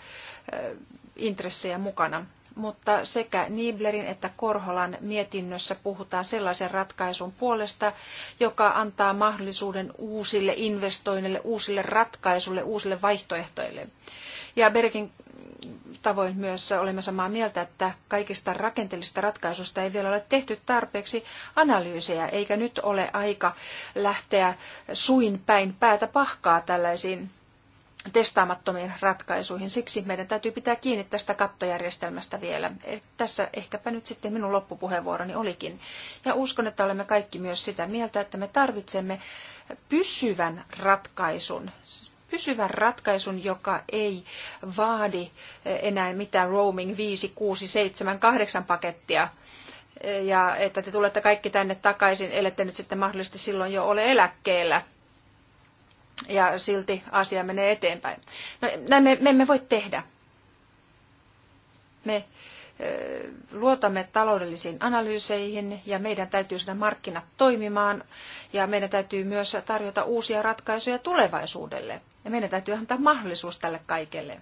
intressejä mukana mutta sekä Niblerin että Korholan mietinnössä puhutaan sellaisen ratkaisun puolesta, joka antaa mahdollisuuden uusille investoinneille, uusille ratkaisuille, uusille vaihtoehtoille. Ja Bergin tavoin myös olemme samaa mieltä, että kaikista rakenteellisista ratkaisuista ei vielä ole tehty tarpeeksi analyysejä, eikä nyt ole aika lähteä suin päin päätä pahkaa tällaisiin testaamattomiin ratkaisuihin. Siksi meidän täytyy pitää kiinni tästä kattojärjestelmästä vielä. Eh, tässä ehkäpä nyt sitten minun loppupuheenvuoroni olikin. Ja uskon, että olemme kaikki myös sitä mieltä, että me tarvitsemme pysyvän ratkaisun pysyvän ratkaisun, joka ei vaadi enää mitään roaming 5, 6, 7, 8 pakettia. Eh, ja että te tulette kaikki tänne takaisin, ellette nyt sitten mahdollisesti silloin jo ole eläkkeellä ja silti asia menee eteenpäin. No, näin me, me emme voi tehdä. Me luotamme taloudellisiin analyyseihin ja meidän täytyy saada markkinat toimimaan ja meidän täytyy myös tarjota uusia ratkaisuja tulevaisuudelle. Ja meidän täytyy antaa mahdollisuus tälle kaikelle.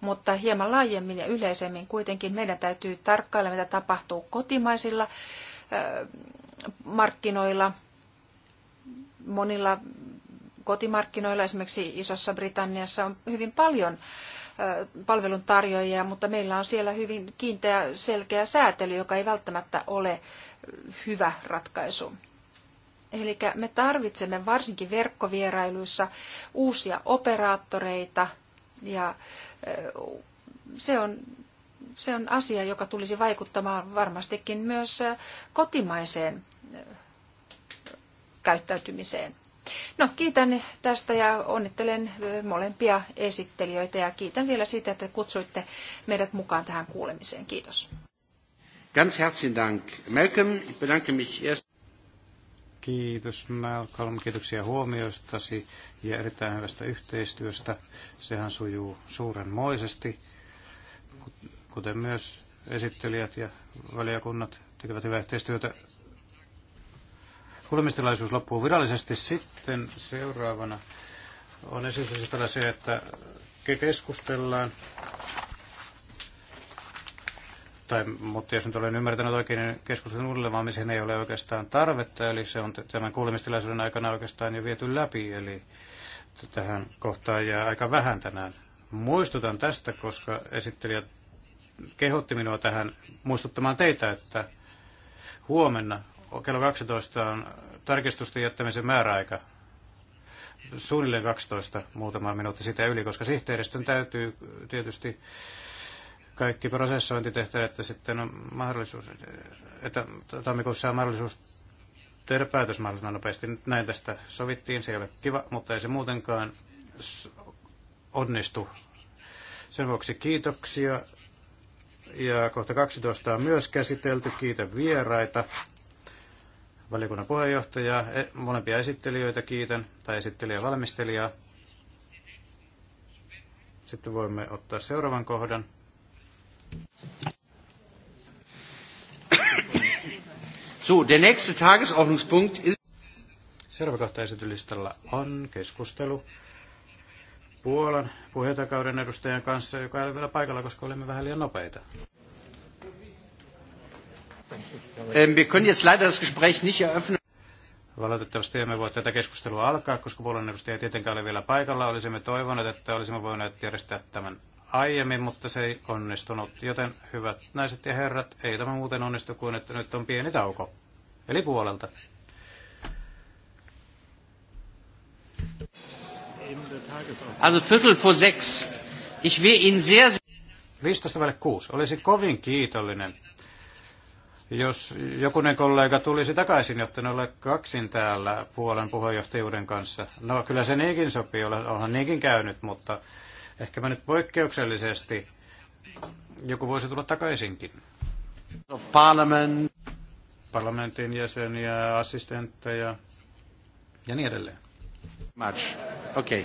Mutta hieman laajemmin ja yleisemmin kuitenkin meidän täytyy tarkkailla, mitä tapahtuu kotimaisilla markkinoilla, monilla kotimarkkinoilla, esimerkiksi Isossa Britanniassa on hyvin paljon palveluntarjoajia, mutta meillä on siellä hyvin kiinteä selkeä säätely, joka ei välttämättä ole hyvä ratkaisu. Eli me tarvitsemme varsinkin verkkovierailuissa uusia operaattoreita ja se on, se on asia, joka tulisi vaikuttamaan varmastikin myös kotimaiseen käyttäytymiseen. No, kiitän tästä ja onnittelen molempia esittelijöitä ja kiitän vielä siitä, että kutsuitte meidät mukaan tähän kuulemiseen. Kiitos. Ganz herzlichen Dank. Malcolm, bedanke mich erst. Kiitos Malcolm, kiitoksia huomioistasi ja erittäin hyvästä yhteistyöstä. Sehän sujuu suurenmoisesti, kuten myös esittelijät ja valiokunnat tekevät hyvää yhteistyötä Kuulemistilaisuus loppuu virallisesti sitten seuraavana. On esitys se, että keskustellaan tai, mutta jos nyt olen ymmärtänyt oikein, niin keskustelun uudelleenvaamiseen ei ole oikeastaan tarvetta, eli se on tämän kuulemistilaisuuden aikana oikeastaan jo viety läpi, eli tähän kohtaan jää aika vähän tänään. Muistutan tästä, koska esittelijä kehotti minua tähän muistuttamaan teitä, että huomenna kello 12 on tarkistusten jättämisen määräaika. Suunnilleen 12 muutama minuutti sitä yli, koska sihteeristön täytyy tietysti kaikki prosessointi tehdä, että sitten on mahdollisuus, että tammikuussa on mahdollisuus tehdä päätös mahdollisimman nopeasti. Nyt näin tästä sovittiin, se ei ole kiva, mutta ei se muutenkaan onnistu. Sen vuoksi kiitoksia. Ja kohta 12 on myös käsitelty. Kiitä vieraita valiokunnan puheenjohtajaa, e, molempia esittelijöitä kiitän, tai esittelijä valmistelijaa. Sitten voimme ottaa seuraavan kohdan. So, der nächste Tagesordnungspunkt ist... Seuraava kohta esitylistalla on keskustelu Puolan puheenjohtajakauden edustajan kanssa, joka ei ole vielä paikalla, koska olemme vähän liian nopeita. Ähm, wir können jetzt leider das Gespräch nicht eröffnen. Valitettavasti emme voi tätä keskustelua alkaa, koska puolueen edustaja ei tietenkään ole vielä paikalla. Olisimme toivoneet, että olisimme voineet järjestää tämän aiemmin, mutta se ei onnistunut. Joten hyvät naiset ja herrat, ei tämä muuten onnistu kuin, että nyt on pieni tauko. Eli puolelta. Also Viertel vor sechs. Ich will Ihnen sehr... 15 6. Olisi kovin kiitollinen jos jokunen kollega tulisi takaisin, jotta ne ole kaksin täällä puolen puheenjohtajuuden kanssa. No kyllä se niinkin sopii, onhan niinkin käynyt, mutta ehkä mä nyt poikkeuksellisesti joku voisi tulla takaisinkin. Of parliament. Parlamentin jäseniä, assistentteja ja niin edelleen. Much. Okay.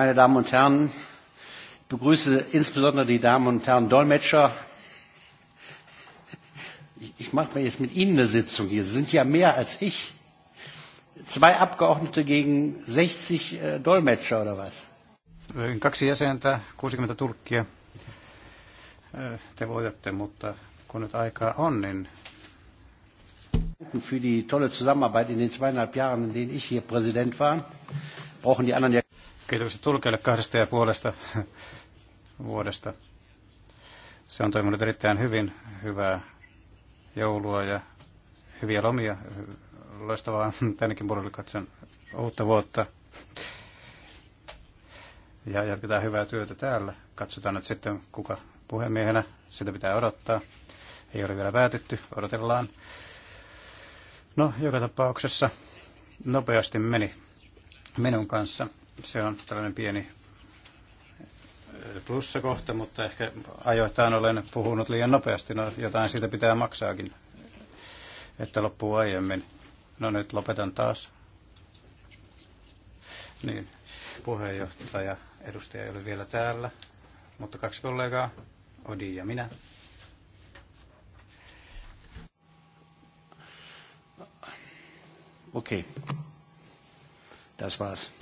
meine Damen und Herren, ich begrüße insbesondere die Damen und Herren Dolmetscher. Ich, ich mache mir jetzt mit Ihnen eine Sitzung hier. Sie sind ja mehr als ich. Zwei Abgeordnete gegen 60 äh, Dolmetscher oder was? Äh, kaksi jäsentä, 60 tulkkia. Äh, te voitatte, mutta kun nyt aikaa on, niin für die tolle Zusammenarbeit in den zweieinhalb Jahren, in denen ich hier Präsident war. Brauchen die anderen ja Kiitokset tulkeille kahdesta ja puolesta vuodesta. Se on toiminut erittäin hyvin. Hyvää joulua ja hyviä lomia. Loistavaa tännekin puolelle katson uutta vuotta. Ja jatketaan hyvää työtä täällä. Katsotaan nyt sitten kuka puhemiehenä. Sitä pitää odottaa. Ei ole vielä päätetty. Odotellaan. No, joka tapauksessa nopeasti meni minun kanssa. Se on tällainen pieni plussakohta, mutta ehkä ajoittain olen puhunut liian nopeasti. No, jotain siitä pitää maksaakin, että loppuu aiemmin. No nyt lopetan taas. Niin, puheenjohtaja, edustaja ei ole vielä täällä, mutta kaksi kollegaa, Odi ja minä. Okei, okay. das war's.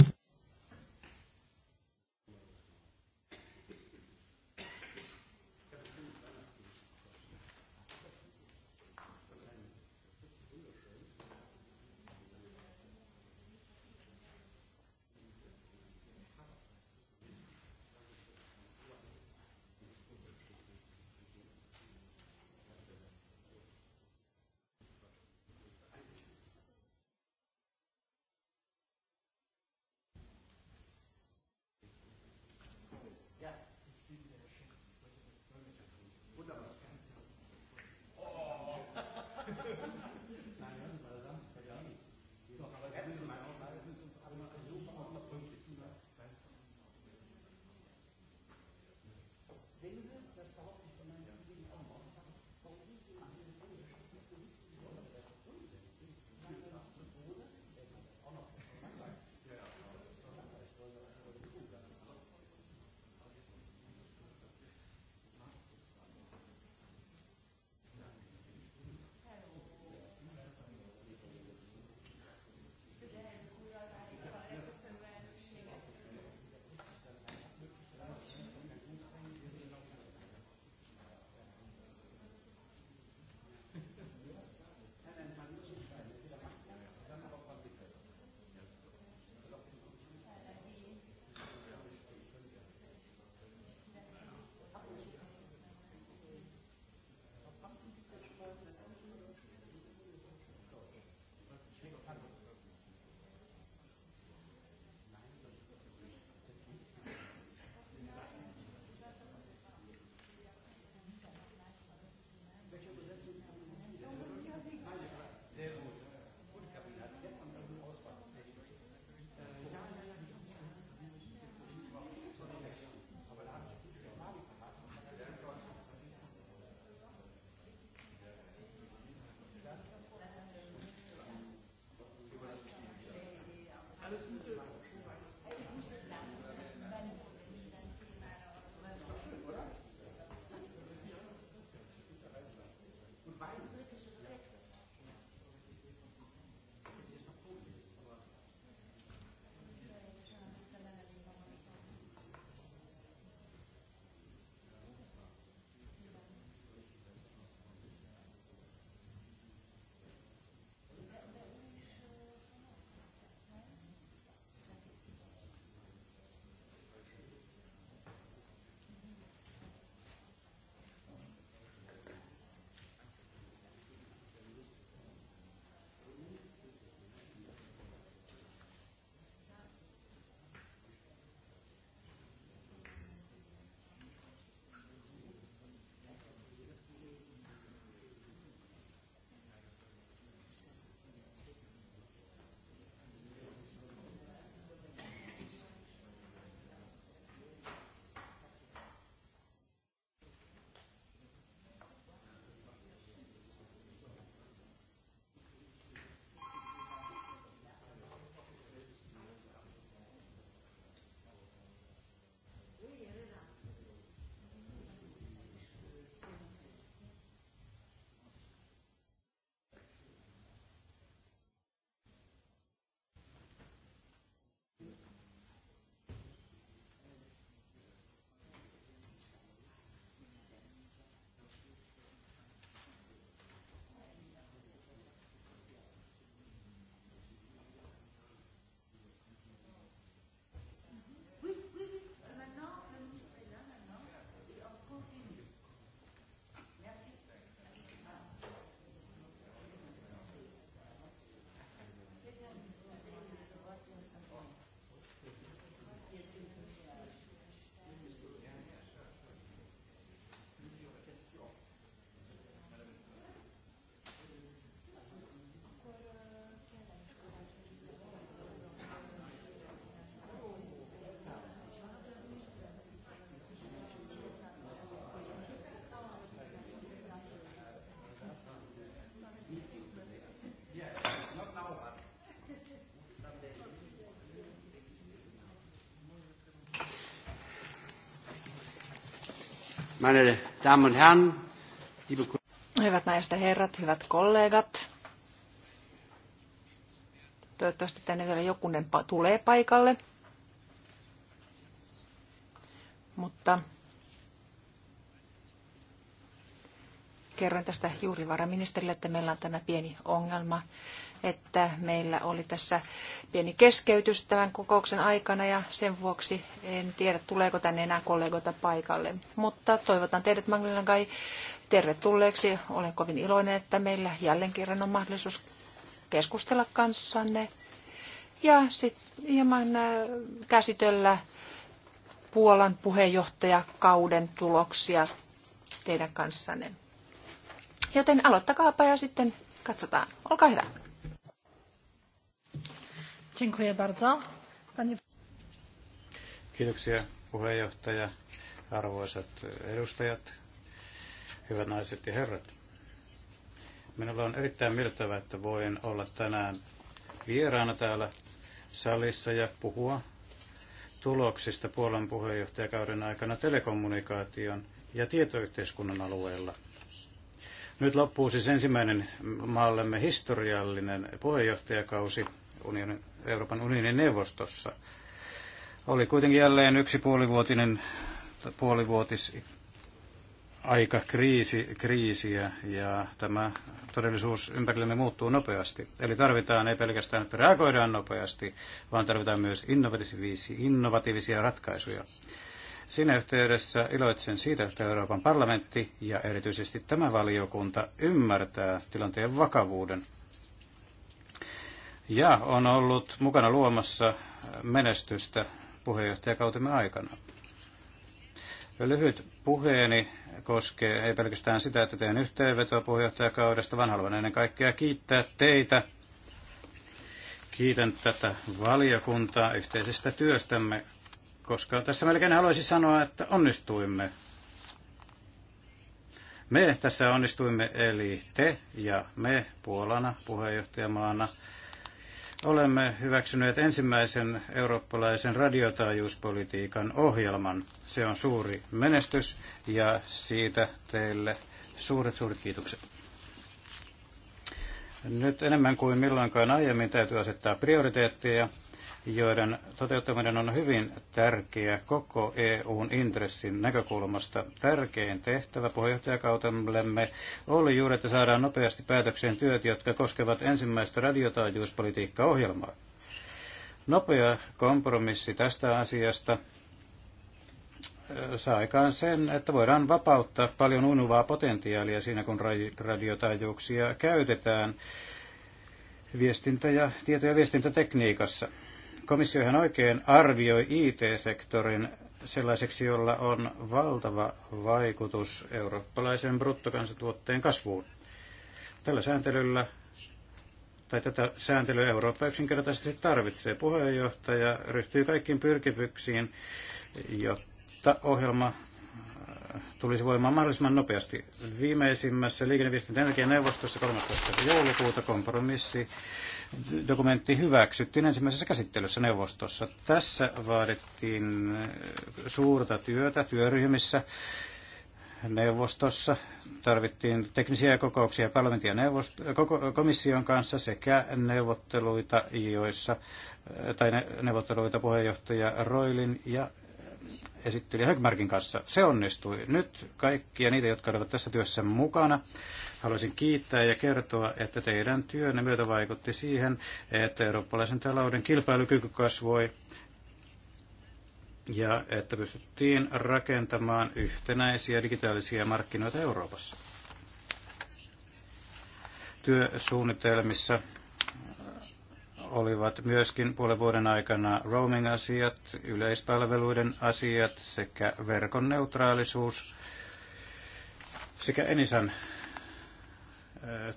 meine Damen und Herren, liebe Hyvät naiset ja herrat, hyvät kollegat. Toivottavasti tänne vielä jokunen tulee paikalle. kerroin tästä juuri varaministerille, että meillä on tämä pieni ongelma, että meillä oli tässä pieni keskeytys tämän kokouksen aikana ja sen vuoksi en tiedä, tuleeko tänne enää kollegoita paikalle. Mutta toivotan teidät Magdalena Kai tervetulleeksi. Olen kovin iloinen, että meillä jälleen kerran on mahdollisuus keskustella kanssanne ja sitten hieman äh, käsitellä Puolan puheenjohtajakauden tuloksia teidän kanssanne. Joten aloittakaapa ja sitten katsotaan. Olkaa hyvä. Dziękuję bardzo. Panie... Kiitoksia puheenjohtaja, arvoisat edustajat, hyvät naiset ja herrat. Minulla on erittäin miellyttävää, että voin olla tänään vieraana täällä salissa ja puhua tuloksista Puolan puheenjohtajakauden aikana telekommunikaation ja tietoyhteiskunnan alueella – nyt loppuu siis ensimmäinen maallemme historiallinen puheenjohtajakausi unionin, Euroopan unionin neuvostossa. Oli kuitenkin jälleen yksi puolivuotinen puolivuotis aika kriisi, kriisiä ja tämä todellisuus ympärillemme muuttuu nopeasti. Eli tarvitaan ei pelkästään, että reagoidaan nopeasti, vaan tarvitaan myös innovatiivisia, innovatiivisia ratkaisuja. Siinä yhteydessä iloitsen siitä, että Euroopan parlamentti ja erityisesti tämä valiokunta ymmärtää tilanteen vakavuuden ja on ollut mukana luomassa menestystä puheenjohtajakautemme aikana. Lyhyt puheeni koskee ei pelkästään sitä, että teen yhteenvetoa puheenjohtajakaudesta, vaan haluan ennen kaikkea kiittää teitä. Kiitän tätä valiokuntaa yhteisestä työstämme koska tässä melkein haluaisin sanoa, että onnistuimme. Me tässä onnistuimme, eli te ja me Puolana puheenjohtajamaana olemme hyväksyneet ensimmäisen eurooppalaisen radiotaajuuspolitiikan ohjelman. Se on suuri menestys ja siitä teille suuret suuret kiitokset. Nyt enemmän kuin milloinkaan aiemmin täytyy asettaa prioriteetteja joiden toteuttaminen on hyvin tärkeä koko EUn intressin näkökulmasta. Tärkein tehtävä puheenjohtajakautemme oli juuri, että saadaan nopeasti päätökseen työt, jotka koskevat ensimmäistä radiotaajuuspolitiikkaohjelmaa. Nopea kompromissi tästä asiasta saa aikaan sen, että voidaan vapauttaa paljon unuvaa potentiaalia siinä, kun radiotaajuuksia käytetään viestintä- ja tieto- ja viestintätekniikassa komissio ihan oikein arvioi IT-sektorin sellaiseksi, jolla on valtava vaikutus eurooppalaisen bruttokansantuotteen kasvuun. Tällä sääntelyllä tai tätä sääntelyä Eurooppa yksinkertaisesti tarvitsee. Puheenjohtaja ryhtyy kaikkiin pyrkimyksiin, jotta ohjelma äh, tulisi voimaan mahdollisimman nopeasti. Viimeisimmässä liikenneviestintä energianeuvostossa 13. joulukuuta kompromissi dokumentti hyväksyttiin ensimmäisessä käsittelyssä neuvostossa. Tässä vaadittiin eh, suurta työtä työryhmissä neuvostossa. Tarvittiin teknisiä kokouksia parlamentin ja neuvost- koko- komission kanssa sekä neuvotteluita, joissa, eh, tai ne, neuvotteluita puheenjohtaja Roilin ja esitteli Högmarkin kanssa. Se onnistui. Nyt kaikkia niitä, jotka olivat tässä työssä mukana, haluaisin kiittää ja kertoa, että teidän työnne myötä vaikutti siihen, että eurooppalaisen talouden kilpailukyky kasvoi ja että pystyttiin rakentamaan yhtenäisiä digitaalisia markkinoita Euroopassa. Työsuunnitelmissa olivat myöskin puolen vuoden aikana roaming-asiat, yleispalveluiden asiat sekä verkon neutraalisuus sekä Enisan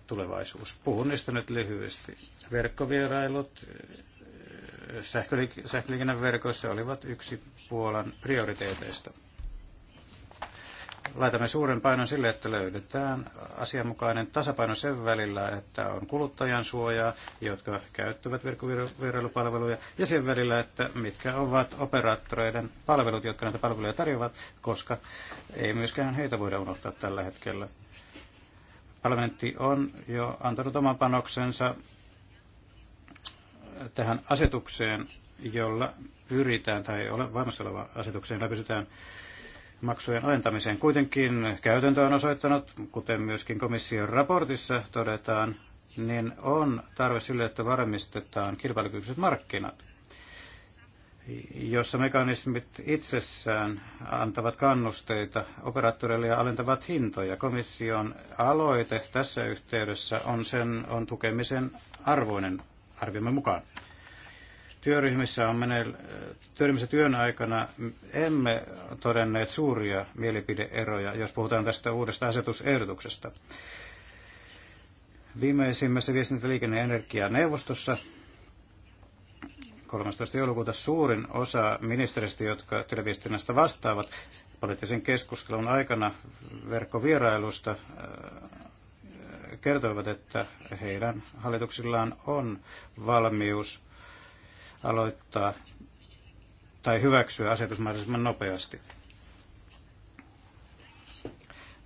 tulevaisuus. Puhun niistä nyt lyhyesti. Verkkovierailut sähköliikenneverkoissa olivat yksi Puolan prioriteeteista laitamme suuren painon sille, että löydetään asianmukainen tasapaino sen välillä, että on kuluttajan suojaa, jotka käyttävät verkkovirailupalveluja, ja sen välillä, että mitkä ovat operaattoreiden palvelut, jotka näitä palveluja tarjoavat, koska ei myöskään heitä voida unohtaa tällä hetkellä. Parlamentti on jo antanut oman panoksensa tähän asetukseen, jolla pyritään, tai ole, voimassa olevaan asetukseen, jolla pysytään maksujen alentamiseen. Kuitenkin käytäntö on osoittanut, kuten myöskin komission raportissa todetaan, niin on tarve sille, että varmistetaan kilpailukykyiset markkinat, jossa mekanismit itsessään antavat kannusteita operaattoreille ja alentavat hintoja. Komission aloite tässä yhteydessä on sen on tukemisen arvoinen arviomme mukaan. Työryhmissä, on menel, työryhmissä työn aikana emme todenneet suuria mielipideeroja, jos puhutaan tästä uudesta asetusehdotuksesta. Viimeisimmässä viestintä- liikenne- ja energianeuvostossa 13. joulukuuta suurin osa ministeristä, jotka televiestinnästä vastaavat poliittisen keskustelun aikana verkkovierailusta, äh, kertoivat, että heidän hallituksillaan on valmius aloittaa tai hyväksyä asetus mahdollisimman nopeasti.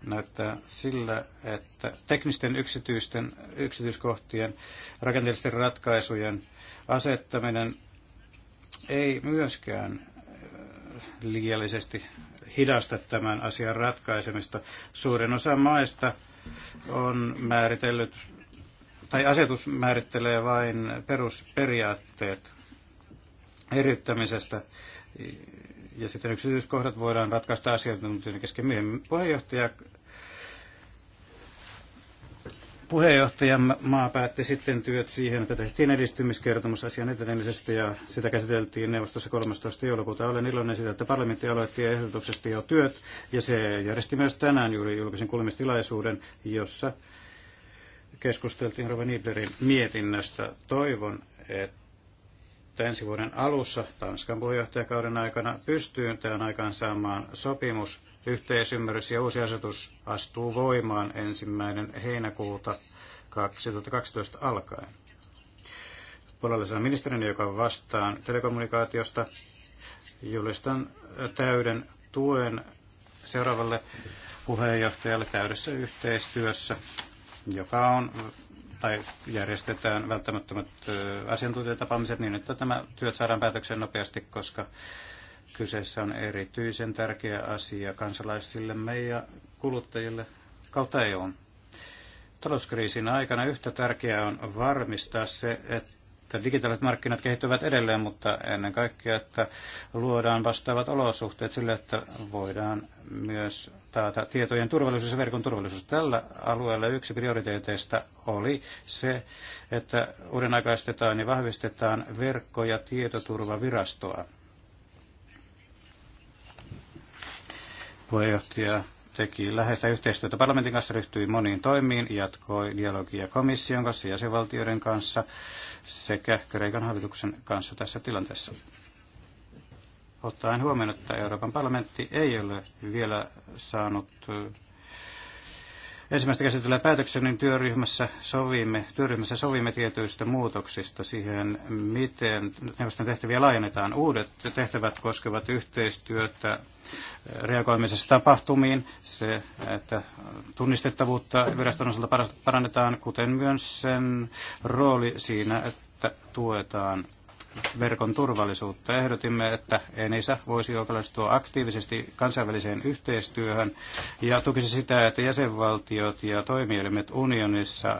Näyttää sillä, että teknisten yksityisten, yksityiskohtien rakenteellisten ratkaisujen asettaminen ei myöskään äh, liiallisesti hidasta tämän asian ratkaisemista. Suurin osa maista on määritellyt, tai asetus määrittelee vain perusperiaatteet eriyttämisestä. Ja sitten yksityiskohdat voidaan ratkaista asiantuntijoiden kesken myöhemmin. Puheenjohtaja, puheenjohtajan maa päätti sitten työt siihen, että tehtiin edistymiskertomus asian etenemisestä ja sitä käsiteltiin neuvostossa 13. joulukuuta. Olen iloinen siitä, että parlamentti aloitti ehdotuksesta jo työt ja se järjesti myös tänään juuri julkisen kuulemistilaisuuden, jossa keskusteltiin Rova Nieblerin mietinnöstä. Toivon, että että ensi vuoden alussa Tanskan puheenjohtajakauden aikana tämän aikaan saamaan sopimus, yhteisymmärrys ja uusi asetus astuu voimaan ensimmäinen heinäkuuta 2012 alkaen. Puolellisena ministerin, joka vastaan telekommunikaatiosta, julistan täyden tuen seuraavalle puheenjohtajalle täydessä yhteistyössä, joka on tai järjestetään välttämättömät asiantuntijatapaamiset niin, että tämä työt saadaan päätökseen nopeasti, koska kyseessä on erityisen tärkeä asia kansalaisillemme ja kuluttajille kautta EUn. Talouskriisin aikana yhtä tärkeää on varmistaa se, että että digitaaliset markkinat kehittyvät edelleen, mutta ennen kaikkea, että luodaan vastaavat olosuhteet sille, että voidaan myös taata tietojen turvallisuus ja verkon turvallisuus. Tällä alueella yksi prioriteeteista oli se, että uudenaikaistetaan ja vahvistetaan verkko- ja tietoturvavirastoa. Puheenjohtaja teki läheistä yhteistyötä parlamentin kanssa, ryhtyi moniin toimiin, jatkoi dialogia komission kanssa ja jäsenvaltioiden kanssa sekä Kreikan hallituksen kanssa tässä tilanteessa. Ottaen huomioon, että Euroopan parlamentti ei ole vielä saanut ensimmäistä käsittelyä päätöksen, niin työryhmässä sovimme, työryhmässä sovimme tietyistä muutoksista siihen, miten neuvoston tehtäviä laajennetaan. Uudet tehtävät koskevat yhteistyötä äh, reagoimisessa tapahtumiin, se, että tunnistettavuutta viraston osalta parannetaan, kuten myös sen rooli siinä, että tuetaan verkon turvallisuutta. Ehdotimme, että ENISA voisi osallistua aktiivisesti kansainväliseen yhteistyöhön ja tukisi sitä, että jäsenvaltiot ja toimielimet unionissa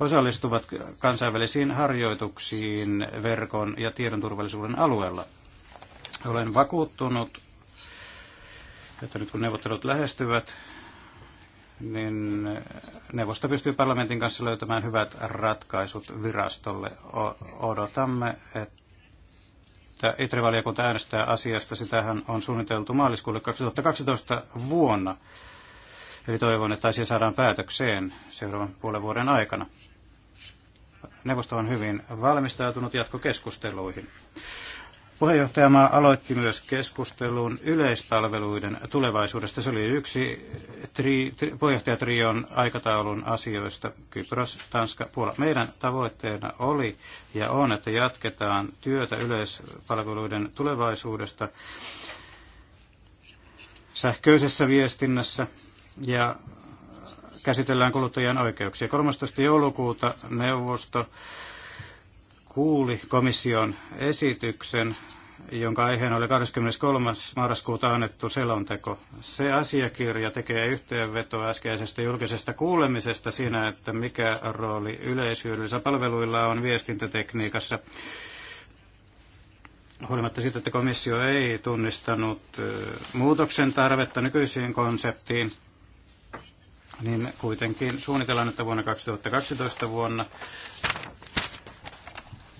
osallistuvat kansainvälisiin harjoituksiin verkon ja tiedon turvallisuuden alueella. Olen vakuuttunut, että nyt kun neuvottelut lähestyvät, niin neuvosto pystyy parlamentin kanssa löytämään hyvät ratkaisut virastolle. odotamme, että että e itri äänestää asiasta. Sitähän on suunniteltu maaliskuulle 2012 vuonna. Eli toivon, että asia saadaan päätökseen seuraavan puolen vuoden aikana. Neuvosto on hyvin valmistautunut jatkokeskusteluihin. Puheenjohtajamaa aloitti myös keskustelun yleispalveluiden tulevaisuudesta. Se oli yksi tri, tri, puheenjohtajatrion aikataulun asioista Kypros, Tanska, Puola. Meidän tavoitteena oli ja on, että jatketaan työtä yleispalveluiden tulevaisuudesta sähköisessä viestinnässä ja käsitellään kuluttajien oikeuksia. 13. joulukuuta neuvosto kuuli komission esityksen jonka aiheena oli 23. marraskuuta annettu selonteko. Se asiakirja tekee yhteenvetoa äskeisestä julkisesta kuulemisesta siinä, että mikä rooli yleishyödyllisillä palveluilla on viestintätekniikassa. Huolimatta siitä, että komissio ei tunnistanut muutoksen tarvetta nykyisiin konseptiin, niin kuitenkin suunnitellaan, että vuonna 2012 vuonna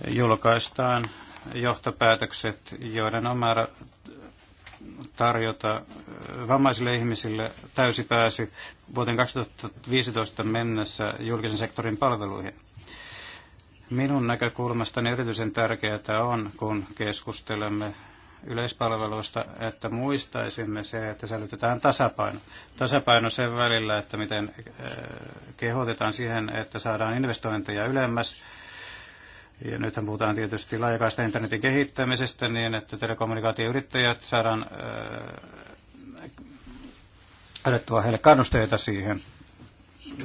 julkaistaan johtopäätökset, joiden on määrä tarjota vammaisille ihmisille täysi pääsy vuoteen 2015 mennessä julkisen sektorin palveluihin. Minun näkökulmastani erityisen tärkeää on, kun keskustelemme yleispalveluista, että muistaisimme se, että säilytetään tasapaino. Tasapaino sen välillä, että miten eh, kehotetaan siihen, että saadaan investointeja ylemmäs ja nythän puhutaan tietysti laajakaista internetin kehittämisestä niin, että telekommunikaatioyrittäjät saadaan annettua äh, heille kannusteita siihen.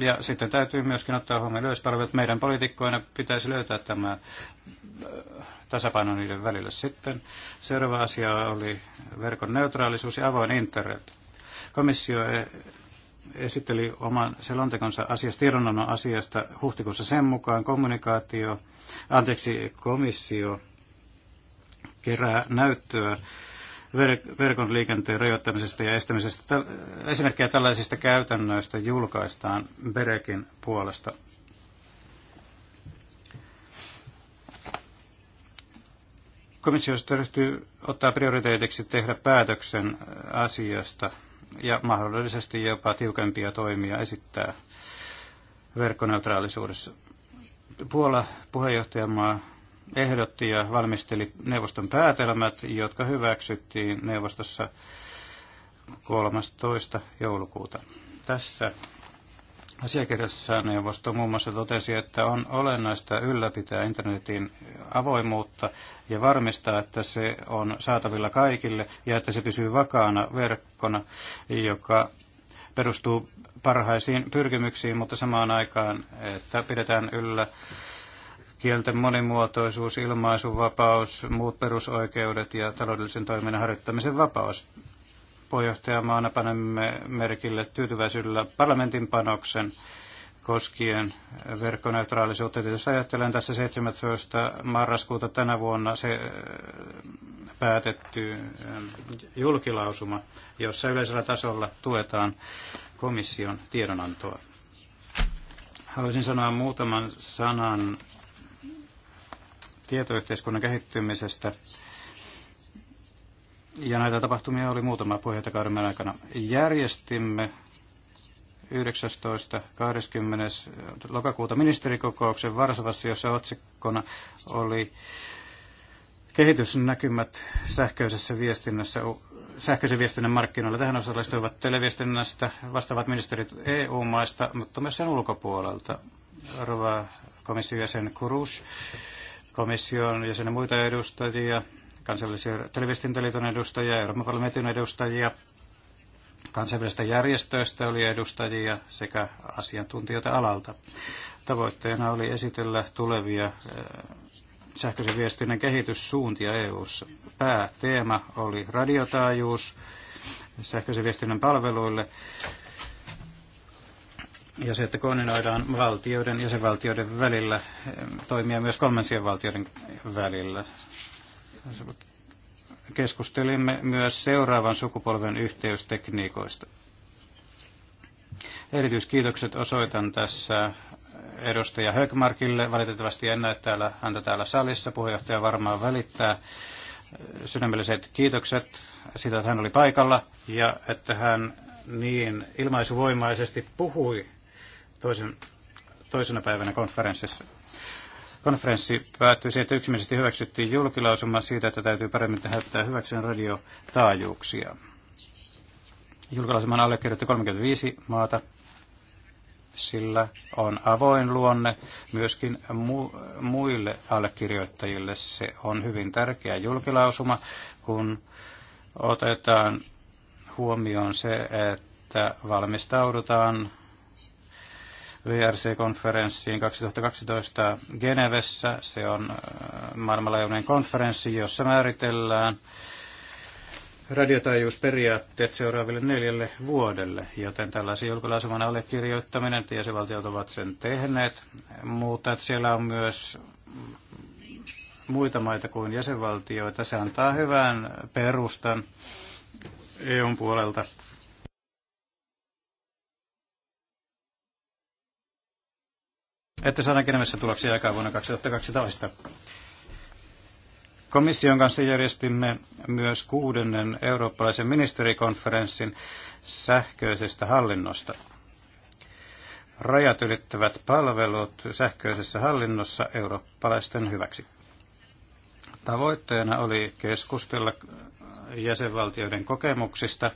Ja sitten täytyy myöskin ottaa huomioon yleispalvelut. Meidän poliitikkoina pitäisi löytää tämä äh, tasapaino niiden välillä. Sitten seuraava asia oli verkon neutraalisuus ja avoin internet. Komissio eh, esitteli oman selontekonsa asiasta, tiedonannon asiasta huhtikuussa sen mukaan kommunikaatio anteeksi, komissio kerää näyttöä verkon liikenteen rajoittamisesta ja estämisestä. Esimerkkejä tällaisista käytännöistä julkaistaan Berekin puolesta. Komissio ryhtyy ottaa prioriteetiksi tehdä päätöksen äh, asiasta ja mahdollisesti jopa tiukempia toimia esittää verkkoneutraalisuudessa. Puola puheenjohtajamaa ehdotti ja valmisteli neuvoston päätelmät, jotka hyväksyttiin neuvostossa 13. joulukuuta. Tässä asiakirjassa neuvosto muun muassa totesi, että on olennaista ylläpitää internetin avoimuutta ja varmistaa, että se on saatavilla kaikille ja että se pysyy vakaana verkkona, joka perustuu parhaisiin pyrkimyksiin, mutta samaan aikaan, että pidetään yllä kielten monimuotoisuus, ilmaisuvapaus, muut perusoikeudet ja taloudellisen toiminnan harjoittamisen vapaus. Puheenjohtajamaana panemme merkille tyytyväisyydellä parlamentin panoksen koskien verkkoneutraalisuutta. Tietysti ajattelen tässä 17. marraskuuta tänä vuonna se äh, päätetty äh, julkilausuma, jossa yleisellä tasolla tuetaan komission tiedonantoa. Haluaisin sanoa muutaman sanan tietoyhteiskunnan kehittymisestä. Ja näitä tapahtumia oli muutama puheenjohtajakauden aikana. Järjestimme 19. 20. lokakuuta ministerikokouksen Varsovassa, jossa otsikkona oli kehitysnäkymät sähköisessä viestinnässä sähköisen viestinnän markkinoilla. Tähän osallistuivat televiestinnästä vastaavat ministerit EU-maista, mutta myös sen ulkopuolelta. Rova komission jäsen Kurus, komission jäsenen muita edustajia, kansallisia televiestintäliiton edustajia, Euroopan parlamentin edustajia, Kansainvälisistä järjestöistä oli edustajia sekä asiantuntijoita alalta. Tavoitteena oli esitellä tulevia eh, sähköisen viestinnän kehityssuuntia EU:ssa. Pääteema oli radiotaajuus sähköisen viestinnän palveluille ja se, että koordinoidaan valtioiden ja sen välillä eh, toimia myös kolmansien valtioiden välillä keskustelimme myös seuraavan sukupolven yhteystekniikoista. Erityiskiitokset osoitan tässä edustaja Högmarkille. Valitettavasti en näe täällä, häntä täällä salissa. Puheenjohtaja varmaan välittää sydämelliset kiitokset siitä, että hän oli paikalla ja että hän niin ilmaisuvoimaisesti puhui toisen, toisena päivänä konferenssissa konferenssi päättyi siihen, että yksimielisesti hyväksyttiin julkilausuma siitä, että täytyy paremmin tehdä hyväksyä radiotaajuuksia. Julkilausuman allekirjoitti 35 maata. Sillä on avoin luonne myöskin mu- muille allekirjoittajille. Se on hyvin tärkeä julkilausuma, kun otetaan huomioon se, että valmistaudutaan VRC-konferenssiin 2012 Genevessä. Se on äh, maailmanlaajuinen konferenssi, jossa määritellään radiotaajuusperiaatteet seuraaville neljälle vuodelle, joten tällaisen julkilausuman allekirjoittaminen, että jäsenvaltiot ovat sen tehneet, mutta että siellä on myös muita maita kuin jäsenvaltioita. Se antaa hyvän perustan EUn puolelta että saadaankin nimessä tuloksia aikaa vuonna 2012. Komission kanssa järjestimme myös kuudennen eurooppalaisen ministerikonferenssin sähköisestä hallinnosta. Rajat ylittävät palvelut sähköisessä hallinnossa eurooppalaisten hyväksi. Tavoitteena oli keskustella jäsenvaltioiden kokemuksista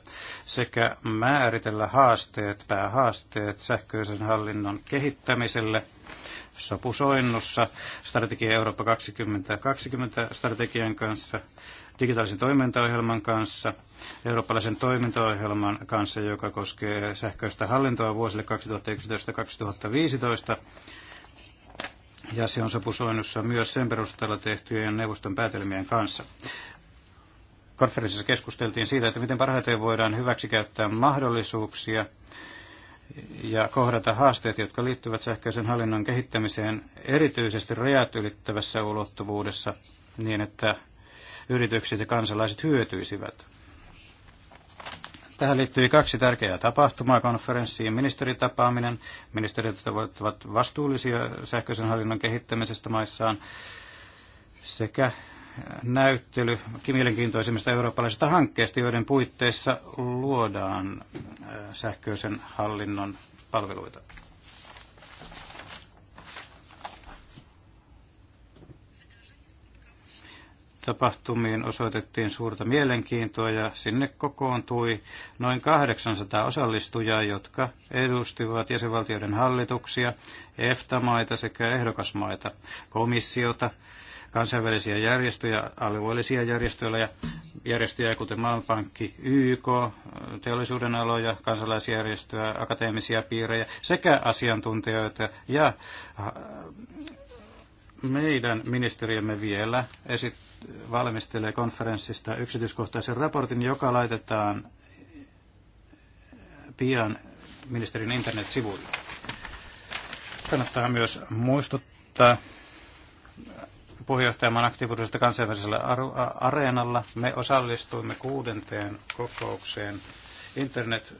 sekä määritellä haasteet, päähaasteet sähköisen hallinnon kehittämiselle – sopusoinnussa strategia Eurooppa 2020 strategian kanssa, digitaalisen toimintaohjelman kanssa, eurooppalaisen toimintaohjelman kanssa, joka koskee sähköistä hallintoa vuosille 2011-2015. Ja se on sopusoinnussa myös sen perusteella tehtyjen neuvoston päätelmien kanssa konferenssissa keskusteltiin siitä, että miten parhaiten voidaan hyväksikäyttää mahdollisuuksia ja kohdata haasteet, jotka liittyvät sähköisen hallinnon kehittämiseen erityisesti rajat ylittävässä ulottuvuudessa niin, että yritykset ja kansalaiset hyötyisivät. Tähän liittyy kaksi tärkeää tapahtumaa konferenssiin. Ministeritapaaminen. Ministerit ovat vastuullisia sähköisen hallinnon kehittämisestä maissaan sekä näyttely mielenkiintoisimmista eurooppalaisista hankkeista, joiden puitteissa luodaan äh, sähköisen hallinnon palveluita. Tapahtumiin osoitettiin suurta mielenkiintoa ja sinne kokoontui noin 800 osallistujaa, jotka edustivat jäsenvaltioiden hallituksia, EFTA-maita sekä ehdokasmaita, komissiota, kansainvälisiä järjestöjä, alueellisia järjestöjä, järjestöjä kuten Maailmanpankki, YK, teollisuuden aloja, kansalaisjärjestöjä, akateemisia piirejä sekä asiantuntijoita ja äh, meidän ministeriömme vielä esit- valmistelee konferenssista yksityiskohtaisen raportin, joka laitetaan pian ministerin internetsivuille. Kannattaa myös muistuttaa puheenjohtajamaan aktiivisuudesta kansainvälisellä areenalla. Me osallistuimme kuudenteen kokoukseen internet,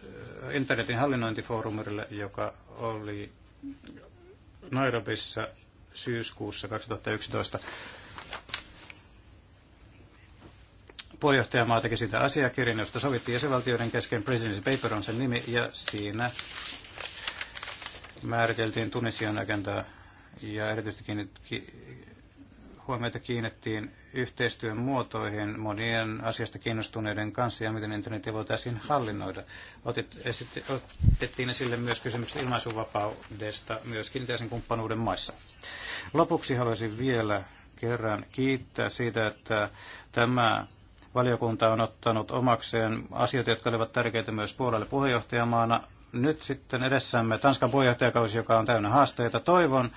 äh, internetin hallinnointifoorumille, joka oli Nairobissa syyskuussa 2011. Puheenjohtajamaa teki siitä asiakirjan, josta sovittiin jäsenvaltioiden kesken. Presidency Paper on sen nimi, ja siinä määriteltiin Tunisian agendaa ja erityisesti huomiota kiinnittiin yhteistyön muotoihin monien asiasta kiinnostuneiden kanssa ja miten internetiä voitaisiin hallinnoida. Otit, esit, otettiin esille myös kysymykset ilmaisuvapaudesta myöskin itäisen kumppanuuden maissa. Lopuksi haluaisin vielä kerran kiittää siitä, että tämä valiokunta on ottanut omakseen asioita, jotka olivat tärkeitä myös puolelle puheenjohtajamaana. Nyt sitten edessämme Tanskan puheenjohtajakausi, joka on täynnä haasteita. Toivon,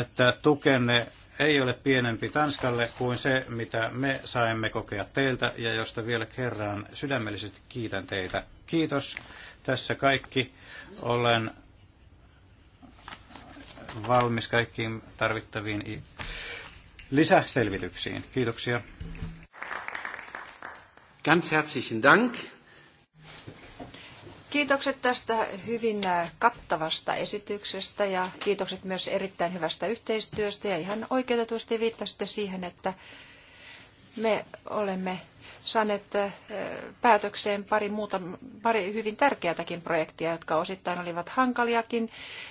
että tukenne ei ole pienempi Tanskalle kuin se, mitä me saimme kokea teiltä ja josta vielä kerran sydämellisesti kiitän teitä. Kiitos. Tässä kaikki. Olen valmis kaikkiin tarvittaviin lisäselvityksiin. Kiitoksia. Ganz herzlichen Dank. Kiitokset tästä hyvin äh, kattavasta esityksestä ja kiitokset myös erittäin hyvästä yhteistyöstä ja ihan oikeutetusti viittasitte siihen, että me olemme saaneet äh, päätökseen pari, muuta, pari hyvin tärkeätäkin projektia, jotka osittain olivat hankaliakin,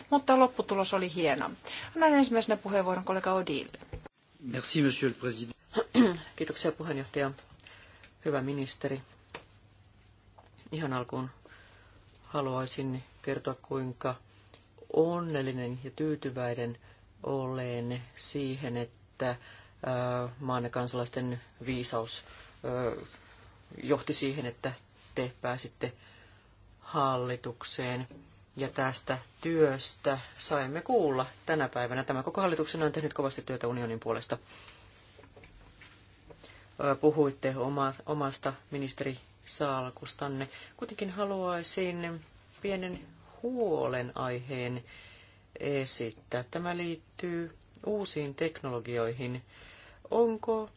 mutta lopputulos oli hieno. Annan ensimmäisenä puheenvuoron kollega Odille. Merci, monsieur le président. Kiitoksia puheenjohtaja. Hyvä ministeri. Ihan alkuun haluaisin kertoa, kuinka onnellinen ja tyytyväinen olen siihen, että äh, maan kansalaisten viisaus johti siihen, että te pääsitte hallitukseen. Ja tästä työstä saimme kuulla tänä päivänä. Tämä koko hallituksen on tehnyt kovasti työtä unionin puolesta. Puhuitte oma, omasta ministeri salkustanne. Kuitenkin haluaisin pienen huolenaiheen esittää. Tämä liittyy uusiin teknologioihin. Onko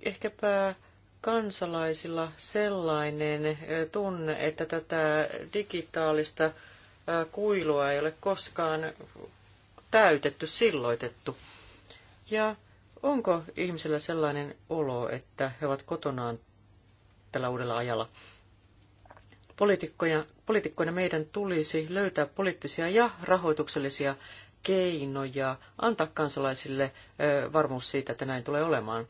ehkäpä kansalaisilla sellainen eh, tunne, että tätä digitaalista eh, kuilua ei ole koskaan täytetty, silloitettu? Ja onko ihmisillä sellainen olo, että he ovat kotonaan tällä uudella ajalla. Poliitikkoina, meidän tulisi löytää poliittisia ja rahoituksellisia keinoja antaa kansalaisille varmuus siitä, että näin tulee olemaan.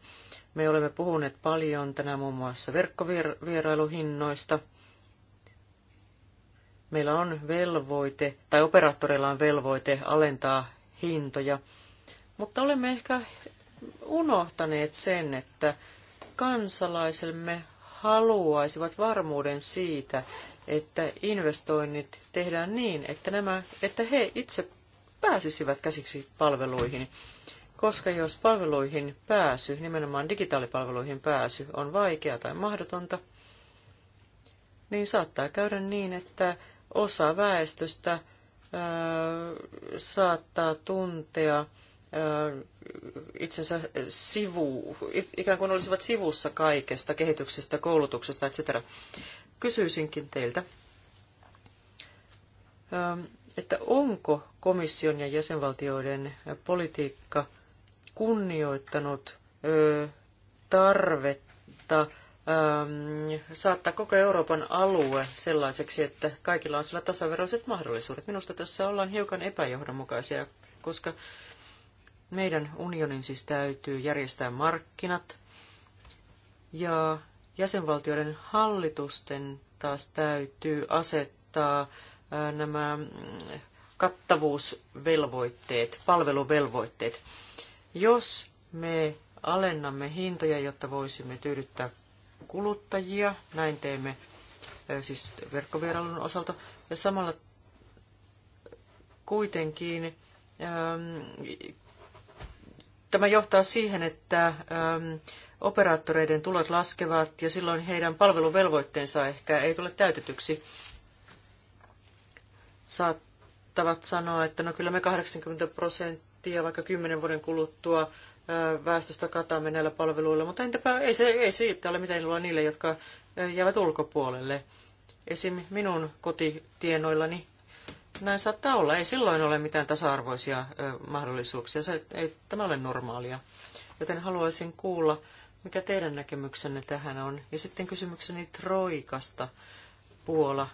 Me olemme puhuneet paljon tänään muun muassa verkkovierailuhinnoista. Meillä on velvoite, tai operaattoreilla on velvoite alentaa hintoja, mutta olemme ehkä unohtaneet sen, että kansalaisemme haluaisivat varmuuden siitä, että investoinnit tehdään niin, että, nämä, että he itse pääsisivät käsiksi palveluihin. Koska jos palveluihin pääsy, nimenomaan digitaalipalveluihin pääsy, on vaikeaa tai mahdotonta, niin saattaa käydä niin, että osa väestöstä saattaa tuntea itsensä sivu, ikään kuin olisivat sivussa kaikesta, kehityksestä, koulutuksesta, etc. Kysyisinkin teiltä, että onko komission ja jäsenvaltioiden politiikka kunnioittanut tarvetta saattaa koko Euroopan alue sellaiseksi, että kaikilla on sillä tasaveroiset mahdollisuudet. Minusta tässä ollaan hiukan epäjohdonmukaisia, koska meidän unionin siis täytyy järjestää markkinat ja jäsenvaltioiden hallitusten taas täytyy asettaa nämä mm, kattavuusvelvoitteet, palveluvelvoitteet. Jos me alennamme hintoja, jotta voisimme tyydyttää kuluttajia, näin teemme siis verkkovierailun osalta, ja samalla kuitenkin Tämä johtaa siihen, että ähm, operaattoreiden tulot laskevat ja silloin heidän palveluvelvoitteensa ehkä ei tule täytetyksi. Saattavat sanoa, että no kyllä me 80 prosenttia vaikka 10 vuoden kuluttua äh, väestöstä katamme näillä palveluilla, mutta entäpä ei, se, ei siitä ole mitään iloa niille, jotka äh, jäävät ulkopuolelle. Esim. minun kotitienoillani näin saattaa olla. Ei silloin ole mitään tasa-arvoisia mahdollisuuksia. Se, ei tämä ole normaalia. Joten haluaisin kuulla, mikä teidän näkemyksenne tähän on. Ja sitten kysymykseni Troikasta. Puola,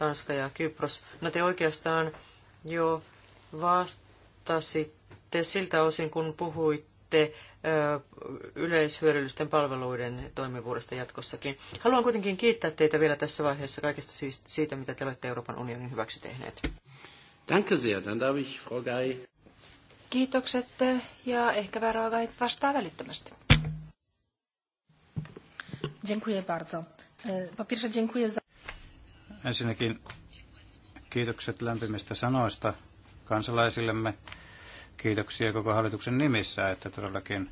Ranska ja Kypros. No te oikeastaan jo vastasitte siltä osin, kun puhuitte huolehditte yleishyödyllisten palveluiden toimivuudesta jatkossakin. Haluan kuitenkin kiittää teitä vielä tässä vaiheessa kaikesta siis siitä, mitä te olette Euroopan unionin hyväksi tehneet. Danke sehr, dann darf ich Frau Gai. Kiitokset ja ehkä Frau Gai vastaa välittömästi. Dziękuję bardzo. E, po pierwsze dziękuję za... Ensinnäkin kiitokset lämpimistä sanoista kansalaisillemme kiitoksia koko hallituksen nimissä, että todellakin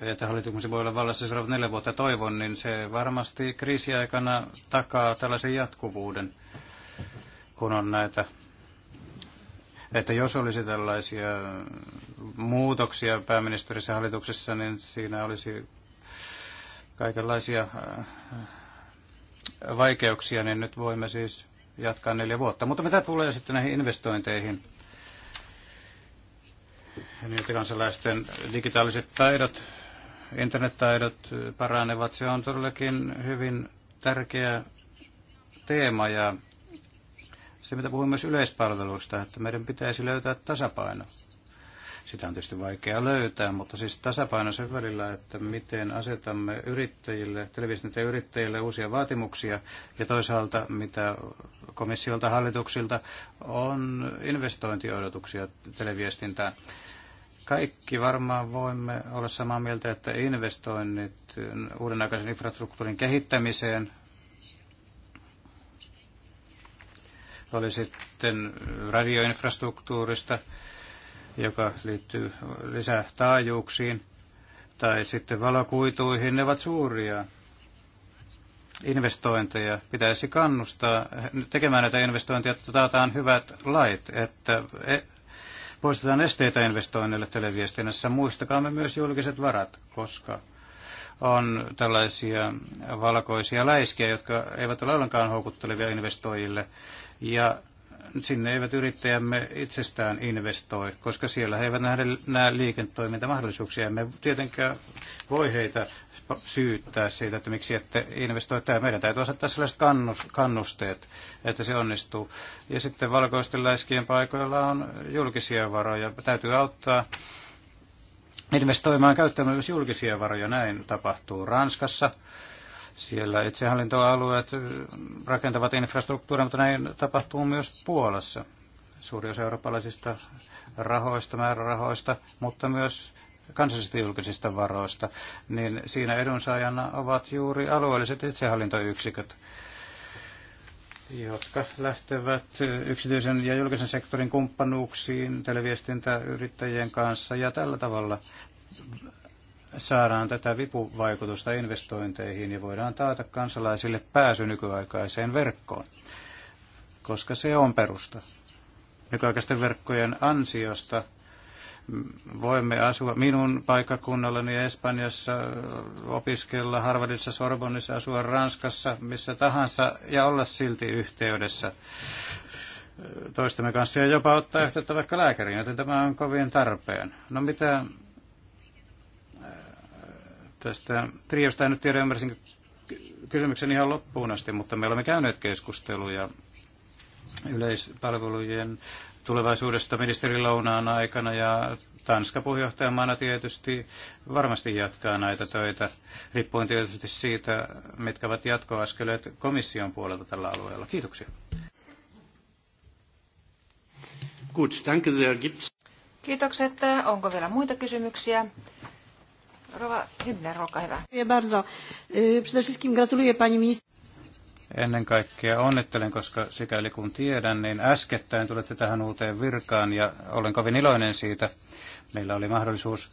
että hallituksen voi olla vallassa seuraavat neljä vuotta toivon, niin se varmasti kriisiaikana takaa tällaisen jatkuvuuden, kun on näitä että jos olisi tällaisia muutoksia pääministerissä hallituksessa, niin siinä olisi kaikenlaisia äh, vaikeuksia, niin nyt voimme siis jatkaa neljä vuotta. Mutta mitä tulee sitten näihin investointeihin? Niitä kansalaisten digitaaliset taidot, internettaidot paranevat. Se on todellakin hyvin tärkeä teema ja se, mitä puhuin myös yleispalveluista, että meidän pitäisi löytää tasapaino sitä on tietysti vaikea löytää, mutta siis tasapaino sen välillä, että miten asetamme yrittäjille, televisioiden yrittäjille uusia vaatimuksia ja toisaalta mitä komissiolta, hallituksilta on investointiodotuksia televiestintään. Kaikki varmaan voimme olla samaa mieltä, että investoinnit uuden aikaisen infrastruktuurin kehittämiseen oli sitten radioinfrastruktuurista joka liittyy lisätaajuuksiin tai sitten valokuituihin, ne ovat suuria investointeja. Pitäisi kannustaa tekemään näitä investointeja, että taataan hyvät lait, että e- poistetaan esteitä investoinneille televiestinnässä. Muistakaamme myös julkiset varat, koska on tällaisia valkoisia läiskiä, jotka eivät ole ollenkaan houkuttelevia investoijille. Ja sinne eivät yrittäjämme itsestään investoi, koska siellä he eivät nähdä, näe liiketoimintamahdollisuuksia. Me tietenkään voi heitä syyttää siitä, että miksi ette investoi tämä. Meidän täytyy osata sellaiset kannusteet, että se onnistuu. Ja sitten valkoisten läiskien paikoilla on julkisia varoja. Täytyy auttaa investoimaan käyttämään myös julkisia varoja. Näin tapahtuu Ranskassa. Siellä itsehallintoalueet rakentavat infrastruktuuria, mutta näin tapahtuu myös Puolassa. Suuri osa eurooppalaisista rahoista, määrärahoista, mutta myös kansallisista julkisista varoista, niin siinä edunsaajana ovat juuri alueelliset itsehallintoyksiköt, jotka lähtevät yksityisen ja julkisen sektorin kumppanuuksiin televiestintäyrittäjien kanssa ja tällä tavalla saadaan tätä vipuvaikutusta investointeihin ja voidaan taata kansalaisille pääsy nykyaikaiseen verkkoon, koska se on perusta. Nykyaikaisten verkkojen ansiosta voimme asua minun paikkakunnallani Espanjassa, opiskella Harvardissa, Sorbonnissa, asua Ranskassa, missä tahansa ja olla silti yhteydessä toistemme kanssa ja jopa ottaa yhteyttä vaikka lääkäriin, joten tämä on kovin tarpeen. No mitä Tästä triosta en nyt tiedä, ymmärsin kysymyksen ihan loppuun asti, mutta me olemme käyneet keskusteluja yleispalvelujen tulevaisuudesta ministerilounaan aikana ja Tanska puheenjohtajamaana tietysti varmasti jatkaa näitä töitä, riippuen tietysti siitä, mitkä ovat jatkoaskeleet komission puolelta tällä alueella. Kiitoksia. Gut, danke sehr. Gibt's... Kiitokset. Onko vielä muita kysymyksiä? Rova Hybner, olkaa hyvä. bardzo. Przede gratuluję pani ministeri. Ennen kaikkea onnittelen, koska sikäli kun tiedän, niin äskettäin tulette tähän uuteen virkaan ja olen kovin iloinen siitä. Meillä oli mahdollisuus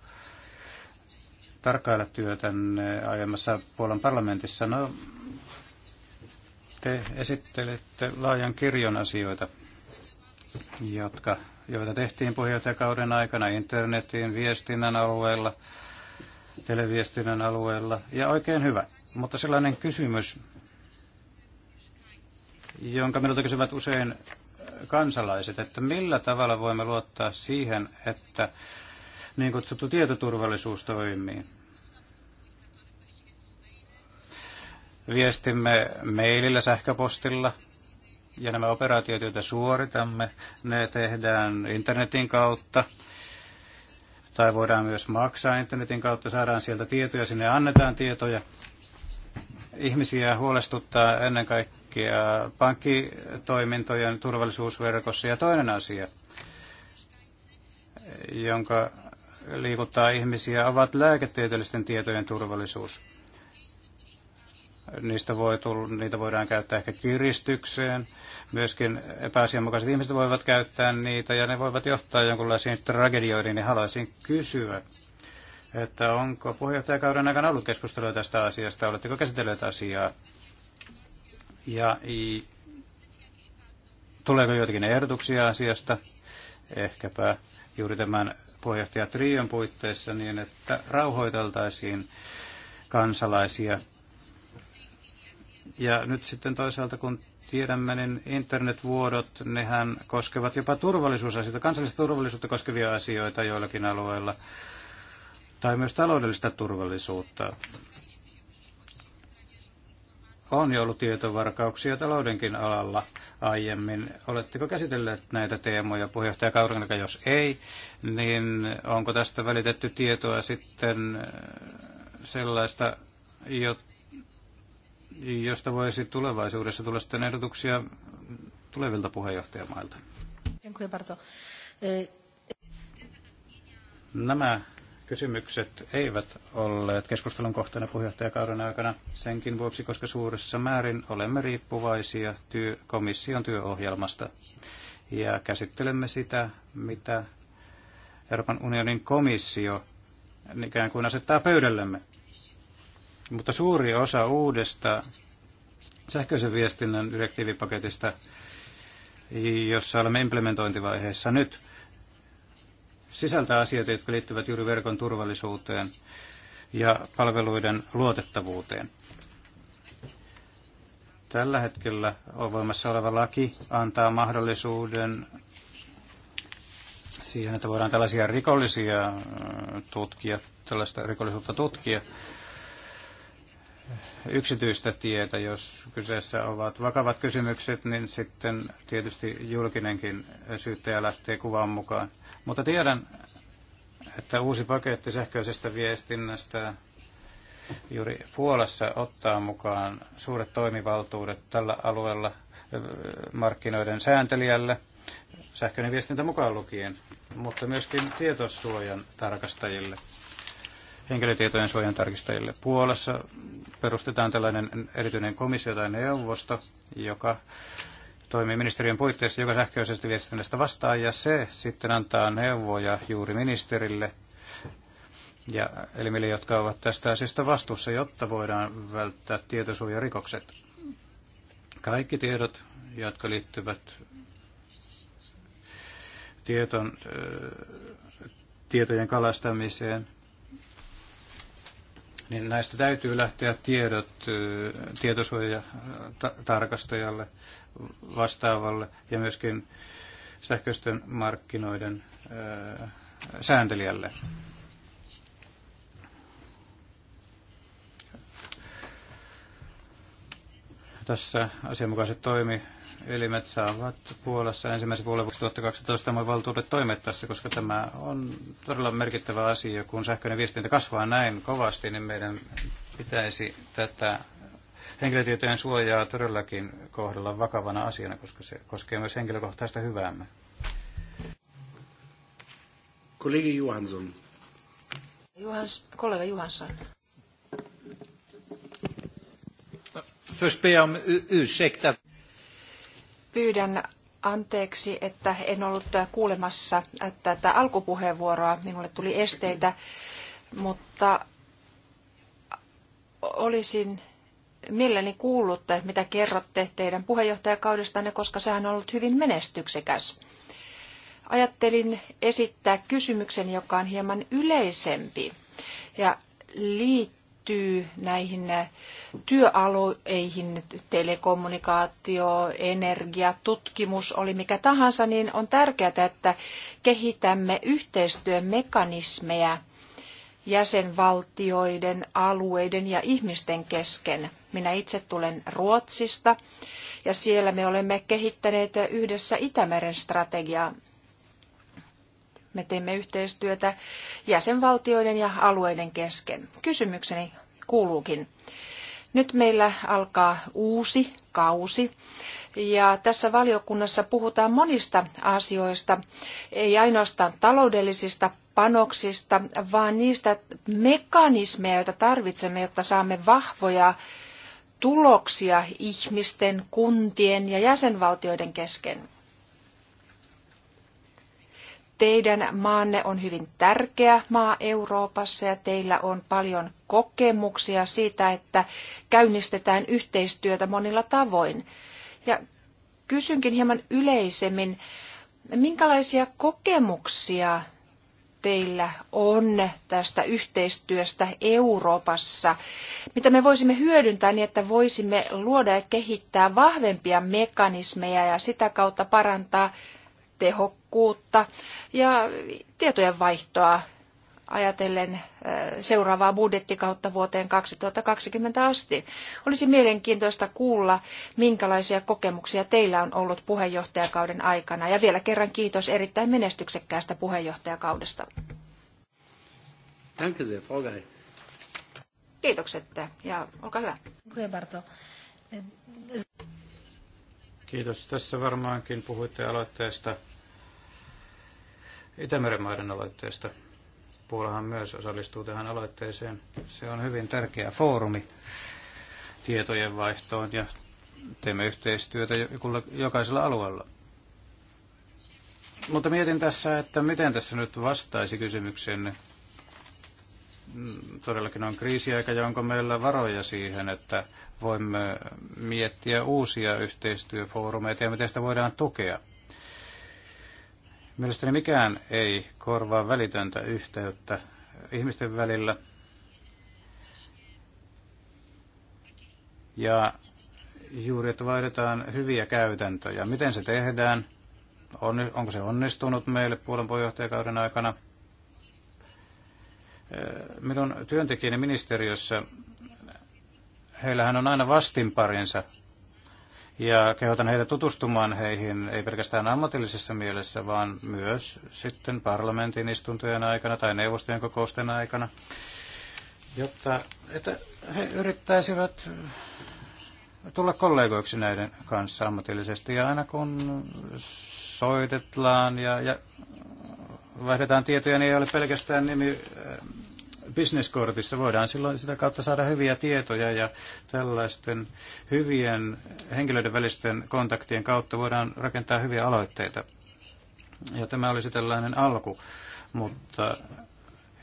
tarkkailla työtänne aiemmassa Puolan parlamentissa. No, te esittelette laajan kirjon asioita, jotka, joita tehtiin puheenjohtajakauden aikana internetin, viestinnän alueella, televiestinnän alueella, ja oikein hyvä. Mutta sellainen kysymys, jonka minulta kysyvät usein kansalaiset, että millä tavalla voimme luottaa siihen, että niin kutsuttu tietoturvallisuus toimii. Viestimme mailillä, sähköpostilla ja nämä operaatiot, joita suoritamme, ne tehdään internetin kautta tai voidaan myös maksaa internetin kautta, saadaan sieltä tietoja, sinne annetaan tietoja. Ihmisiä huolestuttaa ennen kaikkea pankkitoimintojen turvallisuusverkossa. Ja toinen asia, jonka liikuttaa ihmisiä, ovat lääketieteellisten tietojen turvallisuus. Niistä voi tulla, niitä voidaan käyttää ehkä kiristykseen. Myöskin epäasianmukaiset ihmiset voivat käyttää niitä ja ne voivat johtaa jonkinlaisiin tragedioihin. Niin haluaisin kysyä, että onko puheenjohtajakauden aikana ollut keskustelua tästä asiasta, oletteko käsitelleet asiaa? Ja i, tuleeko joitakin ehdotuksia asiasta? Ehkäpä juuri tämän puheenjohtaja Trion puitteissa niin, että rauhoiteltaisiin kansalaisia ja nyt sitten toisaalta, kun tiedämme, niin internetvuodot, nehän koskevat jopa turvallisuusasioita, kansallista turvallisuutta koskevia asioita joillakin alueilla, tai myös taloudellista turvallisuutta. On jo ollut tietovarkauksia taloudenkin alalla aiemmin. Oletteko käsitelleet näitä teemoja puheenjohtaja Kaurinka? Jos ei, niin onko tästä välitetty tietoa sitten sellaista, jota josta voisi tulevaisuudessa tulla sitten ehdotuksia tulevilta puheenjohtajamailta. Nämä kysymykset eivät olleet keskustelun kohteena puheenjohtajakauden aikana senkin vuoksi, koska suuressa määrin olemme riippuvaisia työ, komission työohjelmasta ja käsittelemme sitä, mitä Euroopan unionin komissio ikään kuin asettaa pöydällemme. Mutta suuri osa uudesta sähköisen viestinnän direktiivipaketista, jossa olemme implementointivaiheessa nyt, sisältää asioita, jotka liittyvät juuri verkon turvallisuuteen ja palveluiden luotettavuuteen. Tällä hetkellä on voimassa oleva laki antaa mahdollisuuden siihen, että voidaan tällaisia rikollisia äh, tutkia, tällaista rikollisuutta tutkia yksityistä tietä. Jos kyseessä ovat vakavat kysymykset, niin sitten tietysti julkinenkin syyttäjä lähtee kuvan mukaan. Mutta tiedän, että uusi paketti sähköisestä viestinnästä juuri Puolassa ottaa mukaan suuret toimivaltuudet tällä alueella markkinoiden sääntelijälle, sähköinen viestintä mukaan lukien, mutta myöskin tietosuojan tarkastajille – henkilötietojen suojan tarkistajille. Puolassa perustetaan tällainen erityinen komissio tai neuvosto, joka toimii ministeriön puitteissa, joka sähköisesti viestinnästä vastaa, ja se sitten antaa neuvoja juuri ministerille ja elimille, jotka ovat tästä asiasta vastuussa, jotta voidaan välttää tietosuojarikokset. Kaikki tiedot, jotka liittyvät tieton, tietojen kalastamiseen, niin näistä täytyy lähteä tiedot tietosuojatarkastajalle vastaavalle ja myöskin sähköisten markkinoiden sääntelijälle. Tässä asianmukaiset toimi elimet saavat Puolassa ensimmäisen puolen 2012 tämän valtuudet toimia tässä, koska tämä on todella merkittävä asia. Kun sähköinen viestintä kasvaa näin kovasti, niin meidän pitäisi tätä henkilötietojen suojaa todellakin kohdella vakavana asiana, koska se koskee myös henkilökohtaista hyväämme. Kollega Johansson. Johans, kollega Johansson. Först ber jag om ursäkt att Pyydän anteeksi, että en ollut kuulemassa tätä alkupuheenvuoroa. Minulle tuli esteitä, mutta olisin mielelläni kuullut, mitä kerrotte teidän puheenjohtajakaudestanne, koska sehän on ollut hyvin menestyksekäs. Ajattelin esittää kysymyksen, joka on hieman yleisempi ja liittyy liittyy näihin työaloihin, telekommunikaatio, energia, tutkimus, oli mikä tahansa, niin on tärkeää, että kehitämme yhteistyömekanismeja jäsenvaltioiden, alueiden ja ihmisten kesken. Minä itse tulen Ruotsista ja siellä me olemme kehittäneet yhdessä Itämeren strategiaa me teemme yhteistyötä jäsenvaltioiden ja alueiden kesken. Kysymykseni kuuluukin. Nyt meillä alkaa uusi kausi ja tässä valiokunnassa puhutaan monista asioista, ei ainoastaan taloudellisista panoksista, vaan niistä mekanismeja, joita tarvitsemme, jotta saamme vahvoja tuloksia ihmisten, kuntien ja jäsenvaltioiden kesken teidän maanne on hyvin tärkeä maa Euroopassa ja teillä on paljon kokemuksia siitä, että käynnistetään yhteistyötä monilla tavoin. Ja kysynkin hieman yleisemmin, minkälaisia kokemuksia teillä on tästä yhteistyöstä Euroopassa, mitä me voisimme hyödyntää niin, että voisimme luoda ja kehittää vahvempia mekanismeja ja sitä kautta parantaa tehokkuutta ja tietojen vaihtoa ajatellen äh, seuraavaa budjettikautta vuoteen 2020 asti. Olisi mielenkiintoista kuulla, minkälaisia kokemuksia teillä on ollut puheenjohtajakauden aikana. Ja vielä kerran kiitos erittäin menestyksekkäästä puheenjohtajakaudesta. Danke sehr, Kiitokset ja olkaa hyvä. Kiitos. Tässä varmaankin puhuitte aloitteesta Itämeren maiden aloitteesta. Puolahan myös osallistuu tähän aloitteeseen. Se on hyvin tärkeä foorumi tietojen vaihtoon ja teemme yhteistyötä jokaisella alueella. Mutta mietin tässä, että miten tässä nyt vastaisi kysymykseen. Mm, todellakin on kriisiaika ja onko meillä varoja siihen, että voimme miettiä uusia yhteistyöfoorumeita ja miten sitä voidaan tukea – Mielestäni mikään ei korvaa välitöntä yhteyttä ihmisten välillä. Ja juuri, että vaihdetaan hyviä käytäntöjä. Miten se tehdään? On, onko se onnistunut meille puolen puheenjohtajakauden aikana? Minun työntekijäni ministeriössä, heillähän on aina vastinparinsa ja kehotan heitä tutustumaan heihin ei pelkästään ammatillisessa mielessä, vaan myös sitten parlamentin istuntojen aikana tai neuvostojen kokousten aikana, jotta että he yrittäisivät tulla kollegoiksi näiden kanssa ammatillisesti. Ja aina kun soitetaan ja, ja vaihdetaan tietoja, niin ei ole pelkästään nimi bisneskortissa voidaan silloin sitä kautta saada hyviä tietoja ja tällaisten hyvien henkilöiden välisten kontaktien kautta voidaan rakentaa hyviä aloitteita. Ja tämä olisi tällainen alku, mutta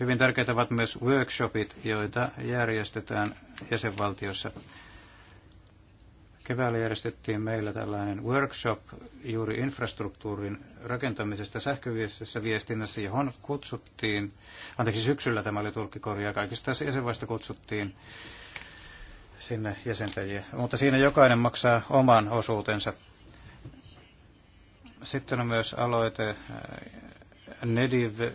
hyvin tärkeitä ovat myös workshopit, joita järjestetään jäsenvaltiossa Keväällä järjestettiin meillä tällainen workshop juuri infrastruktuurin rakentamisesta sähköviestissä viestinnässä, johon kutsuttiin, anteeksi syksyllä tämä oli tulkkikorjaa, kaikista jäsenvaista kutsuttiin sinne jäsentäjiä. Mutta siinä jokainen maksaa oman osuutensa. Sitten on myös aloite äh, NEDIV,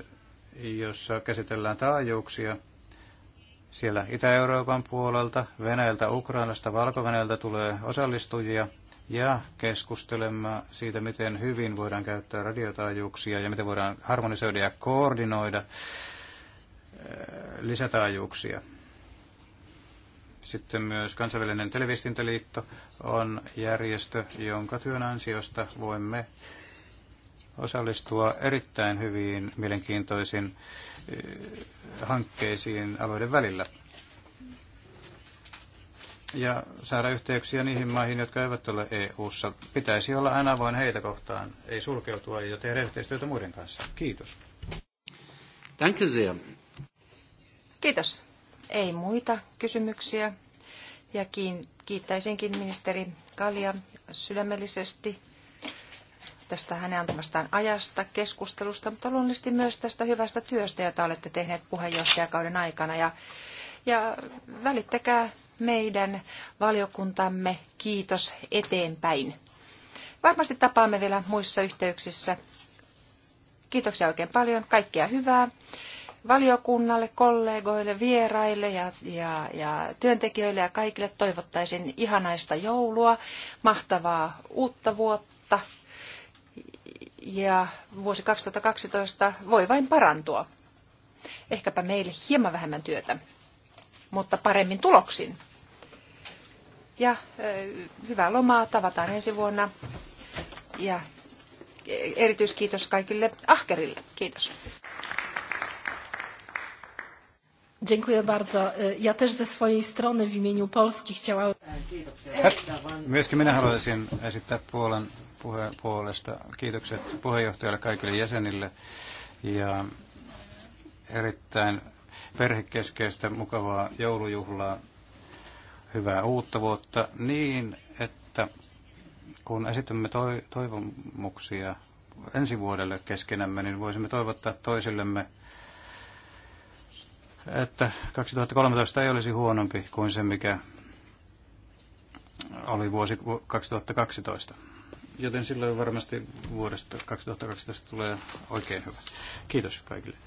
jossa käsitellään taajuuksia – siellä Itä-Euroopan puolelta, Venäjältä, Ukrainasta, valko -Venäjältä tulee osallistujia ja keskustelemme siitä, miten hyvin voidaan käyttää radiotaajuuksia ja miten voidaan harmonisoida ja koordinoida äh, lisätaajuuksia. Sitten myös kansainvälinen televistintäliitto on järjestö, jonka työn ansiosta voimme osallistua erittäin hyviin, mielenkiintoisiin eh, hankkeisiin alueiden välillä ja saada yhteyksiä niihin maihin, jotka eivät ole EU-ssa. Pitäisi olla aina avoin heitä kohtaan, ei sulkeutua ja tehdä yhteistyötä muiden kanssa. Kiitos. Danke sehr. Kiitos. Ei muita kysymyksiä. Ja kiittäisinkin ministeri Kalia sydämellisesti tästä hänen antamastaan ajasta, keskustelusta, mutta luonnollisesti myös tästä hyvästä työstä, jota olette tehneet puheenjohtajakauden aikana. Ja, ja välittäkää meidän valiokuntamme kiitos eteenpäin. Varmasti tapaamme vielä muissa yhteyksissä. Kiitoksia oikein paljon. kaikkea hyvää valiokunnalle, kollegoille, vieraille ja, ja, ja työntekijöille ja kaikille toivottaisin ihanaista joulua, mahtavaa uutta vuotta ja vuosi 2012 voi vain parantua. Ehkäpä meille hieman vähemmän työtä, mutta paremmin tuloksin. Ja hyvää lomaa, tavataan ensi vuonna. Ja erityiskiitos kaikille ahkerille. Kiitos. Dziękuję bardzo. Ja też ze swojej strony w imieniu Polski chciałam... Myöskin minä haluaisin esittää Puolan puhe- puolesta. Kiitokset puheenjohtajalle kaikille jäsenille ja erittäin perhekeskeistä mukavaa joulujuhlaa, hyvää uutta vuotta niin, että kun esitämme toi- toivomuksia ensi vuodelle keskenämme, niin voisimme toivottaa toisillemme että 2013 ei olisi huonompi kuin se, mikä oli vuosi 2012 joten silloin varmasti vuodesta 2012 tulee oikein hyvä. Kiitos kaikille.